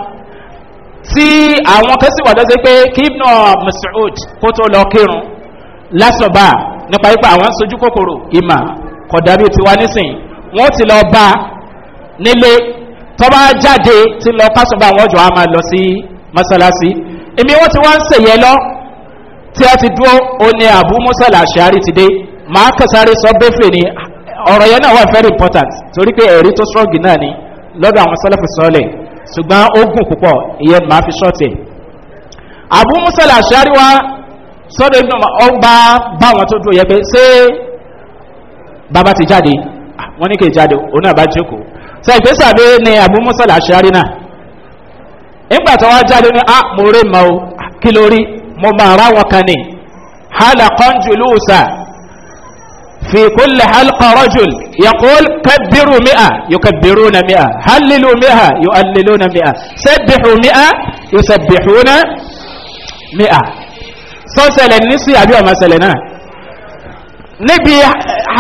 Speaker 1: tí lásọ̀bà nípa ipa àwọn sojú kòkòrò ìmà kọ̀dàbí ti wá nísìn wọ́n ti lọ bá nílé tọ́ba jáde ti lọ kásọ̀bà àwọn ọjọ́ a máa lọ sí mọ́sálásí èmi wọ́n ti wá ń sèyẹ lọ tí a ti dúró ó ní àbú mọ́sálà àṣàrí ti dé màá kẹsàrí sọ bẹ́fẹ̀ ni ọ̀rọ̀ yẹn náà wà very important torí pé ẹ̀rí tó strong náà ni lọ́dọ̀ àwọn sálẹ̀fù sọ́ọ̀lẹ̀ ṣùgbọ́n ó gùn púpọ̀ ìyẹn màá fi ṣọ́ọ̀tì àbú mọ́sálà àṣàrí wa sọ́dọ̀ ibi náà ọ bá bá wọn tó dúró yẹ pé ṣé bàbá ti jáde ah, wọn ní kì í jáde òun náà bá jókòó sọ ìgbésẹ̀ àbí ni àbúmúsọ̀lá àṣírí náà nígbà tó wá jáde ní a ah, mo rí ma o ah, kí ló rí mo máa rá wọn kan ní halakon julusa fi kulle halkorojul yakul kabiru mi'a yukabiru na mi'a hallilu mi'a yuallilu na mi'a sabbihu mi'a yusabbihuna mi'a sọ́sẹ̀lẹ̀ nísì àbí ọmọ sẹlẹ̀ náà níbi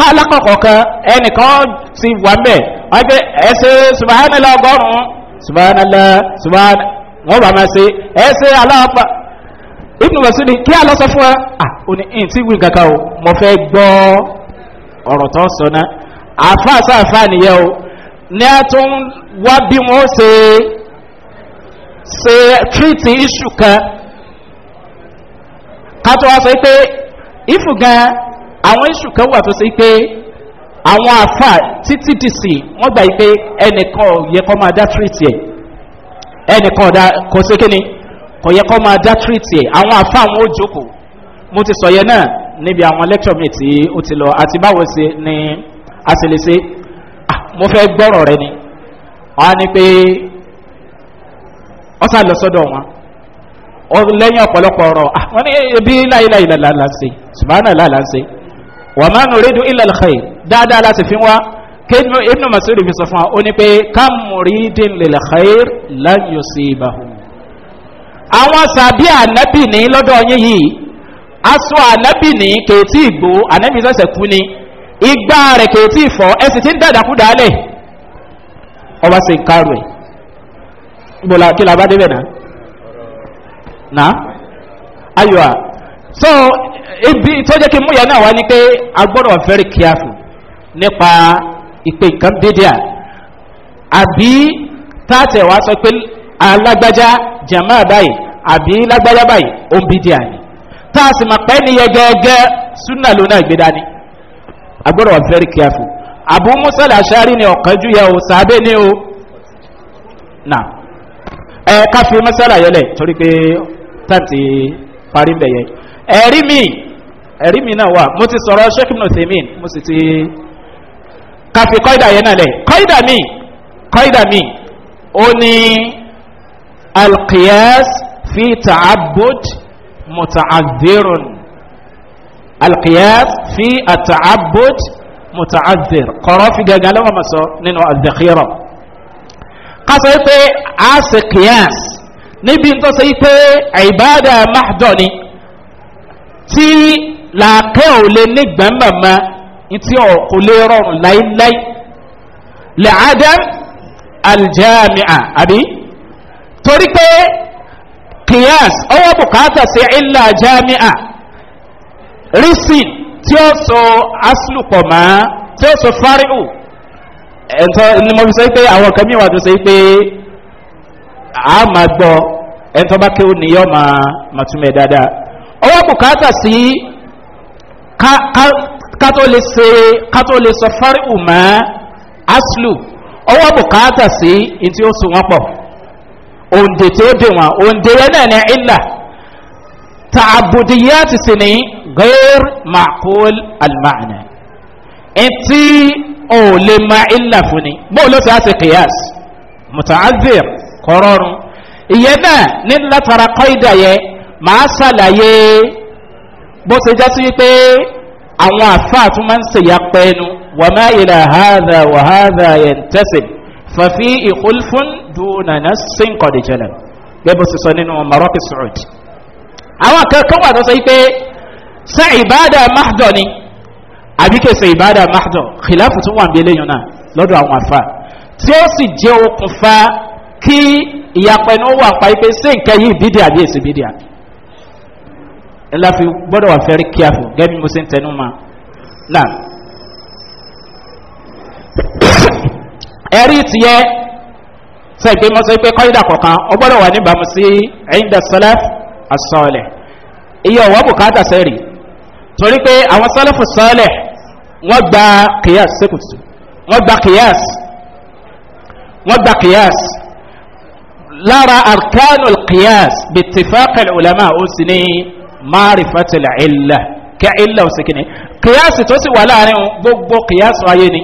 Speaker 1: alákọ̀ọ̀kọ̀ kan ẹnìkan ti wà mẹ́ ọjọ́ ẹsẹ̀ subahánilá ọgọ́rùn-ún subahánilá subahánilá wọ́n bá máa ṣe ẹsẹ̀ aláwọ̀pá ibnu masudi kí a fún ẹ ah ó ní ẹ̀ tí wí kankan o mo fẹ́ gbọ́ ọ̀rọ̀ tó sọ náà àfa sáfà o ní a tún wá bí wọ́n ṣe ṣe tírìtì iṣu kan kátó wá sọ pé ìfù gan àwọn iṣu kan wà tó ṣe pé àwọn àfà títí dìsì wọ́n gbà pé ẹnìkan yẹ kọ́ máa dá tírìtì ẹ̀ ẹnìkan kò ṣe kí kò yẹ kọ́ máa dá tírìtì ẹ̀ àwọn àfà àwọn òjòkó mo ti sọ yẹn náà níbi àwọn lecture mi tí ó ti lọ àti báwo ṣe ni a ṣe lè ṣe ah, mo fẹ́ gbọ́rọ̀ rẹ ni wọ́n á ní pé ọ́sà lọ sọ́dọ̀ wọn lẹ́yìn ọ̀pọ̀lọpọ̀ ọ̀rọ̀ ah, wọ́n ní ebi láìláìlá láńse ṣùgbọ́n láńse wà máa nù rédú ìlàlẹ̀ dáadáa láti fi wá kéjì ibnu masiri fi sọ fún wa ó ní pé kámùrídìn lè lẹ́xẹ́r láyò sí ìbáhùn. àwọn sàbí ànábì ní lọ́dọ̀ yín yìí aṣọ ànábì ní kèétí ìgbó ànábì sẹ̀sẹ̀ kú ni igbá rẹ̀ kèétí ìfọ̀ ẹ̀sìn tí ń dàdàkú ọba sì ń kárò ẹ̀ kí la bá débẹ̀ náà. Na, ayọ̀ so ibi tó jẹ́ kí mú yẹn náà wá ni pé a gbọ́dọ̀ very careful nípa ìpè nǹkan dédé à àbí táàtẹ̀ wá sọ pé alágbájá jẹ̀mọ́ báyìí àbí lágbájá báyìí ó ń bí díà ni tá a sì ní yẹgẹẹgẹ súnà ló náà gbé a gbọ́dọ̀ very careful àbú musa làṣárí ni ọ̀kanjú yẹ o sàbẹ̀ ni o nà ẹ káfí musa làyẹlẹ torí pé time ti parí bẹ̀yẹ ẹ̀rí mi ẹ̀rí mi náà wà mo ti sọ̀rọ̀ sheikh ibn uthamin mo sì ti káfí kọ́ìdà yẹn náà lẹ̀ kọ́ìdà mi kọ́ìdà mi ó ní alqiyas fi ta'abud muta'adhirun alqiyas fi ta'abud muta'adhir kọ̀rọ̀ fi gàgà lọ́wọ́ mọ̀ sọ nínú àdìkírọ̀ kásọ̀ yìí níbi tó sọ yí pé àìbáàdà máàdọ̀ ni tí làákẹ́ ò lè nígbàmàmà tí ọ̀ kò lè rọrùn láíláí lẹ́àdám aljami'a àbí torí pé kìyàs ọwọ́ bùkátà sí ilà jami'a rísìn tí ó sọ aslùpọ̀ máa tí ó sọ fáríù ẹ̀ntọ́ ni mo fi sọ pé àwọn kan mi wà tó sọ pé a máa gbọ́ ẹni tó bá kéwù ni yọ́ máa máa túmẹ̀ dáadáa ọwọ́ bùkátà sí kátó lè ṣe kátó lè sọ fáríwù mọ́ aslu ọwọ́ bùkátà sí ntí ó sùn wọ́n pọ̀ òǹdè tí ó dè wọ́n òǹdè yẹn náà ní ilà tààbùdìyà ti sì ní gẹ́r màkúl àlùmáàna ntí ò lè ma ilà fún ni bó ló ti á ti kìyàs mùtàázìr kọ́rọ́rùn ìyẹn náà ní látara kọ́ìdà yẹn màá ṣàlàyé bó ṣe já sí wípé àwọn àfáà tún máa ń ṣèyà pẹ́ẹ́nu wàmá ìlà hàdà wàhádà yẹn tẹ́sìn fàfi ìkúlfún dùnànà sínkọ̀dìjẹlẹ gẹ́gẹ́ bó ṣe sọ nínú maroc saud àwọn kankan wà tó sọ wípé sa ìbáàdà máhdọ̀ ni àbí kèsè ìbáàdà máhdọ̀ kìláàfù tún wà ń bí eléyàn náà lọ́dọ̀ àwọn àfáà tí ó sì jẹ́ okùnfà kí ìyapẹnu wà pa ipe sí nke yìí bídí àbí èsì bídí à fi gbọ́dọ̀ wà fẹ́rí kíáfù gẹ́bí mo ṣe ń tẹnu ma náà ẹ̀rí tiẹ́ sẹ́gbẹ́ pé ọ gbọ́dọ̀ wà níbàámu sí ẹ̀yìndà sẹ́lẹ̀f àsọ̀ọ̀lẹ̀ iye ọ̀wọ́ bùkátà sẹ́rì torí pé àwọn sẹ́lẹ̀fù sọ́ọ̀lẹ̀ wọ́n gba kìyàs sẹ́kùtù wọ́n gba kìyàs wọ́n gba kìyàs lára arkanul qiyas bí tifakal ulama ó sì ní marifatil illa kẹ illa ó sì kìíní qiyas tó sì wà láàrin gbogbo qiyas ayé ni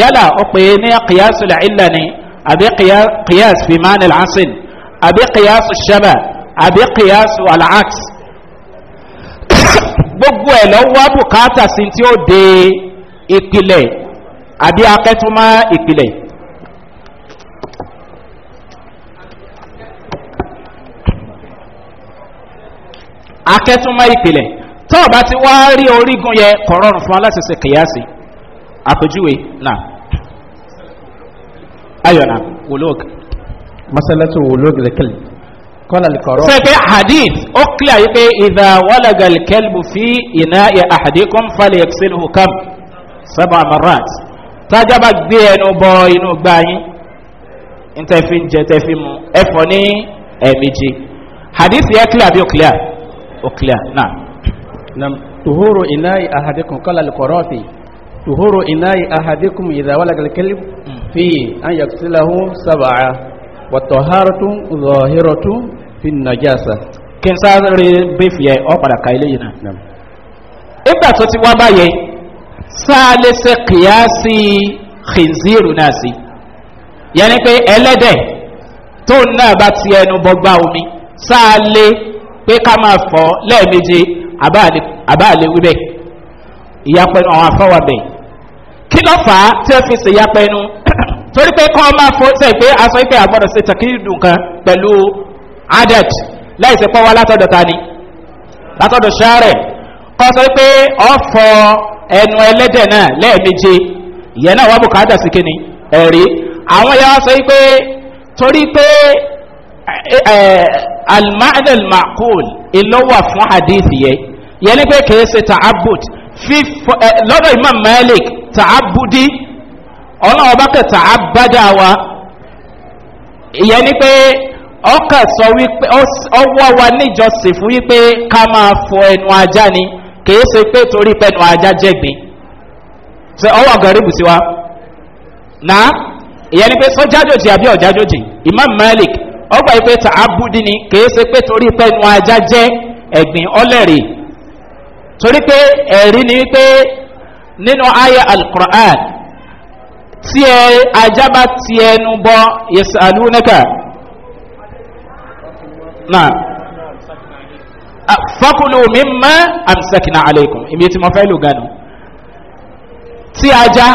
Speaker 1: yálà ó pè é ní qiyas illa ni àbí qiyas fi mánà lásìn àbí qiyas shaba àbí qiyas alax [COUGHS] gbogbo ẹ̀ lọ wá bùkátà sí tí ó de ìpìlẹ̀ àbí akẹ́tùmá ìpìlẹ̀ akẹ́túnmọ́ ìpìlẹ̀ tó o bá ti wá rí orígun yẹ kọ̀ rọrùn fún aláṣẹṣe kìyàsí àpèjúwe náà ayọ̀nà wòlóògì. masalatu wòlóògì lè kẹ́lì kọ́lá lè kọ̀rọ̀. sọ pé hadith ó kílẹ̀ yìí pé ìdá wàlàgà lè kẹ́lì fi iná àhàdíkùn falẹ̀ ẹ̀kṣin hukam sábà marat tájà gbé ẹnu bọ inú gbá yín ntẹ́fí ń mu ẹ̀fọ́ ní ẹ̀ẹ̀mejì hadith yẹ kílẹ̀ àbí ó kílẹ̀ òkìlẹ̀ náà nam tuhuru inayi ahadikum kala alqarati tuhuru inayi ahadikum idha walaga alkalb hmm. fi an yaksilahu sab'a wa taharatu zahiratu fi najasa kin sa re be fi e o pada kai leyin nam ìgbà tó ti wá báyẹ sáà kìyàsí khinziru náà sí yẹni pé ẹlẹ́dẹ̀ tó náà bá ti ẹnu bọgbá omi sáà pé ká máa fọ́ lẹ́ẹ̀mejì àbáàlè wíbẹ̀ ìyapẹnu àwọn afọwàbẹ̀ kí ló fà á tí ó fi ṣe ìyapẹnu [CLEARS THROAT] torí pé kọ́ máa fọ́ sẹ́ pé aṣọ ìpè àgbọ̀dọ̀ ṣe tàkìrìdùn kan pẹ̀lú adet láì ṣe pọ́wọ́ látọ̀dọ̀ ta ni látọ̀dọ̀ ṣáàrẹ̀ kọ́ sọ pé ọ̀fọ̀ ẹnu ẹlẹ́dẹ̀ náà lẹ́ẹ̀mejì ìyẹn náà wà bùkátà sí kíni ẹ̀rí àwọn yà sọ pé torí pé Eh, eh, almaadal maqul ìlọ́wà fún hadith yẹ yẹ ní pé kìí ṣe ta'abud eh, lọ́dọ̀ imam malik ta'abudi ọlọ́wọ́ bá kẹ ta'abada wa yẹ ní pé ọkà sọ wípé ọwọ́ wa níjọsìn fún wípé ká máa fọ ẹnu ajá ni kìí ṣe pé torí pẹnu ajá jẹ́gbin ṣe ọwọ́ garibu sí wa náà ìyẹn ni pé àbí ọ̀jájòjì imam malik ọgbà yìí pé tààbùdì ni kìí ṣe pé torí pé nu ajá jẹ́ ẹ̀gbìn ọlẹ́rìí torí pé ẹ̀rí ni pé nínú ayé alukur'an tí ẹ ajá bá ti ẹnu bọ yẹsẹ alúnẹkà náà fakulu mímọ́ amsakina aleikum ibi tí mo fẹ́ lù ganu tí ajá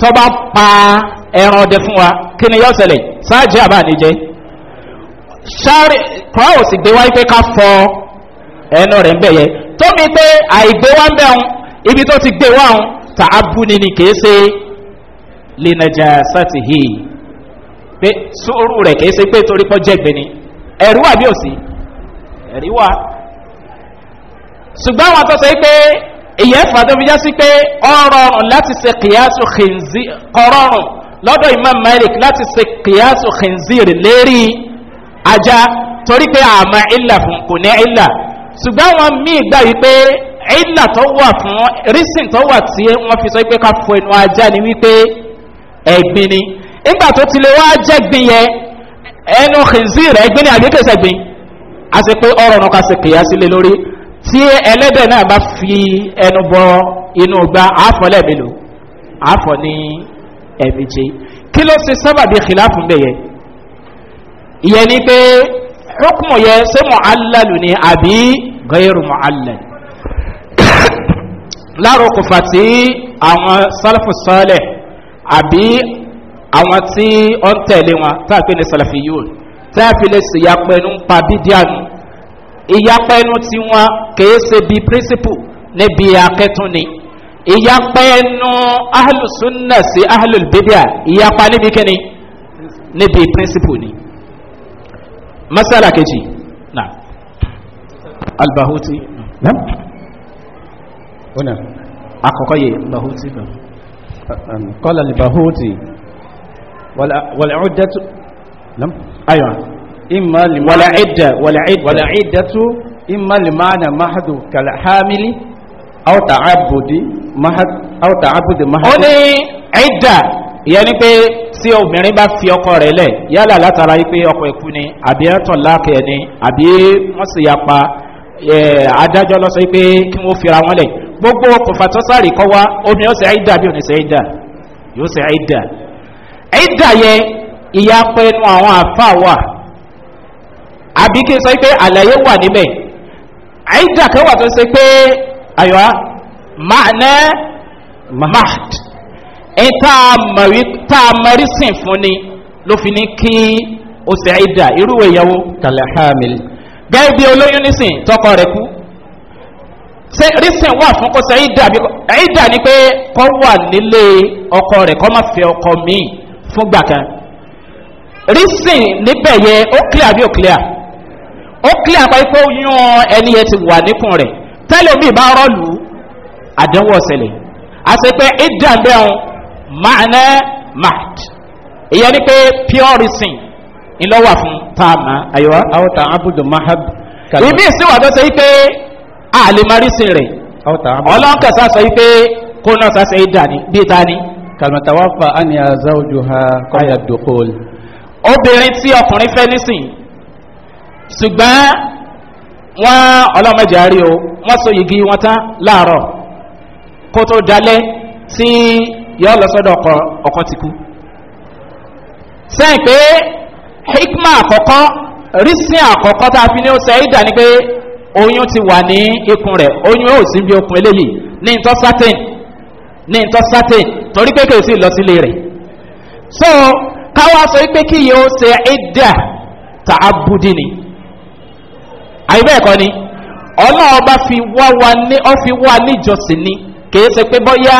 Speaker 1: tọ́ bá pa ẹran ọdẹ fún wa kí ni yọ sẹlẹ̀ sáájú àbá àníjẹ́ sáré kọ́ọ̀ sì gbé wáyé pé ká fọ ẹnu rẹ̀ ń bẹ̀ yẹ tóbi pé àìgbé wá ń bẹ̀ ń ibi tó ti gbé wá ń ta abúni ni kìí ṣe lìnàjà sátìhì pé sóòrù rẹ̀ kìí ṣe pé torí pọ́ jẹ́gbẹ́ ni ẹ̀rí wà bí ò sí ẹ̀rí wà ṣùgbọ́n àwọn tó ṣe pé èyí ẹ̀fà tó fi já sí pé ọ̀rọ̀rùn láti ṣe kìyàsù kìnzí ọ̀rọ̀rùn lọ́dọ̀ imam malik láti ṣe kìyàsù kìnzí rẹ̀ lérí ajá torí pé àmà ìlà fún kò ní ìlà ṣùgbọ́n wọn míì gbà wípé ìlà tó wà fún rísìn tó wà tí wọ́n fi sọ pé ká fọ ẹnu ajá ni wípé ẹ̀gbin ni nígbà tó ti lè wá jẹ́gbin yẹn ẹnu kìnzí rẹ̀ ẹ̀gbin ni àgbékèsẹ̀gbin a sì pé ọ̀rọ̀ ọ̀nà kan sì kìyà sílé lórí tí ẹlẹ́dẹ̀ náà bá fi ẹnu bọ inú gba àáfọ̀ lẹ́ẹ̀mélòó àáfọ̀ ní ẹ̀míje kí ló ṣe sábàbí kìláàfù ń bẹ̀yẹn ìyẹn ni pé hukumu yẹ ṣé mu'allalu ni àbí gairu mu'allalu [COUGHS] láàrọ̀ kò fà tí àwọn sálfù sọ́lẹ̀ àbí àwọn tí ó ń tẹ̀lé wọn tá a pè ní sálfì yóò tá a fi lè sì yapẹnu pa bídíàmù ìyapẹnu tí wọn kìí ṣe bí pírísìpù níbi akẹ́tún ni ìyapẹnu ahlùsúnnà sí ahlùbídíà ìyapa níbi kíni níbi pírísìpù ni masala kejì na albahuti na ona akọkọ yìí albahuti na kọlá albahuti wàlẹ̀ nam ayiwa imma wàlẹ̀ ẹ̀dà wàlẹ̀ ẹ̀dàtu imma limana mahadu kala hamili aw ta'abudi mahad aw ta'abudi mahad. ó ní ẹ̀dà yẹn ni pé tí obìnrin bá fi ọkọ rẹ lẹ yálà látara yí pé ọkọ̀ ẹ̀kú ni àbí ẹ̀tọ̀ lákẹ́ ni àbí sì ya pa adájọ́ lọ́sọ̀ pé kí wọ́n fira wọn lẹ gbogbo okùnfà kọ́ wá obìnrin ó sì bí òní sì yóò sì àìdá àìdá yẹ ìyá pẹ́nu àwọn àfa wà àbí kí n sọ pé àlàyé wà níbẹ̀ kan tó ń pé àyọ̀ máa ná ẹni tá a mọ̀rí sìn fún ni ló fi ní kí o sì ìdà irúwẹ̀ ìyàwó kàlẹ̀ hàmìlì gẹ́gẹ́ bí olóyún nísìn tọkọ rẹ̀ kú ṣe rísìn wà fún kó ṣe ìdà bí ìdà ni pé kọ́ wà nílé ọkọ rẹ̀ kọ́ má fẹ́ ọkọ míì fúngbà kan rísìn níbẹ̀ yẹ ó clear bí ó clear ó clear pa ipò yún ẹni yẹn ti wà níkùn rẹ̀ tẹ́lẹ̀ mi bá rọ́ọ̀lù àdánwò ọ̀sẹ̀lẹ̀ àti pé ìdà bẹ́ẹ̀ ma'ana maht ìyẹn ni pé purism ìlọ́wà fún táàmà àyọ̀wá ta abudu mahab ibi ìsìnwá tó ṣe pé Alimarisi rẹ̀ ọlọ́kẹ̀sà sọ pé kó náà sá ṣe é ni. kàlùmọ̀tàwáfà á ní ha obìnrin tí ọkùnrin fẹ́ nísìn ṣùgbọ́n wọ́n ọlọ́mọdé o wọ́n so yìgì wọn tán láàárọ̀ kó yọ lọ sọ́dọ̀ ọkọ̀ ọkọ̀ ti kú sẹ́yìn pé hikma àkọ́kọ́ rísìn àkọ́kọ́ tá a fi ní ó sẹ́ ìdá ni pé oyún ti wà ní ikùn rẹ̀ oyún ó sì bí okùn eléyìí ní ntọ́ sátẹ̀n ní ntọ́ sátẹ̀n torí pé kèsì lọ sílé rẹ̀ so káwá sọ pé kí yìí ó ṣe ìdá tá a budi ni àyè bẹ́ẹ̀ kọ́ ni ọlọ́ọ̀bá fi wá wa ní ọ́ fi wá níjọsìn ni kèé ṣe pé bọ́yá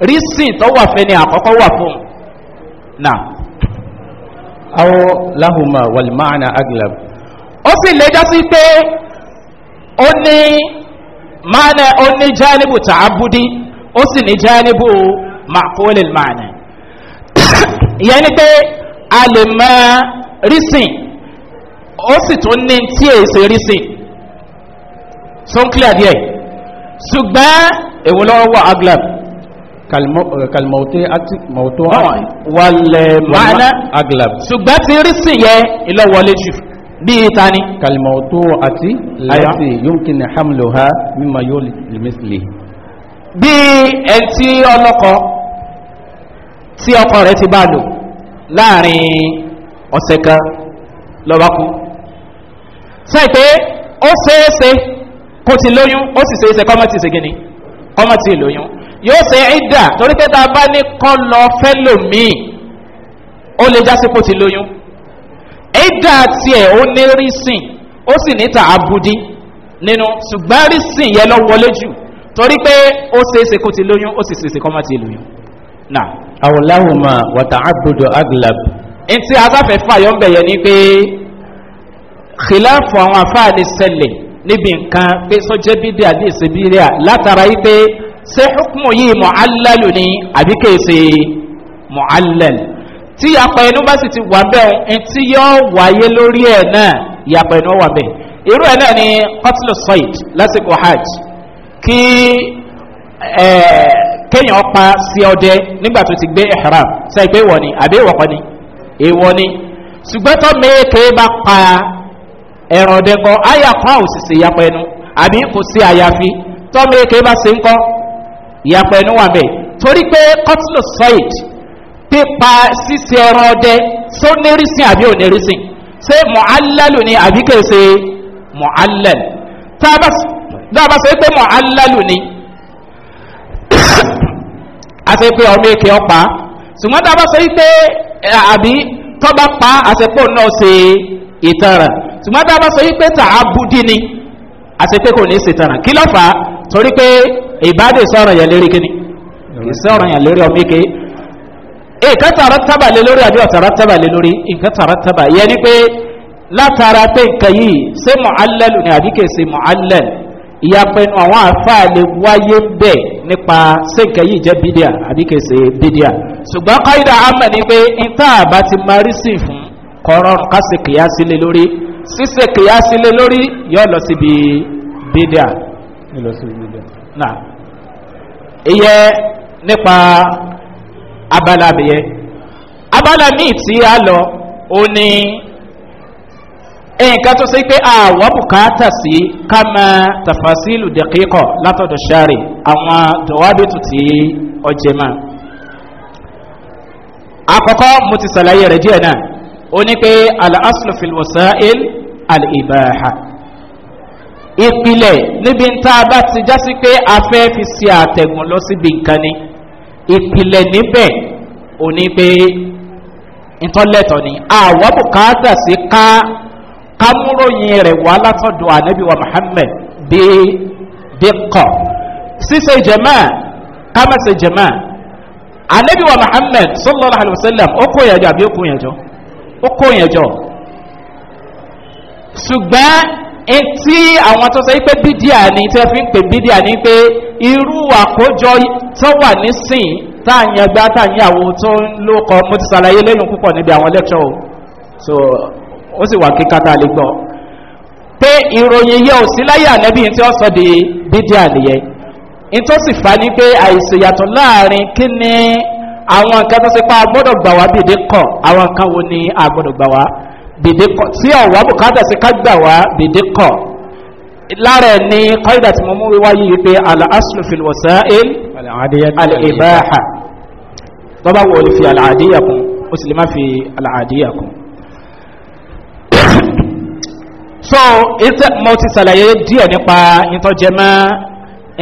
Speaker 1: rísìn tó wà fẹ́ ni àkọ́kọ́ wà fún nà awọ láhùmà wàlmáàna aglab ó sì lè já sí pé ó ní máàna ó ní jánibù tààbùdí ó sì ní jánibù màkúlẹ̀ máàna ìyẹn ni pé a lè mọ rísìn ó sì tún ní tí èsè rísìn tó ń díẹ̀ ṣùgbọ́n èwo lọ́wọ́ aglab kàlmọ̀tẹ́ eh, ati mọ̀tọ́ wàlẹ̀ mọ̀lá aglab ṣùgbọ́n ti rí sí yẹ ìlọ́wọlé jù bí i ta ni kàlmọ̀tọ́ àti láti yónkìnà hamloha mímọ̀ yóò lèmẹ́sìlè bí ẹn tí ọlọ́kọ tí ọkọ rẹ̀ ti bá lò láàrin ọ̀sẹ̀ kan lọ́wọ́kú sẹ́yìn pé ó ṣeéṣe kó ti lóyún ó sì ṣeéṣe kọ́mọ́ ti ṣe gíní kọ́mọ́ ti lóyún yóò ṣe ìdà torí pé tá a bá ní kọ́ lọ fẹ́lòmíì ó lè jásípò ti lóyún ìdà tiẹ̀ ó ní rísìn ó sì níta abudi nínú ṣùgbọ́n rísìn yẹn lọ wọlé jù torí pé ó ṣe é ṣe kó ti lóyún ó sì ṣe é ṣe kọ́ má ti lóyún. àwòláhùnmá wàtà àbùdó aglab. ntí asáfẹ́ fàyọ̀ ń bẹ̀yẹ ni pé khilafu àwọn afáàlì sẹlẹ̀ níbi nǹkan pé sọ́jẹ́ bídíà bí èsè bídíà látara yìí pé ṣé hukumu yìí mọ̀álẹ́lù ni àbí kèé ṣe mọ̀álẹ́lù tí yàpọ̀ ẹnu bá sì ti wà bẹ́ẹ̀ etí yóò wáyé lórí ẹ̀ náà yàpọ̀ ẹnu wà bẹ́ẹ̀ irú ẹ̀ náà ni kọ́tìlù sọ́ìd lásìkò hajj kí kéèyàn pa sí ọdẹ nígbà tó ti gbé ihram sẹ́ ìgbé wọ̀ ni àbí ìwọ̀kọ́ ni èèwọ̀ ni ṣùgbọ́n tó mẹ́ẹ̀kẹ́ bá pa ẹ̀rọ̀ ọdẹ kan àyà àbí kò sí àyàfi tó bá ṣe ń kọ́ ìyàpọ̀ ẹnu wà bẹ́ẹ̀ torí pé cutlass side pípa ṣíṣe ẹran ọdẹ só nérisìn àbí ò nérisìn ṣé mọ̀álálù ni àbí kò ṣe mọ̀álálù tá a bá ṣe pé mọ̀álálù ni [COUGHS] a ṣe pé ọmọ èké ọ̀pá ṣùgbọ́n tá a bá ṣe pé àbí tọ́ba pa àṣepọ̀ náà ṣe ìtara ṣùgbọ́n tá a bá ṣe pé tààbùdí ni àṣepẹ́ kò ní ṣètara kí ló fà á torí pé ìbádé sọ̀rọ̀ yẹn lérí kíni ìsọ̀rọ̀ yẹn lérí ọmọ ike nǹkan tààràtàbà lé lórí àbí ọ̀tàràtàbà lé lórí nǹkan tààràtàbà yẹn ni pé látara pé nǹkan yìí ṣé mọ̀álẹ́lù ni àbí kèsì mọ̀álẹ́lù ìyapẹnu àwọn àfáà lè wáyé bẹ́ẹ̀ nípa ṣé nǹkan yìí jẹ́ bídíà àbí kèsì bídíà ṣùgbọ́n kọ́ídà amẹ̀ ni pé níta àbá ti máa rí sí fún kọ́rọ́rùn ká ṣe kìyà sílé lórí ṣíṣe kìyà sílé lórí yóò lọ síbi bídíà náà ìyẹ nípa abala abìyẹ abala míì tí a lọ ó ní nǹkan tó ṣe pé àwọn bùkátà sí ká máa tàfàsílù dẹ̀kíkọ̀ látọ̀dọ̀ sáré àwọn dọ̀wábìtù tí ọjẹ́ máa àkọ́kọ́ mo ti ṣàlàyé rẹ̀ díẹ̀ náà ó ní pé al-aslu fil wasa'il al-ibaha ìpìlẹ̀ níbi tá a bá ti jásí pé a fẹ́ fi ṣe àtẹ̀gùn lọ síbi nǹkan ni ìpìlẹ̀ níbẹ̀ ò ní pé ìtọ́lẹ̀tọ̀ ni àwa bùkátà sí ká kámúròyìn rẹ̀ wá látọ̀dọ̀ ànábì wa muhammed dé dé kọ̀ ṣíṣe jẹ̀mọ́ kámẹ́sẹ̀ jẹ̀mọ́ ànábì wa muhammed sallallahu alayhi wa sallam ó kó yẹn jọ àbí ó kó yẹn jọ ó kó yẹn jọ ṣùgbọ́n tí àwọn tó sọ pé bídíà ni tẹ́ fi ń pè bídíà ni pé irú àkójọ tó wà nísìn táàyàngbá táàyàwó tó ń ló kọ mo ti sàlàyé lẹ́yìn púpọ̀ níbi àwọn lẹ́kṣọ́ so ó sì wà kíkà tá a lè gbọ́ pé ìròyìn yẹ ò sí láyé ànẹ́bí tí ó sọ di bídíà nìyẹn ní tó sì fà ní pé àìsè yàtọ̀ láàrin kí ni àwọn nǹkan tó ṣe pa agbọ́dọ̀ gbà wá bìdí kọ̀ àwọn nǹkan wo ni agbọ́dọ̀ gbà wá bìdíkọ̀ tí ọ̀wá bùkátà sí kágbà wá bìdíkọ̀ lára ní kọ́ìdà tí mo mú wíwá yìí pé al'aslufin wasa'il al'ibaha tó bá wọ́n fi al'adíyà kún ó sì lè má fi al'adíyà kún so ìtẹ́ mo ti sàlàyé díẹ̀ nípa ìtọ́jẹmọ́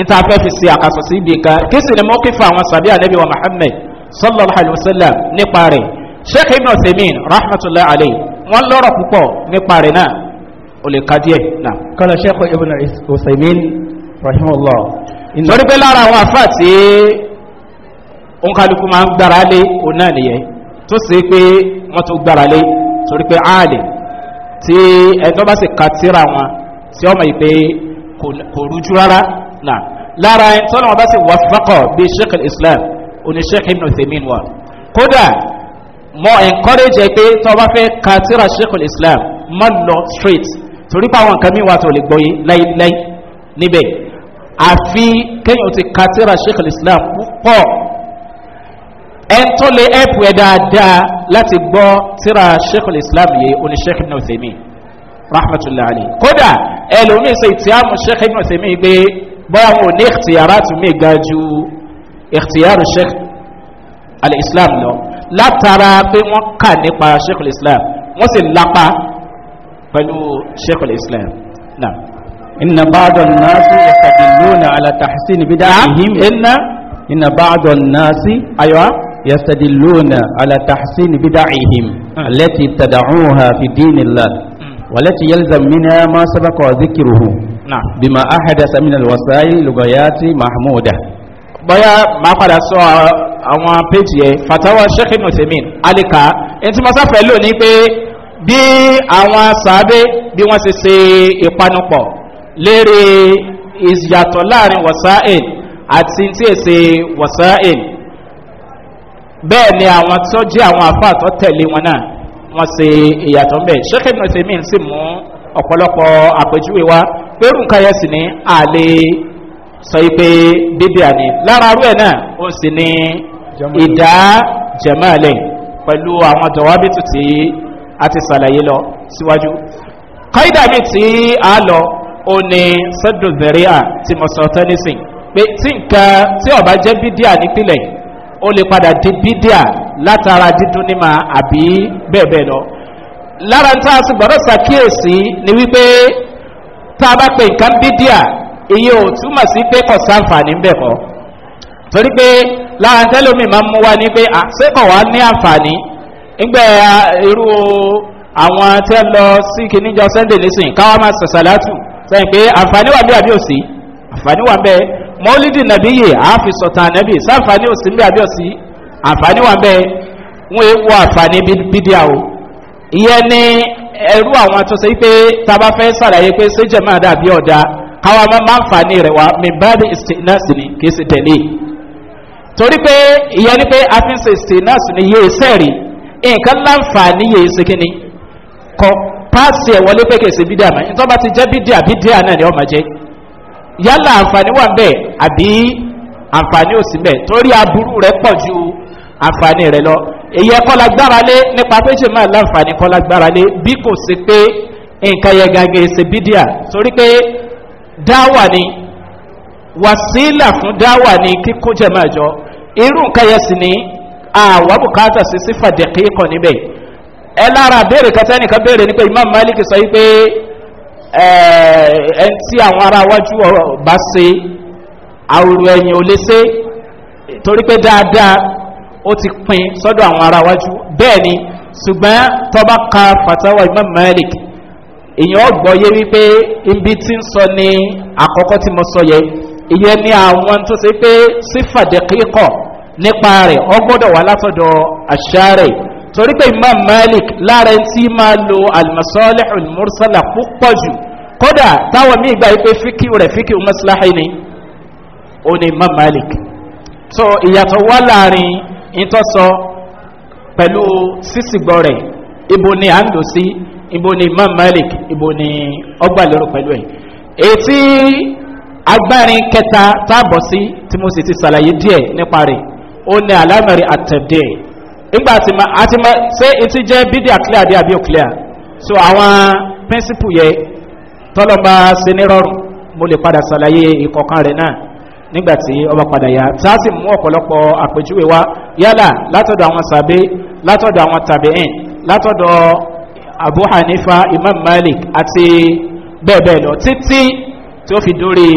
Speaker 1: ìtafẹ́fi sí àkàsọ̀ sí ibi kan kí sì ni mo kí fún àwọn sàbí àlẹ́bí wa muhammad sallallahu alaihi wasallam nípa rẹ̀ sheikh ibn usaimin rahmatullahi alaihi wọ́n lọ́rọ̀ púpọ̀ nípa rẹ̀ náà o lè ka díẹ̀ náà. kọ́lá sheikh ibn usaimin rahimahullah. lórí pé lára àwọn afa tí onkaluku máa ń gbára lé òun náà nìyẹn tó sì pé wọ́n tún gbára lé torí pé áàlì tí ẹjọ́ bá sì ka tíra wọn tí ọmọ yìí pé kò rújú rárá náà lára ẹ̀ tọ́lọ́wọ́n bá sì wà fọ́kọ̀ bíi sheikh islam oní sheikh ibn kódà mọ encourage ẹ pé tọ́ bá fẹ́ ka tíra sheikul islam má lọ straight torí pé àwọn nǹkan mi wà tó lè gbọ́ yé láíláí níbẹ̀ àfi kéèyàn ti ka tíra sheikul islam púpọ̀ ẹ tó lè ẹ̀pù ẹ dáadáa láti gbọ́ tíra sheikul islam yìí oní sheikh ibn ọ̀sẹ̀mí rahmatulah ali kódà ẹ lòun ní sè tí a mú sheikh ibn ọ̀sẹ̀mí wọn ò ní ìtìyàrá tún mí ga ju ìtìyàrá sheikh al-islam lọ. No látara pé wọ́n kà nípa sheikh islam wọ́n sì lápá pẹ̀lú sheikh islam náà. inna baadọ̀ naasi yastadiluna ala tahsin bida'ihim inna inna baadọ̀ naasi aywa yastadiluna ala tahsin bida'ihim allati tada'uha fi dinillah والتي يلزم منها ما سبق ذكره نعم بما أحدث من الوسائل لغايات محمودة bọ́yá máa padà sọ àwọn péjì ẹ̀ fatawa sheikh nùtẹ̀mí alika ẹni tí mo sáfẹ́ lò ní pé bí àwọn sàábé bí wọ́n ṣe ṣe ìpanupọ̀ lérí ìyàtọ̀ láàrin wasail àti tí è ṣe wasail bẹ́ẹ̀ ni àwọn tó jẹ́ àwọn àfáà tó tẹ̀lé wọn náà wọ́n ṣe ìyàtọ̀ mbẹ́ sheikh nùtẹ̀mí sì mú ọ̀pọ̀lọpọ̀ àpèjúwe wa pé nǹkan yẹn sì àlè sọ pé bíbí àní lára rẹ̀ náà ó sì ní ìdá jẹ̀mọ́lẹ̀ pẹ̀lú àwọn dọ̀wábìtì tí a ti sàlàyé lọ síwájú kọ́ídà mi tí a lọ ó ní sẹ́dùnzẹ̀ríà tí mo sọ tẹ́lẹ̀sìn pé tí nǹkan tí ọba jẹ́ bídíà nípìnlẹ̀ ó lè padà di bídíà látara dídún níma àbí bẹ́ẹ̀ bẹ́ẹ̀ lọ lára ń tá a sì gbọ́dọ̀ ṣàkíyèsí ni wípé tá a bá pe nǹkan bídíà èyí ò túmọ̀ sí pé kò sáǹfààní ń bẹ̀ kọ́ torí pé lára tẹ́lómi máa ń mú wa ní pé àṣekọ̀ wá ní àǹfààní nígbẹ́ irú àwọn tẹ́ lọ sí kìíníjọ sunday nísìnyí káwá máa sọ̀sà látù sẹ́yìn pé àǹfààní wà bí àbí òsì àǹfààní wà bẹ́ẹ̀ mọ́lídì nàbí yìí àáfi sọ̀tà nàbí sáǹfààní òsì bí àbí òsì àǹfààní wà bẹ́ẹ̀ wọ́n ewu àǹfààní bídíà o ìyẹn ní ẹrú àwọn àtúnṣe pé tá a bá fẹ́ sàlàyé pé séjẹ̀ máa dàbí ọ̀dà káwa máa máa ń fà ní rẹ̀ wá mi bá dé ìsìnàsì ni kì í sì tẹ̀lé torí pé ìyẹn ni pé a fi ń ṣe ìsìnàsì ni yé sẹ́ẹ̀rì nǹkan láǹfààní yé sikini kọ paasi ẹ̀ wọlé pé kì í sì bídíà mọ́ nítorí bá ti jẹ́ bídíà bídíà náà ni ọ̀ máa jẹ́ yálà àǹfààní wà bẹ́ẹ̀ àbí àǹfààní ò sí bẹ́ẹ̀ torí aburú rẹ̀ pọ̀ ju àǹfààní rẹ̀ lọ èyí ẹ̀kọ́ la gbára lé nípa pé ṣe máa láǹfààní kọ́ la gbára lé bí kò sí pé nǹkan yẹn gàgé ṣe bídíà torí pé dáwà ni wàsílà fún dáwà ni kíkún jẹ̀májọ́ irú nǹkan yẹn sì ni àwa bùkátà sí sí fàdẹ̀kì kọ̀ ẹ lára béèrè kẹta nìkan béèrè nípa imam malik sọ yìí pé ẹ tí àwọn ará wájú bá ṣe àwòrán ẹ̀yìn ò lè ṣe torí pé dáadáa ó ti pin sọ́dọ̀ àwọn ará wájú bẹ́ẹ̀ ni ṣùgbọ́n tọ́ba ka fatawa imam malik èyàn ọgbọ̀yé wípé ibi tí ń sọ ní àkọ́kọ́ tí mo sọ yẹ ìyẹn ni àwọn tó ṣe pé sífàdẹ̀kíkọ̀ nípa rẹ̀ ọgbọ́dọ̀ wà látọ̀dọ̀ àṣà rẹ̀ torí pé imam malik lára tí máa lo almasọ́lẹ̀ olùmọ́sálà púpọ̀ jù kódà táwọn míì gbà wípé fíkì rẹ̀ fíkì mọ́sálàhìn ni ó ní imam malik so ìyàtọ̀ wá láàrin ìtọ́sọ pẹ̀lú sísìgbọ́ rẹ̀ ibo ni à ń lò sí ibo ni imam malik ibo ni ọgbà lérò pẹ̀lú ẹ̀ ètí agbárin kẹta táàbọ̀ sí tí mo sì ti ṣàlàyé díẹ̀ nípa rẹ̀ ó ní alámẹ̀rẹ̀ àtẹ̀dẹ̀ nígbà tí ma àti ma ṣé etí jẹ́ bídí àclear bí àbí òclear so àwọn pẹ́ńsípù yẹ tọ́lọ́mà ṣe ní rọrùn mo lè padà ṣàlàyé ìkọ̀kan rẹ̀ náà nígbà tí ọba padà yá tá a sì mú ọ̀pọ̀lọpọ̀ àpèjúwe wa yálà látọ̀dọ̀ àwọn sàbẹ̀ látọ̀dọ̀ àwọn tàbẹ̀ẹ́n látọ̀dọ̀ abu hanifa imam malik àti bẹ́ẹ̀ bẹ́ẹ̀ lọ títí tí ó fi dórí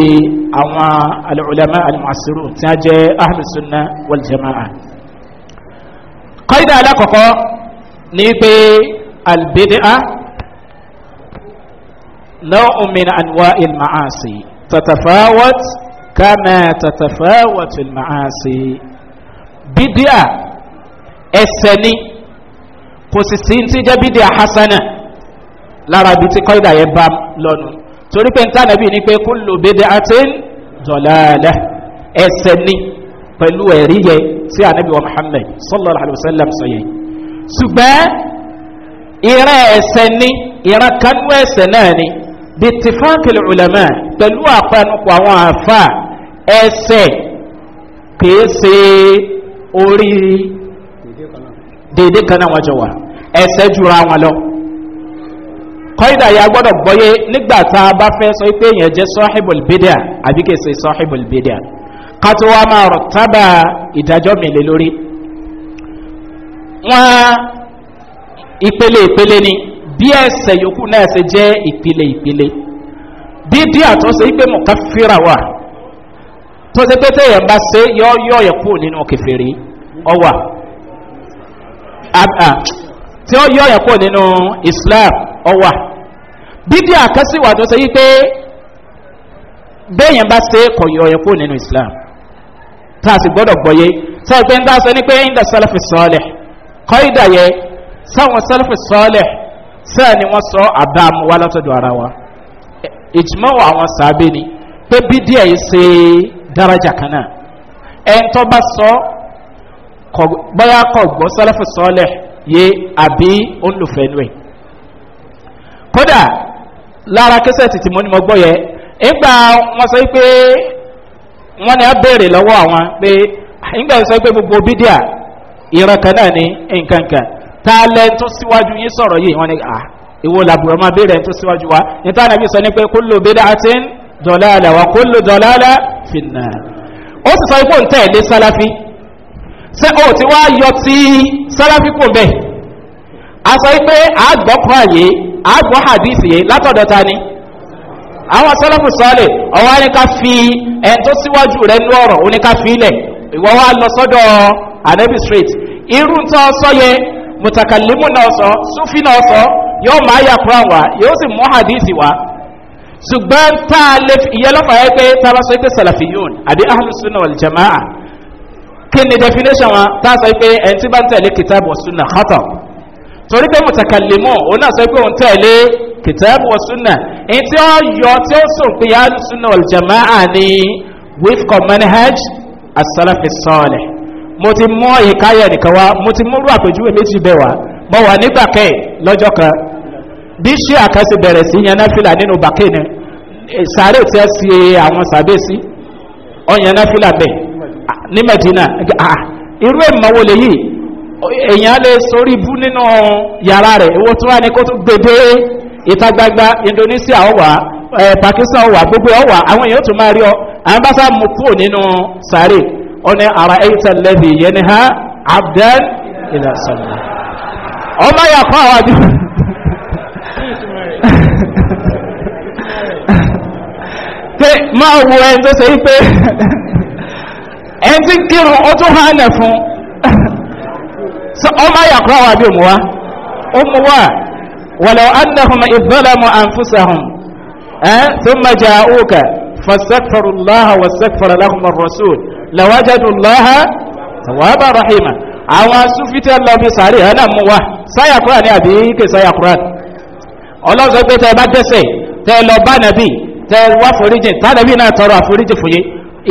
Speaker 1: àwọn alùlẹ́mọ́ alùmọ̀sírù tí a jẹ́ ahmedsunna wal jama'a kọ́ídà alákọ̀ọ́kọ́ ní pé albidia نوع من أنواع المعاصي تتفاوت كما تتفاوت المعاصي بدعة السني kò sì sí ti jẹ́ bídìí àhásánà lára ibi tí kọ́ìdà yẹn bá lọ́nu torí pé nǹkan àbí ni pé kó lò bídìí àti dọ̀làlẹ̀ ẹsẹ̀ ni pẹ̀lú ẹ̀rí yẹ sí ànábì wa muhammed sallallahu alayhi wa sallam sọ yẹn ṣùgbọ́n ìran ẹsẹ̀ ni ìran kanú ẹsẹ̀ náà ni bí tìfáàkìlì ọ̀lẹ́mọ̀ pẹ̀lú àpanupọ̀ àwọn àfa ẹsẹ̀ kìí ṣe orí déédéé kan náà wọ́n jọ wà ẹsẹ̀ jura wọn lọ kọ́ídà yà gbọ́dọ̀ bọ́yé nígbà tá a bá fẹ́ sọ pé èèyàn jẹ́ sọ́hìbùl bídíà àbí kìí ṣe sọ́hìbùl bídíà ká tó wá máa rọ̀ tábà ìdájọ́ mi lé lórí. wọ́n ìpele ìpele ni bí ẹsẹ̀ yòókù náà ṣe jẹ́ ìpele ìpele bídíà tó ṣe pé mọ̀ká fíra wà tó ṣe pé téèyàn bá ṣe yọ yọ yẹ kúrò nínú kẹfẹ́rẹ́ ọwà. Ah, tí ó yọ ẹ̀kọ́ nínú islam ọwà bídí àkásíwà tó ṣe yí pé bẹ́yẹn bá ṣe kọ̀ yọ ẹ̀kọ́ nínú islam tá a sì gbọ́dọ̀ gbọ́yé sọ pé ń dá sọ ní pé ń dá sálàfì sọ́ọ̀lẹ̀ kọ́ ìdàyẹ sáwọn sálàfì sọ́ọ̀lẹ̀ sẹ́ẹ̀ ni wọ́n sọ àbámu wa látọ̀dọ̀ ara wa ìjùmọ̀ àwọn sàbẹ̀ ni pé bídí ẹ̀ ṣe dáràjà kan náà ẹ̀ ń tọ́ bá sọ bóyá kọ̀ gbọ́ sálẹ́fù sọ́ọ̀lẹ̀ yé àbí olùfẹ́nu ẹ̀ kódà lára kẹsẹ̀ títí mo ní mo gbọ́ yẹ nígbà wọn sọ pé wọn ni a béèrè lọ́wọ́ àwọn pé nígbà wọn sọ pé gbogbo bídíà ìran kan náà ni nǹkan kan tá a lẹ́ tó síwájú yín sọ̀rọ̀ yìí wọn ni à ìwo làbúrò máa béèrè tó síwájú wa níta nàbí sọ ni pé kúlò bídà àti dọ̀là àlà wa kúlò dọ̀là àlà fìnnà ó sì sọ pé òun tẹ̀ lé sálàfí ṣe ó ti wá yọ ti sálàfíkù bẹ́ẹ̀ a sọ pé àgbọ̀ kúràyè àgbọ̀ hadith yìí látọ̀dọ̀ ta ni àwọn sálàfù sọ́ọ̀lẹ̀ ọ̀wá ní ká fi ẹ̀ tó síwájú rẹ̀ ní ọ̀rọ̀ òní ká fi ilẹ̀ ìwọ́ wa lọ sọ́dọ̀ anabi street irú tó sọ yẹ mùtàkàlímù náà sọ súfì náà sọ yóò máa yà kúràn wá yóò sì mú hadith wá ṣùgbọ́n tá a lè fi ìyẹn yẹ pé tá a bá sọ pé sàlàfíyùn ahlùsùn náà wàlìjàmáà kí ni definition wọn tá a sọ pé ẹni tí bá ń tẹ̀lé kìtàbù ọ̀sùnà hátà torí pé mùtàkàlímù òun náà sọ pé òun tẹ̀lé kìtàbù ọ̀sùnà èyí tí ó yọ tí ó sùn pé yá lùsùnà ọ̀lùjàmá àní with commanhaj asalafi sọ́ọ̀lẹ̀ mo ti mú ìkáyọ̀ nìkan wá mo ti múrú àpèjúwe méjì bẹ́ẹ̀ wá mo wà nígbà kẹ́ẹ̀ lọ́jọ́ kan bí ṣé àkàṣe bẹ̀rẹ̀ sí yan náfìlà nínú bàkẹ́ẹ̀ ni sàárè tí ẹ ṣe àwọn sàbẹ̀ sí ọ̀yan náfìlà bẹ́ẹ̀ ní medina ah, irú ẹ̀ lè yìí èèyàn lè sórí bú nínú yàrá rẹ̀ owó tó wà ní indonesia ọwà pakistan ọwà gbogbo ọwà àwọn èèyàn tó máa rí ọ àwọn bá sáà mú kúrò nínú sáré ara eitan levy yẹn ni ha abdel ilasana ọmọ yà kọ́ àwọn àbí. [LAUGHS] pé máa wo ẹni ẹn tí kírun ó tún hàn lẹ̀ fún ọmọ ayàkọ́ àwọn àbí òmùwá òmùwá wàlẹ̀ annahum ìzọ́lẹ̀mù àǹfúsàhùn ẹn tó mẹjà òkè fasakfarullaha wasakfaralahum rasul lawajadullaha tawaba rahima àwọn asúfitẹ́ lọ bí sàárì ẹ̀ náà mú wa sáyàkúrà ní àbí kè sáyàkúrà ọlọ́sọ pé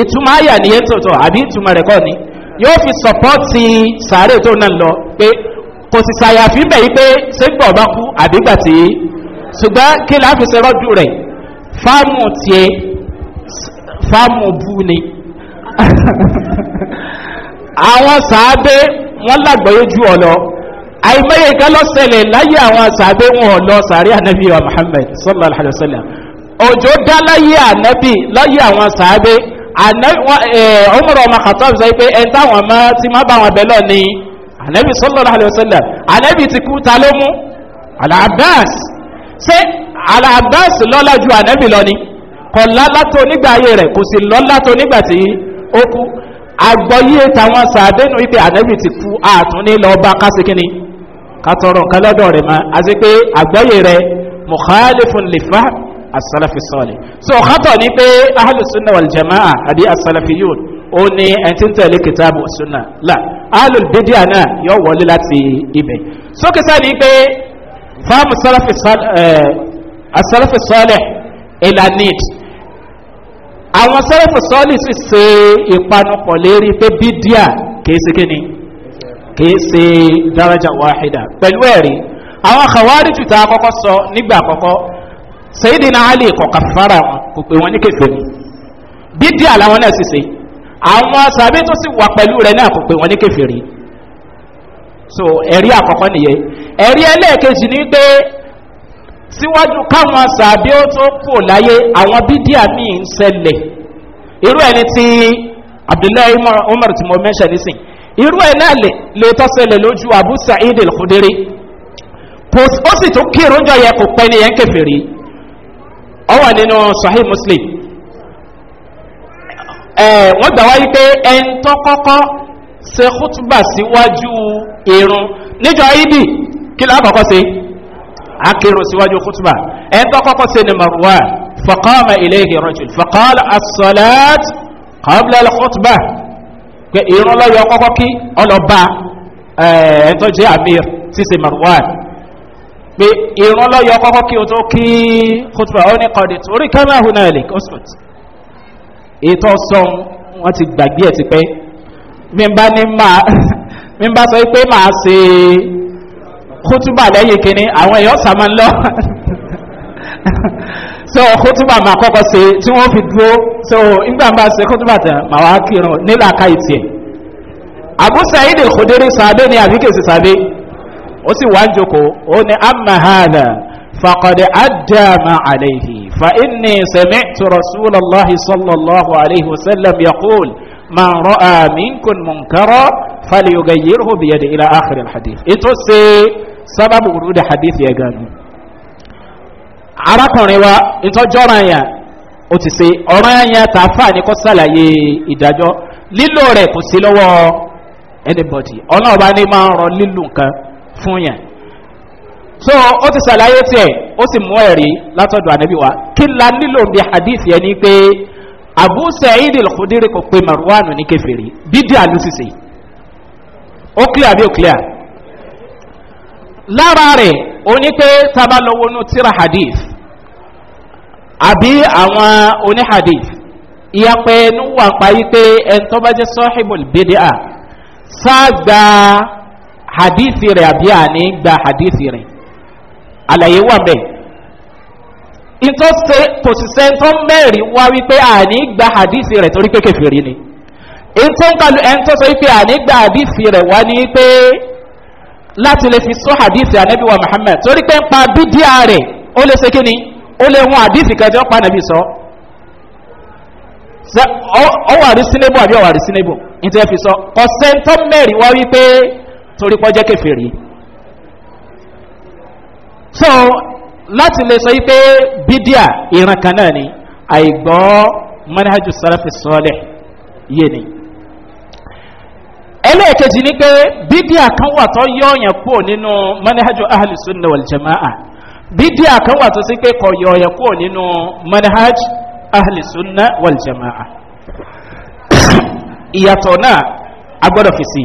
Speaker 1: ìtumọ̀ àyà nìyẹn tòótọ́ àbí ìtumọ̀ rẹ̀ kọ́ ni yóò fi sọ̀pọ́tì sàárè tó náà lọ pé kò sì sàyàfi bẹ̀ yí pé ségbọ̀ bá kú àbígbà tí ṣùgbọ́n kí láfi ṣe rọ́jú rẹ̀ fáàmù tiẹ̀ fáàmù bú ni àwọn sàábé wọ́n lágbọ́yé ju ọ̀lọ́ àìmọye kan láyé àwọn sàábé wọn lọ sàárè ànábì wa muhammed sallallahu alayhi wa sallam òjò dá láyé ànábì láyé àwọn sàábé ọmọrọ ọmọ kàtọ́m sọ pé ẹn táwọn ọmọ tí má bá wọn bẹ̀lọ ni ànẹ́bì sọ́lọ́lá alẹ́sọ́lá ànẹ́bì ti kú ta ló mú aláàbáàs ṣé aláàbáàs lọ́lá ju ànẹ́bì lọ ni kọ̀ lọ́lá tó nígbà ayé rẹ̀ kò sí lọ́lá tó nígbà tí ó kú agbọ́yé táwọn sàdénú pé ànẹ́bì ti kú ààtún lọ bá kásìkíní kátọrọ nǹkan lọ́dọ̀ rẹ̀ àti pé agbọ́yé rẹ̀ mùkálífùn lè fà asalafi sọ́ọ̀lì so ọ̀kátọ̀ ní pé ahàlùsúnà wàlìjàmáà àbí asalafi yóò ó ní ẹ̀ntí ń tẹ̀lé kìtàbù súnà là ahàlùbídíà náà yọ wọlé láti ibẹ̀ sókè sáà ní pé fáàmù asalafi sọ́ọ̀lì elanid àwọn sẹ́lẹ̀fù sọ́ọ̀lì sì ṣe ìpanupọ̀ lérí pé bídíà kìí ṣe kíni kìí ṣe wáhídà pẹ̀lú ẹ̀rí àwọn àkàwárí jùta àkọ́kọ́ sọ nígbà àkọ́kọ́ sẹ́yìn náà alẹ́ kọ̀ọ̀kan fara wọn kò pé wọn ní kẹfẹ́rí dídí àláwọn náà sì ṣe àwọn sàbí tó sì wà pẹ̀lú rẹ̀ náà kò pé wọn ní kẹfẹ́rí so ẹ̀rí àkọ́kọ́ nìyẹn ẹ̀rí ẹlẹ́ẹ̀kejì ni pé síwájú káwọn sàbí ó tó kù láyé àwọn bídíà míì ń ṣẹlẹ̀ irú ẹni tí abdullahi umar tí mo mẹ́ṣẹ̀ nísìn irú ẹ̀ náà lè tọ́ ṣẹlẹ̀ lójú abu sa'id al-khudiri ó sì tún kírun jọ yẹ kò pẹ́ ní yẹn kẹfẹ́rí ọwà nínú sahih muslim ẹ̀ wọ́n gbà wáyé pé ẹn tó kọ́kọ́ se kútùbà síwájú irun níjọ ayídì kí ló àkọ́kọ́ se akérò síwájú kútùbà ẹn tó kọ́kọ́ se ní maruwa fọkọ́ọ̀mà ilé ìrọ̀jù fọkọ́ọ̀lù asọ́lẹ́t kọ́ọ̀bùlẹ̀ kútùbà pé irun lọ́yọ̀ kọ́kọ́ kí ọlọ́ba ẹ̀ẹ́n tó jẹ́ àmì síse pé ìran lọ́yọ kọ́kọ́ kí o tó kí kútùbà ó ní kọ́dé torí kánáhùn náà lè kọ́sùt ètò sọ́n wọ́n ti gbàgbé ẹ̀ ti pẹ́ mímbá ní máa mímbá sọ pé máa ṣe kútùbà lẹ́yìn kínní àwọn èèyàn sàmà ń lọ so kútùbà máa kọ́kọ́ ṣe tí wọ́n fi dúró so nígbà máa ṣe kútùbà tẹ̀ máa wá kírun nílà káyìí tiẹ̀ àbúṣe ayédè kòdérí sàbẹ̀ ni àbíkèsì sàbẹ̀ ó sì wá ń jòkó ó ní amahana fàkọ̀dẹ̀ àdàmà àlẹ́hì fa inni sẹ̀mí tó rasulallah sallallahu alayhi wa sallam yaqul ma rọ́'a minkun munkarọ́ falyugayyirhu biyadi ila akhir alhadith ito se sababu urudi hadith ya gano arákùnrin wa ito jọra yẹn ó ti se ọ̀rọ̀ yẹn tààfà ni kò sàlàyé ìdájọ́ lílò rẹ̀ kò sí lọ́wọ́ anybody ọlọ́ọ̀bá ní máa ń rọ lílù nǹkan fún yẹn so ó ti ṣàlàyé tiẹ̀ ó sì mú ẹ̀rí látọ̀dọ̀ ànábì wa kí la nílò bí hadith yẹn ni pé abu sa'id al-khudiri kò pe marwan ní kẹfìrí bídí àlùsísè ó clear bí ó clear lára rẹ̀ ó ní pé tabalowonu tira hadith àbí àwọn oní hadith ìyapẹ́ ẹnu wà pa yí pé ẹni tó bá sọ́hìbùl bídí sáà gba hadithi rẹ̀ àbí àní gba hadithi rẹ̀ àlàyé wà bẹ́ẹ̀ ìtọ́sẹ̀ kò sì sẹ́ tó mẹ́rin wá wípé àní gba hadithi rẹ̀ torí pé kẹfìrí ni ìtọ́nkalu ẹni tó wípé àní gba hadithi rẹ̀ wá ní pé láti lè fi sọ hadithi anabi wa muhammed torí pé ń pa bídíà rẹ̀ ó lè ṣe kíni ó lè wọn hadithi kan tí wọ́n pa anabi sọ ọwọ́ àrí sínébù àbí ọwọ́ àrí sínébù ní ti ẹ fi sọ kọ̀sẹ́ntọ́ mẹ́rin wá wípé torí pọ́jẹ́ kẹfẹ́rí so láti lè sọ wípé bídíà ìran kan náà ni àìgbọ́ manhajus sarafi sọ́ọ̀lẹ̀ yé ni ẹlẹ́ẹ̀kejì ni pé bídíà kan wà tó yọ̀ọ̀yàn kúrò nínú manhajus ahalusunna waljama'a bídíà kan wà tó sí pé kọ̀ yọ̀ọ̀yàn kúrò nínú manhaj ahalusunna waljama'a [COUGHS] ìyàtọ̀ náà agbọ́dọ̀ fi sí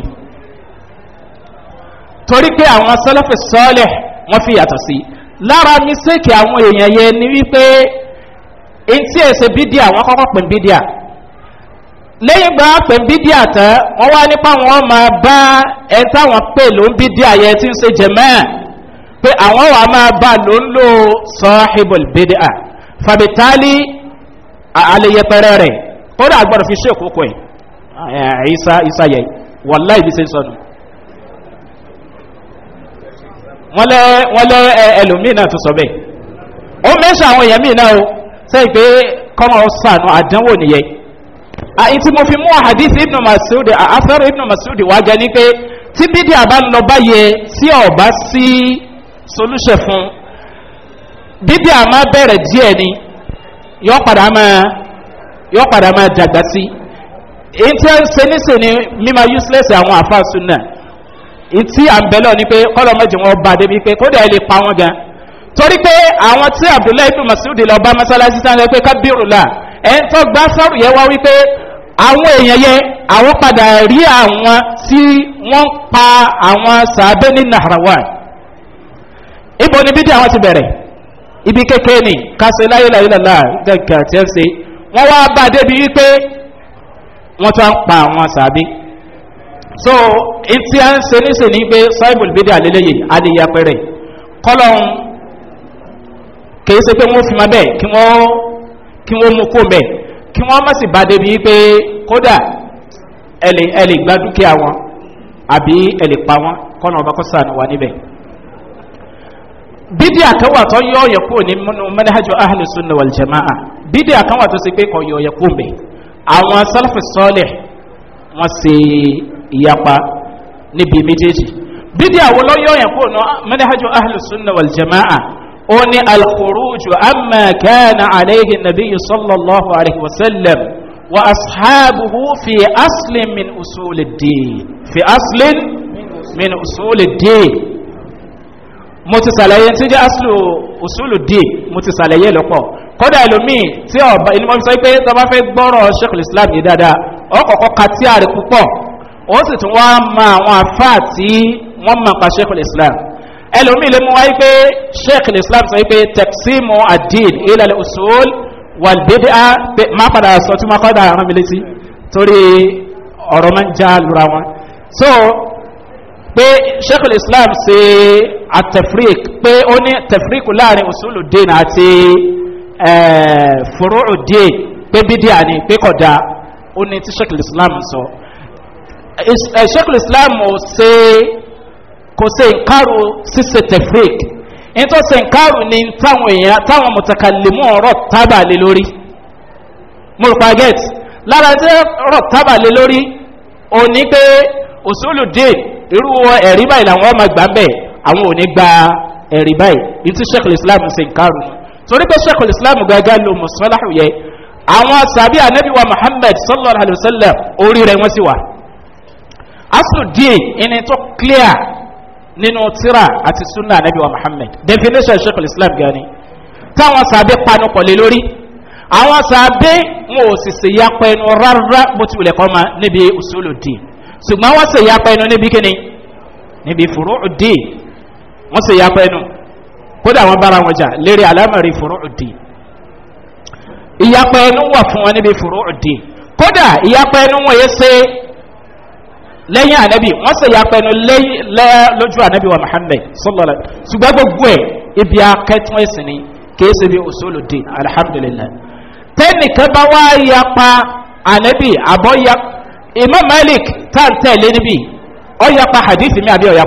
Speaker 1: torí pé àwọn sẹlẹ̀fì sọ́ọ̀lẹ̀ wọ́n fi yàtọ̀ sí lára sèkè àwọn èèyàn yẹn ni wípé etí ẹ̀sẹ̀ bídíà wọ́n kọ́kọ́ pè bídíà lẹ́yìn gba pè bídíà tán wọ́n wá nípa wọn máa bá ẹni táwọn pè ló ń bídíà yẹn ti ń ṣe jẹ̀mẹ́ pé àwọn wàá máa bá ló ń bídíà fàbítálì àlẹyẹpẹrẹ kódà fi ṣe òkókò ẹ̀ ẹ̀ẹ́sà ìsàyẹ̀ wọ́n láì bí ṣe sọnù wọ́n lẹ́ wọ́n lẹ́ ẹlòmíì náà tó sọ bẹ́ẹ̀ ó mẹ́sàn àwọn èèyàn míì náà o sẹ́yìn pé kọ́mọ sànù àdánwò nìyẹn àyè tí mo fi mú àhàdìsí ibnu masudi àhásẹ́rù ibnu masudi wájà ní pé tí bídí àbá ń lọ báyẹ sí ọ̀bá sí solúṣẹ̀ fún bídí àmá bẹ̀rẹ̀ díẹ̀ ni yọ padà máa dàgbà sí èyí tí wọ́n ń ṣe níṣẹ́ ni mímọ useless àwọn àfáàsùn náà tí à ń bẹ̀lọ́ ni pé kọ́lọ̀ méjì wọn bá débi pé kódà ẹ lè pa wọn gan torí pé àwọn tí abdullahi ibn masud lọ bá masalasi sáńsẹ pé kábírùlà ẹ̀ ń tọ́ gbá sọ́rù yẹn wá wípé àwọn èèyàn yẹn àwọn padà rí àwọn tí wọ́n pa àwọn sàbẹ́ ní nahrawan ibo ni bídí àwọn ti bẹ̀rẹ̀ ibi kékeré ni kásẹ̀ láyéláyélálá gàgà tí ẹ ṣe wọ́n wá bá débi wípé wọ́n tó ń pa àwọn sàbẹ́ so etí à ń ṣe níṣe ní pé saibul bidi àlélẹ́yè adéyapẹ̀rẹ̀ kọ́lọ́n kì í ṣe pé wọ́n fi máa bẹ́ẹ̀ kí wọ́n kí wọ́n mú kó mẹ́ kí wọ́n má sì bá débi pé kódà ẹ lè gba dúkìá wọn àbí ẹ lè pa wọn kọ́nà ọba kọ́ sànù wà níbẹ̀ bídí àkànwà tó yọ ọ̀yẹ̀ kúrò nínú mẹ́nẹ́hájọ ahàlùsùn náà wàlìjẹ̀máà bídí àkànwà tó ṣe pé kọ̀ yọ ọ̀yẹ̀ kúrò mẹ́ àwọn sálfì sọ́ọ̀lẹ̀ wọ́n ṣe ìyapa níbi méjèèjì bídí àwọn lọ́yọ́ yẹn kò náà mẹ́lẹ́hájú ahlùsùn náà wàlìjẹ̀máà ó ní alkhuruju amma kana alayhi nabiyyu sallallahu alayhi wa sallam wa ashabuhu fi aslin min usuli dee fi aslin min usuli dee mo ti sàlàyé tí jẹ́ aslu usulu dee mo ti sàlàyé lọ́pọ̀ kọ́dà ẹlòmíì tí ọba ìlú mọ́ fi sọ pé tọba fẹ́ gbọ́rọ̀ sheikh islam yìí dáadáa ọkọ̀ọ̀kọ̀ ka tí a púpọ̀ ó sì tún wá ma àwọn àfá tí wọ́n mọ̀ pa sheikh islam ẹlòmí lè mú wáyé pé sheikh islam sọ wípé tẹ̀símù adil ilẹ̀ usul wàlbẹ́dẹ́ á má padà sọ tí wọ́n kọ́ dára rán mi létí torí ọ̀rọ̀ máa ń já lura wọn so pé sheikh islam ṣe àtẹ̀frík pé ó ní tẹ̀frík láàrin usul dèn àti fúrúù dèn pé bídíà ni pé kọ̀dá ó ní tí sheikh islam sọ. So, ṣekùn eh, islam ò ṣe kò ṣe nkárò ṣíṣe tefrik nítorí ṣe nkárò ni táwọn èèyàn táwọn mùtàkàlímù ọ̀rọ̀ tábà lé lórí mùrùpá get lára tí ọ̀rọ̀ tábà lé lórí òní pé òṣùlù dé irú ẹ̀rí báyìí làwọn ọmọ gbà bẹ́ẹ̀ àwọn òní gba ẹ̀rí báyìí ìtí ṣekùn islam ṣe nkárò torí pé ṣekùn islam gàgà ló mùsùlùmí yẹ àwọn sàbí ànábìwá muhammed sallallahu alayhi wa sallam orí rẹ̀ wọ́n sì wà asùdíè ẹni tó clear nínú tíra àti sunna anabi wa Muhammad definition sheikh islam gani táwọn sàbẹ panu pọ̀lẹ́ lórí àwọn sàbẹ wọn ò sì ṣe yapa ẹnu rárá bó ti wulẹ̀ kọ́ ma níbi usuludíè ṣùgbọ́n wọ́n ṣe yapa ẹnu níbi kíni níbi furuudíè wọ́n ṣe yapa ẹnu kódà wọn bára wọn jà lérí alámọ̀rí furuudíè ìyapa ẹnu wà fún wọn níbi furuudíè kódà ìyapa ẹnu wọn yẹ ṣe lẹ́yìn ànábì wọ́n sì yapẹnu lójú ànábì wa muhammed sọlọ́lá ṣùgbọ́n gbogbo ẹ̀ ibi akẹ́tún ẹ̀sìn ni kìí ṣe bí òṣòlòdì alihamdulilayi tẹ́nìkan bá wá yapa ànábì àbọ̀ ya imam malik táǹtẹ̀ lé níbí ọ yapa hadith mi àbí ọ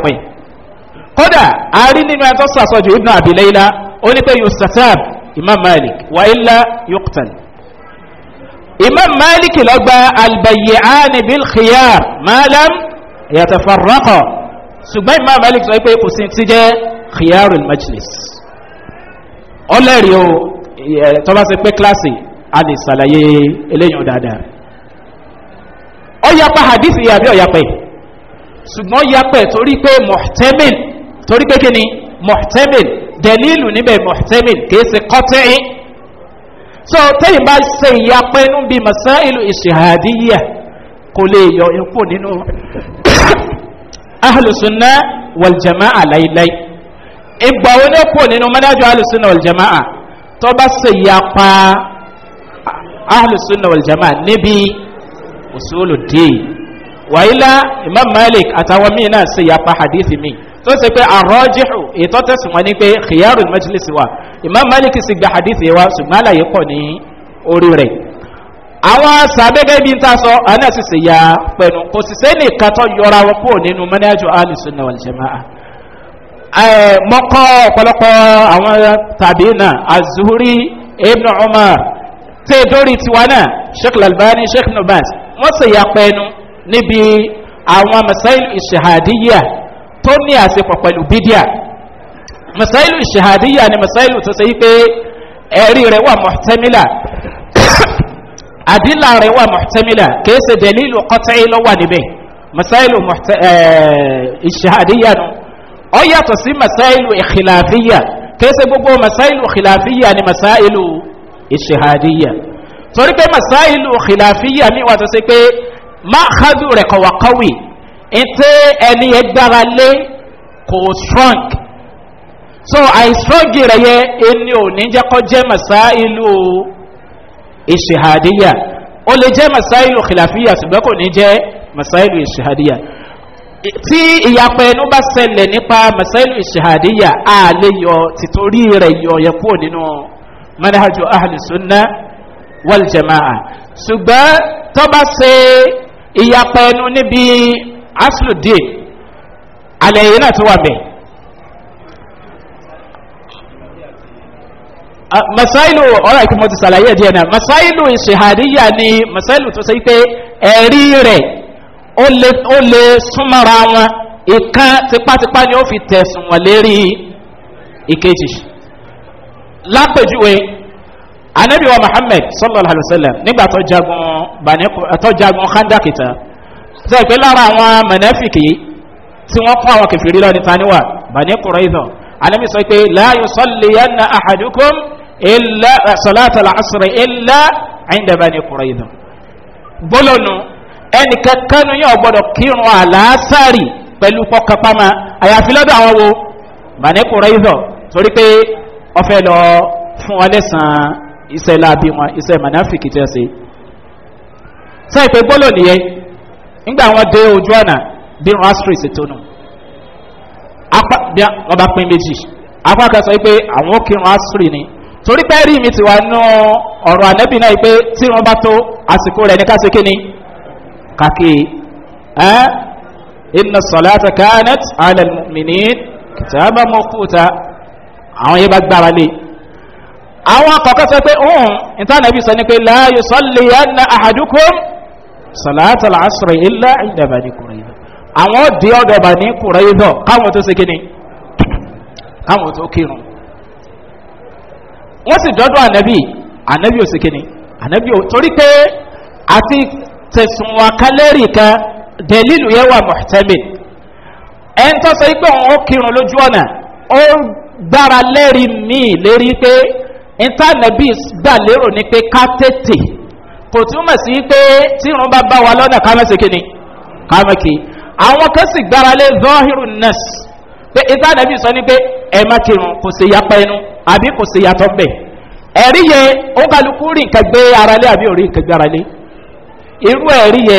Speaker 1: kódà àárín nínú ẹ̀ tó sàṣọjù ibnu abilayla ó ní pé yusuf imam malik wa illa yuqtal imam maliki lọ gba albayyani bil khiyar malam yatafarraqa ṣùgbọ́n imam maliki sọ pé kò sí ti jẹ́ khiyarul majlis ọlẹ́rìí o tọ́ba ṣe pé kíláàsì a lè ṣàlàyé eléyìí dáadáa ọ̀yapa hadith yìí àbí ọ̀yapa yìí ṣùgbọ́n yapẹ̀ torí pé mọ̀tẹ́mìn torí pé kí ni mọ̀tẹ́mìn dẹ̀lílù níbẹ̀ mọ̀tẹ́mìn kìí ṣe kọ́tẹ́yìn so tẹ́yìn bá ṣe ìyapẹ́ inú bíi mọ̀sá ìlú ìṣèhàdíyà kò lè yọ ikú nínú ahàlùsùnà wàljàmá àláìláì ìgbà wo ní kú nínú mọ́dájọ́ ahàlùsùnà wàljàmá à tó bá ṣe ìyapa ahàlùsùnà wàljàmá níbi òṣùlù díì wàyílá imam malik àtàwọn míì náà ṣe ìyapa hadithi míì tó ṣe pé àrọ́jìhù ètò tẹ̀sùn wọn ni pé khiyaru majlis wa imam malik sì gba hadith yẹn wa ṣùgbọ́n àlàyé pọ̀ ní orí rẹ̀ àwọn sàbẹ́gẹ́ bí n ta sọ àná sì sì ya pẹ̀lú kò sì sẹ́ nìkan tó yọra wọn kúrò nínú mẹ́nẹ́jọ alìsùn náà wàlìjẹ́máà mọ́kọ́ ọ̀pọ̀lọpọ̀ àwọn tàbí náà ibn umar tẹ́ dórí tiwa náà sheikh lalbani sheikh nubas wọ́n sì ya pẹ́nu níbi àwọn masail ìṣèhàdíyà tó ní àṣepọ̀ pẹ̀lú bídíà masailu shahadiyya ni masailu tó ṣe yí pé ẹ̀rí rẹ̀ wà mọ̀tẹ́mílà àdílà [COUGHS] rẹ̀ wà mọ̀tẹ́mílà kìí ṣe dẹ̀lílù kọ́tẹ́ lọ́wà níbẹ̀ masailu shahadiyya nu ọ yàtọ̀ sí masailu ìkìláfíyà kìí ṣe gbogbo masailu ìkìláfíyà ni masailu ìṣahadiyya torí pé masailu ìkìláfíyà ni wà tó ṣe pé máa kádù rẹ̀ kọ̀wàkọ́wì ìtẹ́ ẹni ẹgbára lé kò strong so àìsírógì rẹ̀ yẹ ẹni ò ní jẹ́ kọ́ jẹ́ màsá ìlú ìṣèhàdíyà ó lè jẹ́ màsá ìlú kìláfíà ṣùgbọ́n kò ní jẹ́ màsá ìlú ìṣèhàdíyà tí ìyapẹ̀ ẹnu bá ṣẹlẹ̀ nípa màsá ìlú ìṣèhàdíyà á lè yọ tìtorí rẹ̀ yọ yẹ kúrò nínú manahajú ahàlùsùnà wàlùjẹ̀máà ṣùgbọ́n tó bá ṣe ìyapẹ̀ ẹnu níbi asludin alẹ́ yìí náà ti wà bẹ́ẹ̀. Ah, masailu ọ̀rọ̀ ìkí mo ti sàlàyé díẹ̀ náà masailu ìṣèhàdíyà ni masailu tó sẹ́yí pé ẹ̀rí rẹ̀ ó lè súnmọ́ra wọn ìkan tipátipá ni ó fi tẹ̀sùn wọn lérí ìkejì lápèjúwe anabiwa muhammed sallallahu alayhi wa sallam nígbà tó jagun khandakita sọ pé lára àwọn mọ̀nẹ́fìkì tí wọ́n kọ́ àwọn kẹfìrí lọ níta níwà bani kùrẹ́dọ̀ alẹ́mi sọ pé láàyò sọ́lẹ̀ yẹn na àhàdùkùn ilẹ̀ eh, sọ̀láàtà làásùrẹ̀ ilẹ̀ àyíndà bani kùrẹ́dọ̀ gbólónù ẹnì kankanu yóò gbọdọ̀ kírun àlàásàrì pẹ̀lú pọ́kápámá àyàfi lọ́dọ̀ àwọn wo bani kùrẹ́dọ̀ torí pé ọfẹ́ lọ fún wọn iṣẹ́ láabi wọn iṣẹ́ mọ̀nẹ́fìkì tẹ́ sẹ́ sọ pé gbólónù yẹn ńgbà wọn dé ojú ọ̀nà bí wọn street ṣètò nù apá bí wọn bá pín méjì apá kan sọ pé àwọn ó kírun asiri ni torí pé rí mi ti wà nù ọ̀rọ̀ ànẹ́bí náà pé tí wọn bá tó àsìkò rẹ̀ ní káṣe kí ni kàkì iná sọ̀lá àti kánẹ́t alẹ́ mìíní kìtàbà mọ́ kúta àwọn yẹn bá gbára lé àwọn akọ̀kọ́ sọ pé òun ìtànẹ́bí sọ ni pé láàyò sọ́lé yẹn na àhàdúkọ́ sàlátà làásùrè ilá ìdàbà ní kùrẹ́ ibà àwọn di ọ̀dọ̀bà ní kùrẹ́ ibà káwọn tó ṣe kíni káwọn tó kírun wọ́n sì dọ́dọ̀ ànábì ànábì ò ṣe kíni ànábì ò torí pé àti tẹ̀sùn wa kálẹ́rì kan dẹ̀lílù yẹn wà mọ̀tẹ́mì ẹ̀ ń tọ́sọ pé òun ó kírun lójú ọ̀nà ó gbára lẹ́rìí míì lérí pé ìtànàbí gbà lérò ni pé ká tètè kò túmọ̀ sí pé tí wọn bá bá wa lọ́nà kámẹ́sì kìíní kámẹ́kì àwọn kan sì gbára lé zọ́hírù nọ́ọ̀sì pé ìta nàbí sọ ni pé ẹ má kírun kò sì yapa ẹnu àbí kò sì yàtọ̀ bẹ̀ ẹ̀rí yẹ òun kálukú rí nǹkan gbé ara lé àbí òrí nǹkan gbé ara lé irú ẹ̀rí yẹ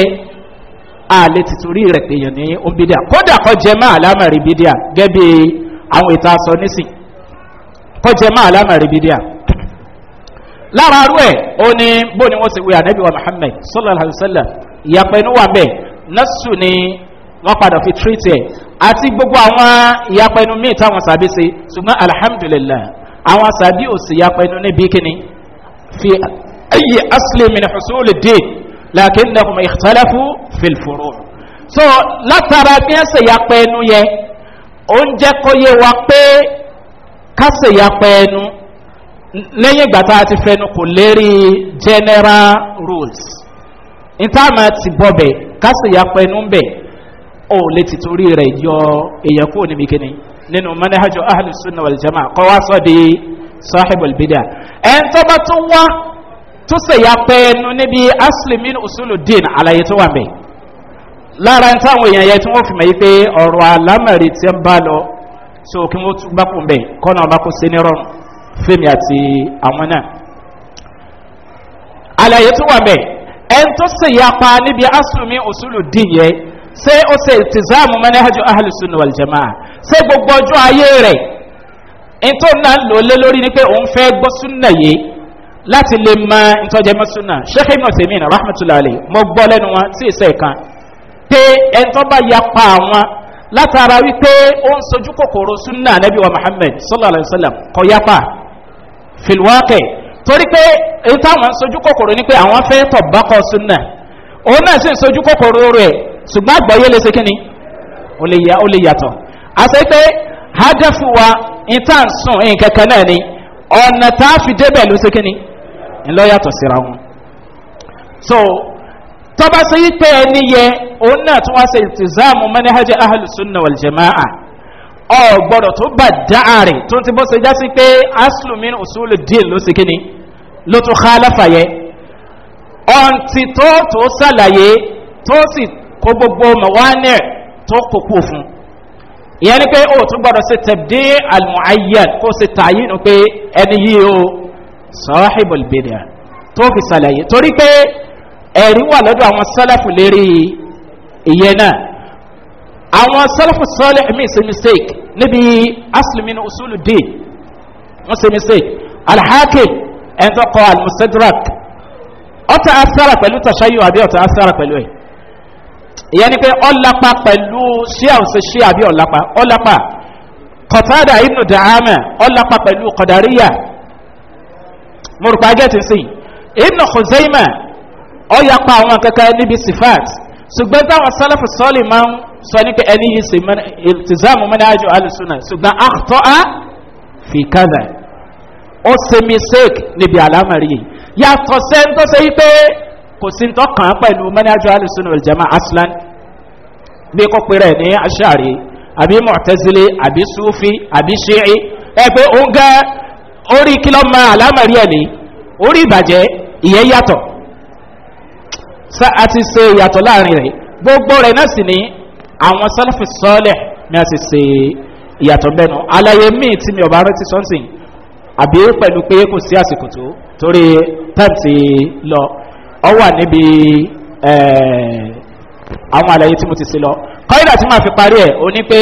Speaker 1: àlè tìtúrí rẹ̀ pèèyàn ní ombidia kódà kọjẹ má àlámà rìbídíà gẹ́bí àwọn ìta sọ nísìn kọjẹ má àlámà rìbídíà lára arú ẹ̀ ó ní bó ni wọ́n ti wí ànábì wa muhammed sallallahu alayhi wa sallam ìyàpẹ̀ inú wà ń bẹ̀ nọ́ọ̀sù ni wọ́n padà fi tírítì ẹ̀ àti gbogbo àwọn ìyàpẹ̀ inú míì táwọn sàbí ṣe ṣùgbọ́n alhamdulilah àwọn sàbí ò sì ìyàpẹ̀ inú níbi kíni fi ayé aslim ní xusúlù dé làkín náà kùmà ìtàlẹ́fù fìlfòrò. so látara bí ẹ ṣe ìyàpẹ̀ inú yẹ oúnjẹ kọ́ yé wa pé ká ṣe ìyàpẹ̀ inú lẹ́yìn ìgbà tá a lérí general rules ìtààmà ti bọ̀bẹ̀ kásìyà pẹ̀lú bẹ̀ ó lè ti torí rẹ̀ yọ èèyàn kúrò níbi kíni nínú manahajo ahalusunna waljama kọ́ wá sọ di sahibul bida ẹn tó bá tún wá tó sèyà pẹ̀lú níbi aslimin usuludin àlàyé tó wà bẹ̀ lára ń táwọn èèyàn yẹ tí wọ́n fi mọ̀ yí pé ọ̀rọ̀ alámọ̀rì ti ń bá lọ so kí wọ́n tún bá kún bẹ̀ kọ́nà ọba kó sí ní rọrùn fèmí àti àwọn náà àlàyé tó wà bẹ́ẹ̀ ẹni tó sì yá pa níbi asùnmí òṣùlù dín yẹ ṣé ó ṣe ìtìzáàmù mẹ́nẹ́hájú ahàlùsùn wàlìjẹ̀má ṣé gbogbo ọjọ́ ayé rẹ̀ ètò náà ń lò lé lórí ni pé òun fẹ́ gbọ́ súnà yìí láti lè mọ ìtọ́jẹ́ mọ́ súnà ṣéèkì ibùdó tèmi náà rahmatulahi mo gbọ́ lẹ́nu wọn tí ìṣe kan pé ẹni tó bá ya pa látara wípé ó ń sojú kòkòrò súnà nàbí muhammed sallallahu alayhi wa sallam kọ ya filwake torí pé èyí táwọn sojú kòkòrò ni pé àwọn fẹ́ tọ̀ bákọ̀ súnà òun náà sì sojú kòkòrò rẹ̀ ṣùgbọ́n àgbọ̀yé lè ṣe kí ni ó lè yàtọ̀ àṣẹ pé hadafu wa ìtàn sùn nǹkan kan náà ni ọ̀nà tá a fi débẹ̀ ló ṣe kí ni ńlọ yàtọ̀ síra wọn. so tọ́ba ṣe yí pé ẹni yẹ òun náà tún wá ṣe ìtìzáàmù mẹ́nẹ́hájẹ́ ahàlùsùn náà wàlùjẹ̀máà ọ̀gbọ́dọ̀ tó bà dáàrin tó ti bọ́ se já sí pé aslumin usulu díẹ̀ ló sì kíni ló tún ká aláfàyẹ ọ̀ǹtì tó tó sàlàyé tó sì kó gbogbo mọ̀wánẹ̀ tó kò kú fún ìyẹn ni pé ó tún gbọ́dọ̀ sí tẹ̀bdí almuayyan kó sì tààyè nù pé ẹni yìí o sọ́ọ́hìbọ̀l bèdà tó fi sàlàyé torí pé ẹ̀rí wà lọ́dọ̀ àwọn sálàfù lérí ìyẹn náà àwọn sẹ́lẹ̀fù sọ́ọ̀lẹ̀ mi ṣe mistake níbi aslimina usulu dé wọ́n ṣe mistake alhaki ẹ̀ńtọ́ kọ́ almusadrak ọ̀tá asára pẹ̀lú tàṣáyò àbí ọ̀tá asára pẹ̀lú ẹ̀ ìyẹn ni pé ọ̀lápá pẹ̀lú ṣíà ṣe ṣíà àbí ọ̀lápá ọ̀lápá kọ̀tádà ibnu dàámà ọ̀lápá pẹ̀lú kọ̀dàríyà mùrùpàgẹ́tì sí ibnu khuzaima ọ̀yapa àwọn kankan níbi sifat ṣùgbọ́n táwọn sẹ́lẹ̀fù sọ́ọ̀lì máa ń sọ ní pé ẹni yìí sì ìtìzámù mẹ́nájú alùsùnà ṣùgbọ́n àtọ́ á fi kádà ó ṣe mistake níbi àlámàrí yìí yàtọ̀ sẹ́ni tó ṣe wípé kò sí tó kàn án pẹ̀lú mẹ́nájú alùsùnà ìjẹ́mà aslan bí kò pé rẹ̀ ní aṣáàrí àbí mọ̀tẹ́sílẹ̀ àbí sufi àbí ṣíì ẹ pé ó ń gẹ́ orí kìlọ̀ mọ́ àlámàrí ẹ̀ ní orí ìbàjẹ́ ìyẹn yàtọ̀ àti ṣe ìyàtọ̀ láàrin rẹ̀ gbogbo rẹ̀ náà sì ní àwọn sálẹ̀fì sọ́ọ̀lẹ̀ ni a sì ṣe ìyàtọ̀ mẹ́nu alaye míì tí mi ọba rántí something àbí pẹ̀lú pé kò sí àsìkò tó torí time ti lọ ọ wà níbi àwọn àlàyé tí mo ti ṣe lọ kọ́ńdà tí màá fi parí ẹ̀ o ní pé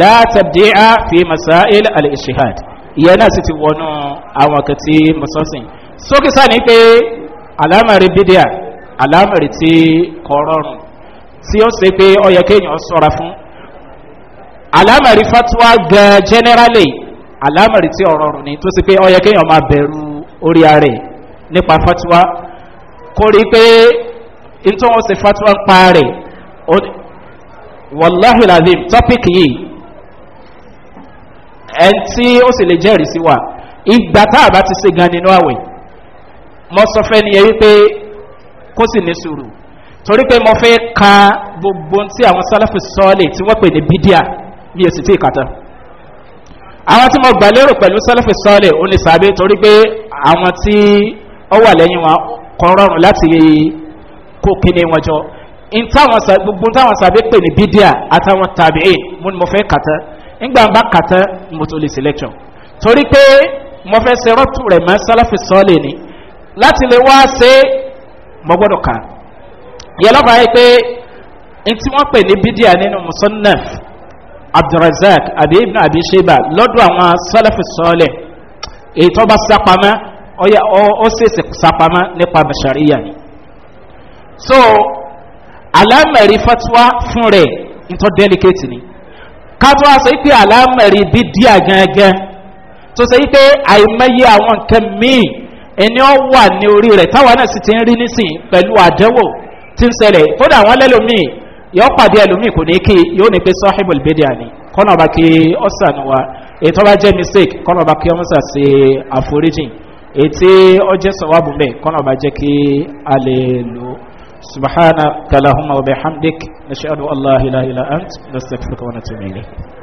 Speaker 1: látàbíà fi masáìl al-ishihad ìyẹn náà sì ti wọnú àwọn kan tí mo sọ́sìn sókè sáà ní pé alámàrí bídíà alámàrí tí kọ́ rọrùn tí ó ṣe pé ọ yẹ kéèyàn sọra fún alámàrí fatuwa gan generally alámàrí tí ọ̀rọ̀ rùn ni tó ṣe pé ọ yẹ kéèyàn máa bẹ̀rù orí ara ẹ̀ nípa fatuwa kó rí pé nítorí wọn ṣe fatuwa ń pa rẹ̀ wàláhùn lazim tọ́pìkì yìí ẹni tí ó sì lè jẹ́rìí sí wa ìgbà tá a bá ti ṣe gan nínú àwẹ̀ mọ́sọ́fẹ́ ni ẹ wípé kó sì ní sùúrù torí pé mo fẹ́ ka gbogbo tí àwọn sálẹ́fù sọ́ọ̀lì tí wọ́n pè ní bídíà mi ò tí ì àwọn tí mo gbà lérò pẹ̀lú sálẹ́fù sọ́ọ̀lì ó ní sàbẹ̀ torí pé àwọn tí ó wà lẹ́yìn wọn kọ́ rọrùn láti kó kíní wọn jọ gbogbo táwọn sàbẹ̀ pè ní bídíà àtàwọn tàbí ẹ̀ mo ní mo fẹ́ kàtà ńgbà ń bá kàtà mo tó lè selection torí pé mo fẹ́ ṣe rọ́tù rẹ̀ mọ́ sálẹ́fù sọ́ọ̀lì ni láti lè wá ṣe mo gbọ́dọ̀ kàn yẹn lọ́ba yẹ pé ntí wọ́n pè ní bídíà nínú musonaf abdulrasaq àbí ibn abi sheba lọ́dọ̀ àwọn sọlẹ́fì sọ́ọ̀lẹ̀ èyí tó bá sápamọ́ ọyẹ ó ṣèṣì sápamọ́ nípa bàṣàríyà ni. so alámẹ̀rí fatuwa fún rẹ̀ ntọ́ dẹ́líkẹ́tì ni kátó a sọ pé alámẹ̀rí bídíà gángan tó sọ pé àìmọye àwọn nǹkan míì ẹni ọ wà ní orí rẹ̀ táwa náà sì ti ń rí nísìnyí pẹ̀lú àdẹ́wò ti ń sẹlẹ̀ kódà àwọn lẹ́lòmíì yọ pàdé ẹlòmíì kò ní kí yóò ní pé sọ́hìbùl bídíà ni kọ́nà ọba kí ọ̀sán wa ètò ọba jẹ́ mistake kọ́nà ọba kí ọmọ sàṣe àforíjìn ètí ọjẹ́ sọ̀wábù mẹ́ kọ́nà ọba jẹ́ kí a lò subhana kalahuma wa bihamdik nashadu allah ilaha illa ant nastaghfiruka wa natubu ilayk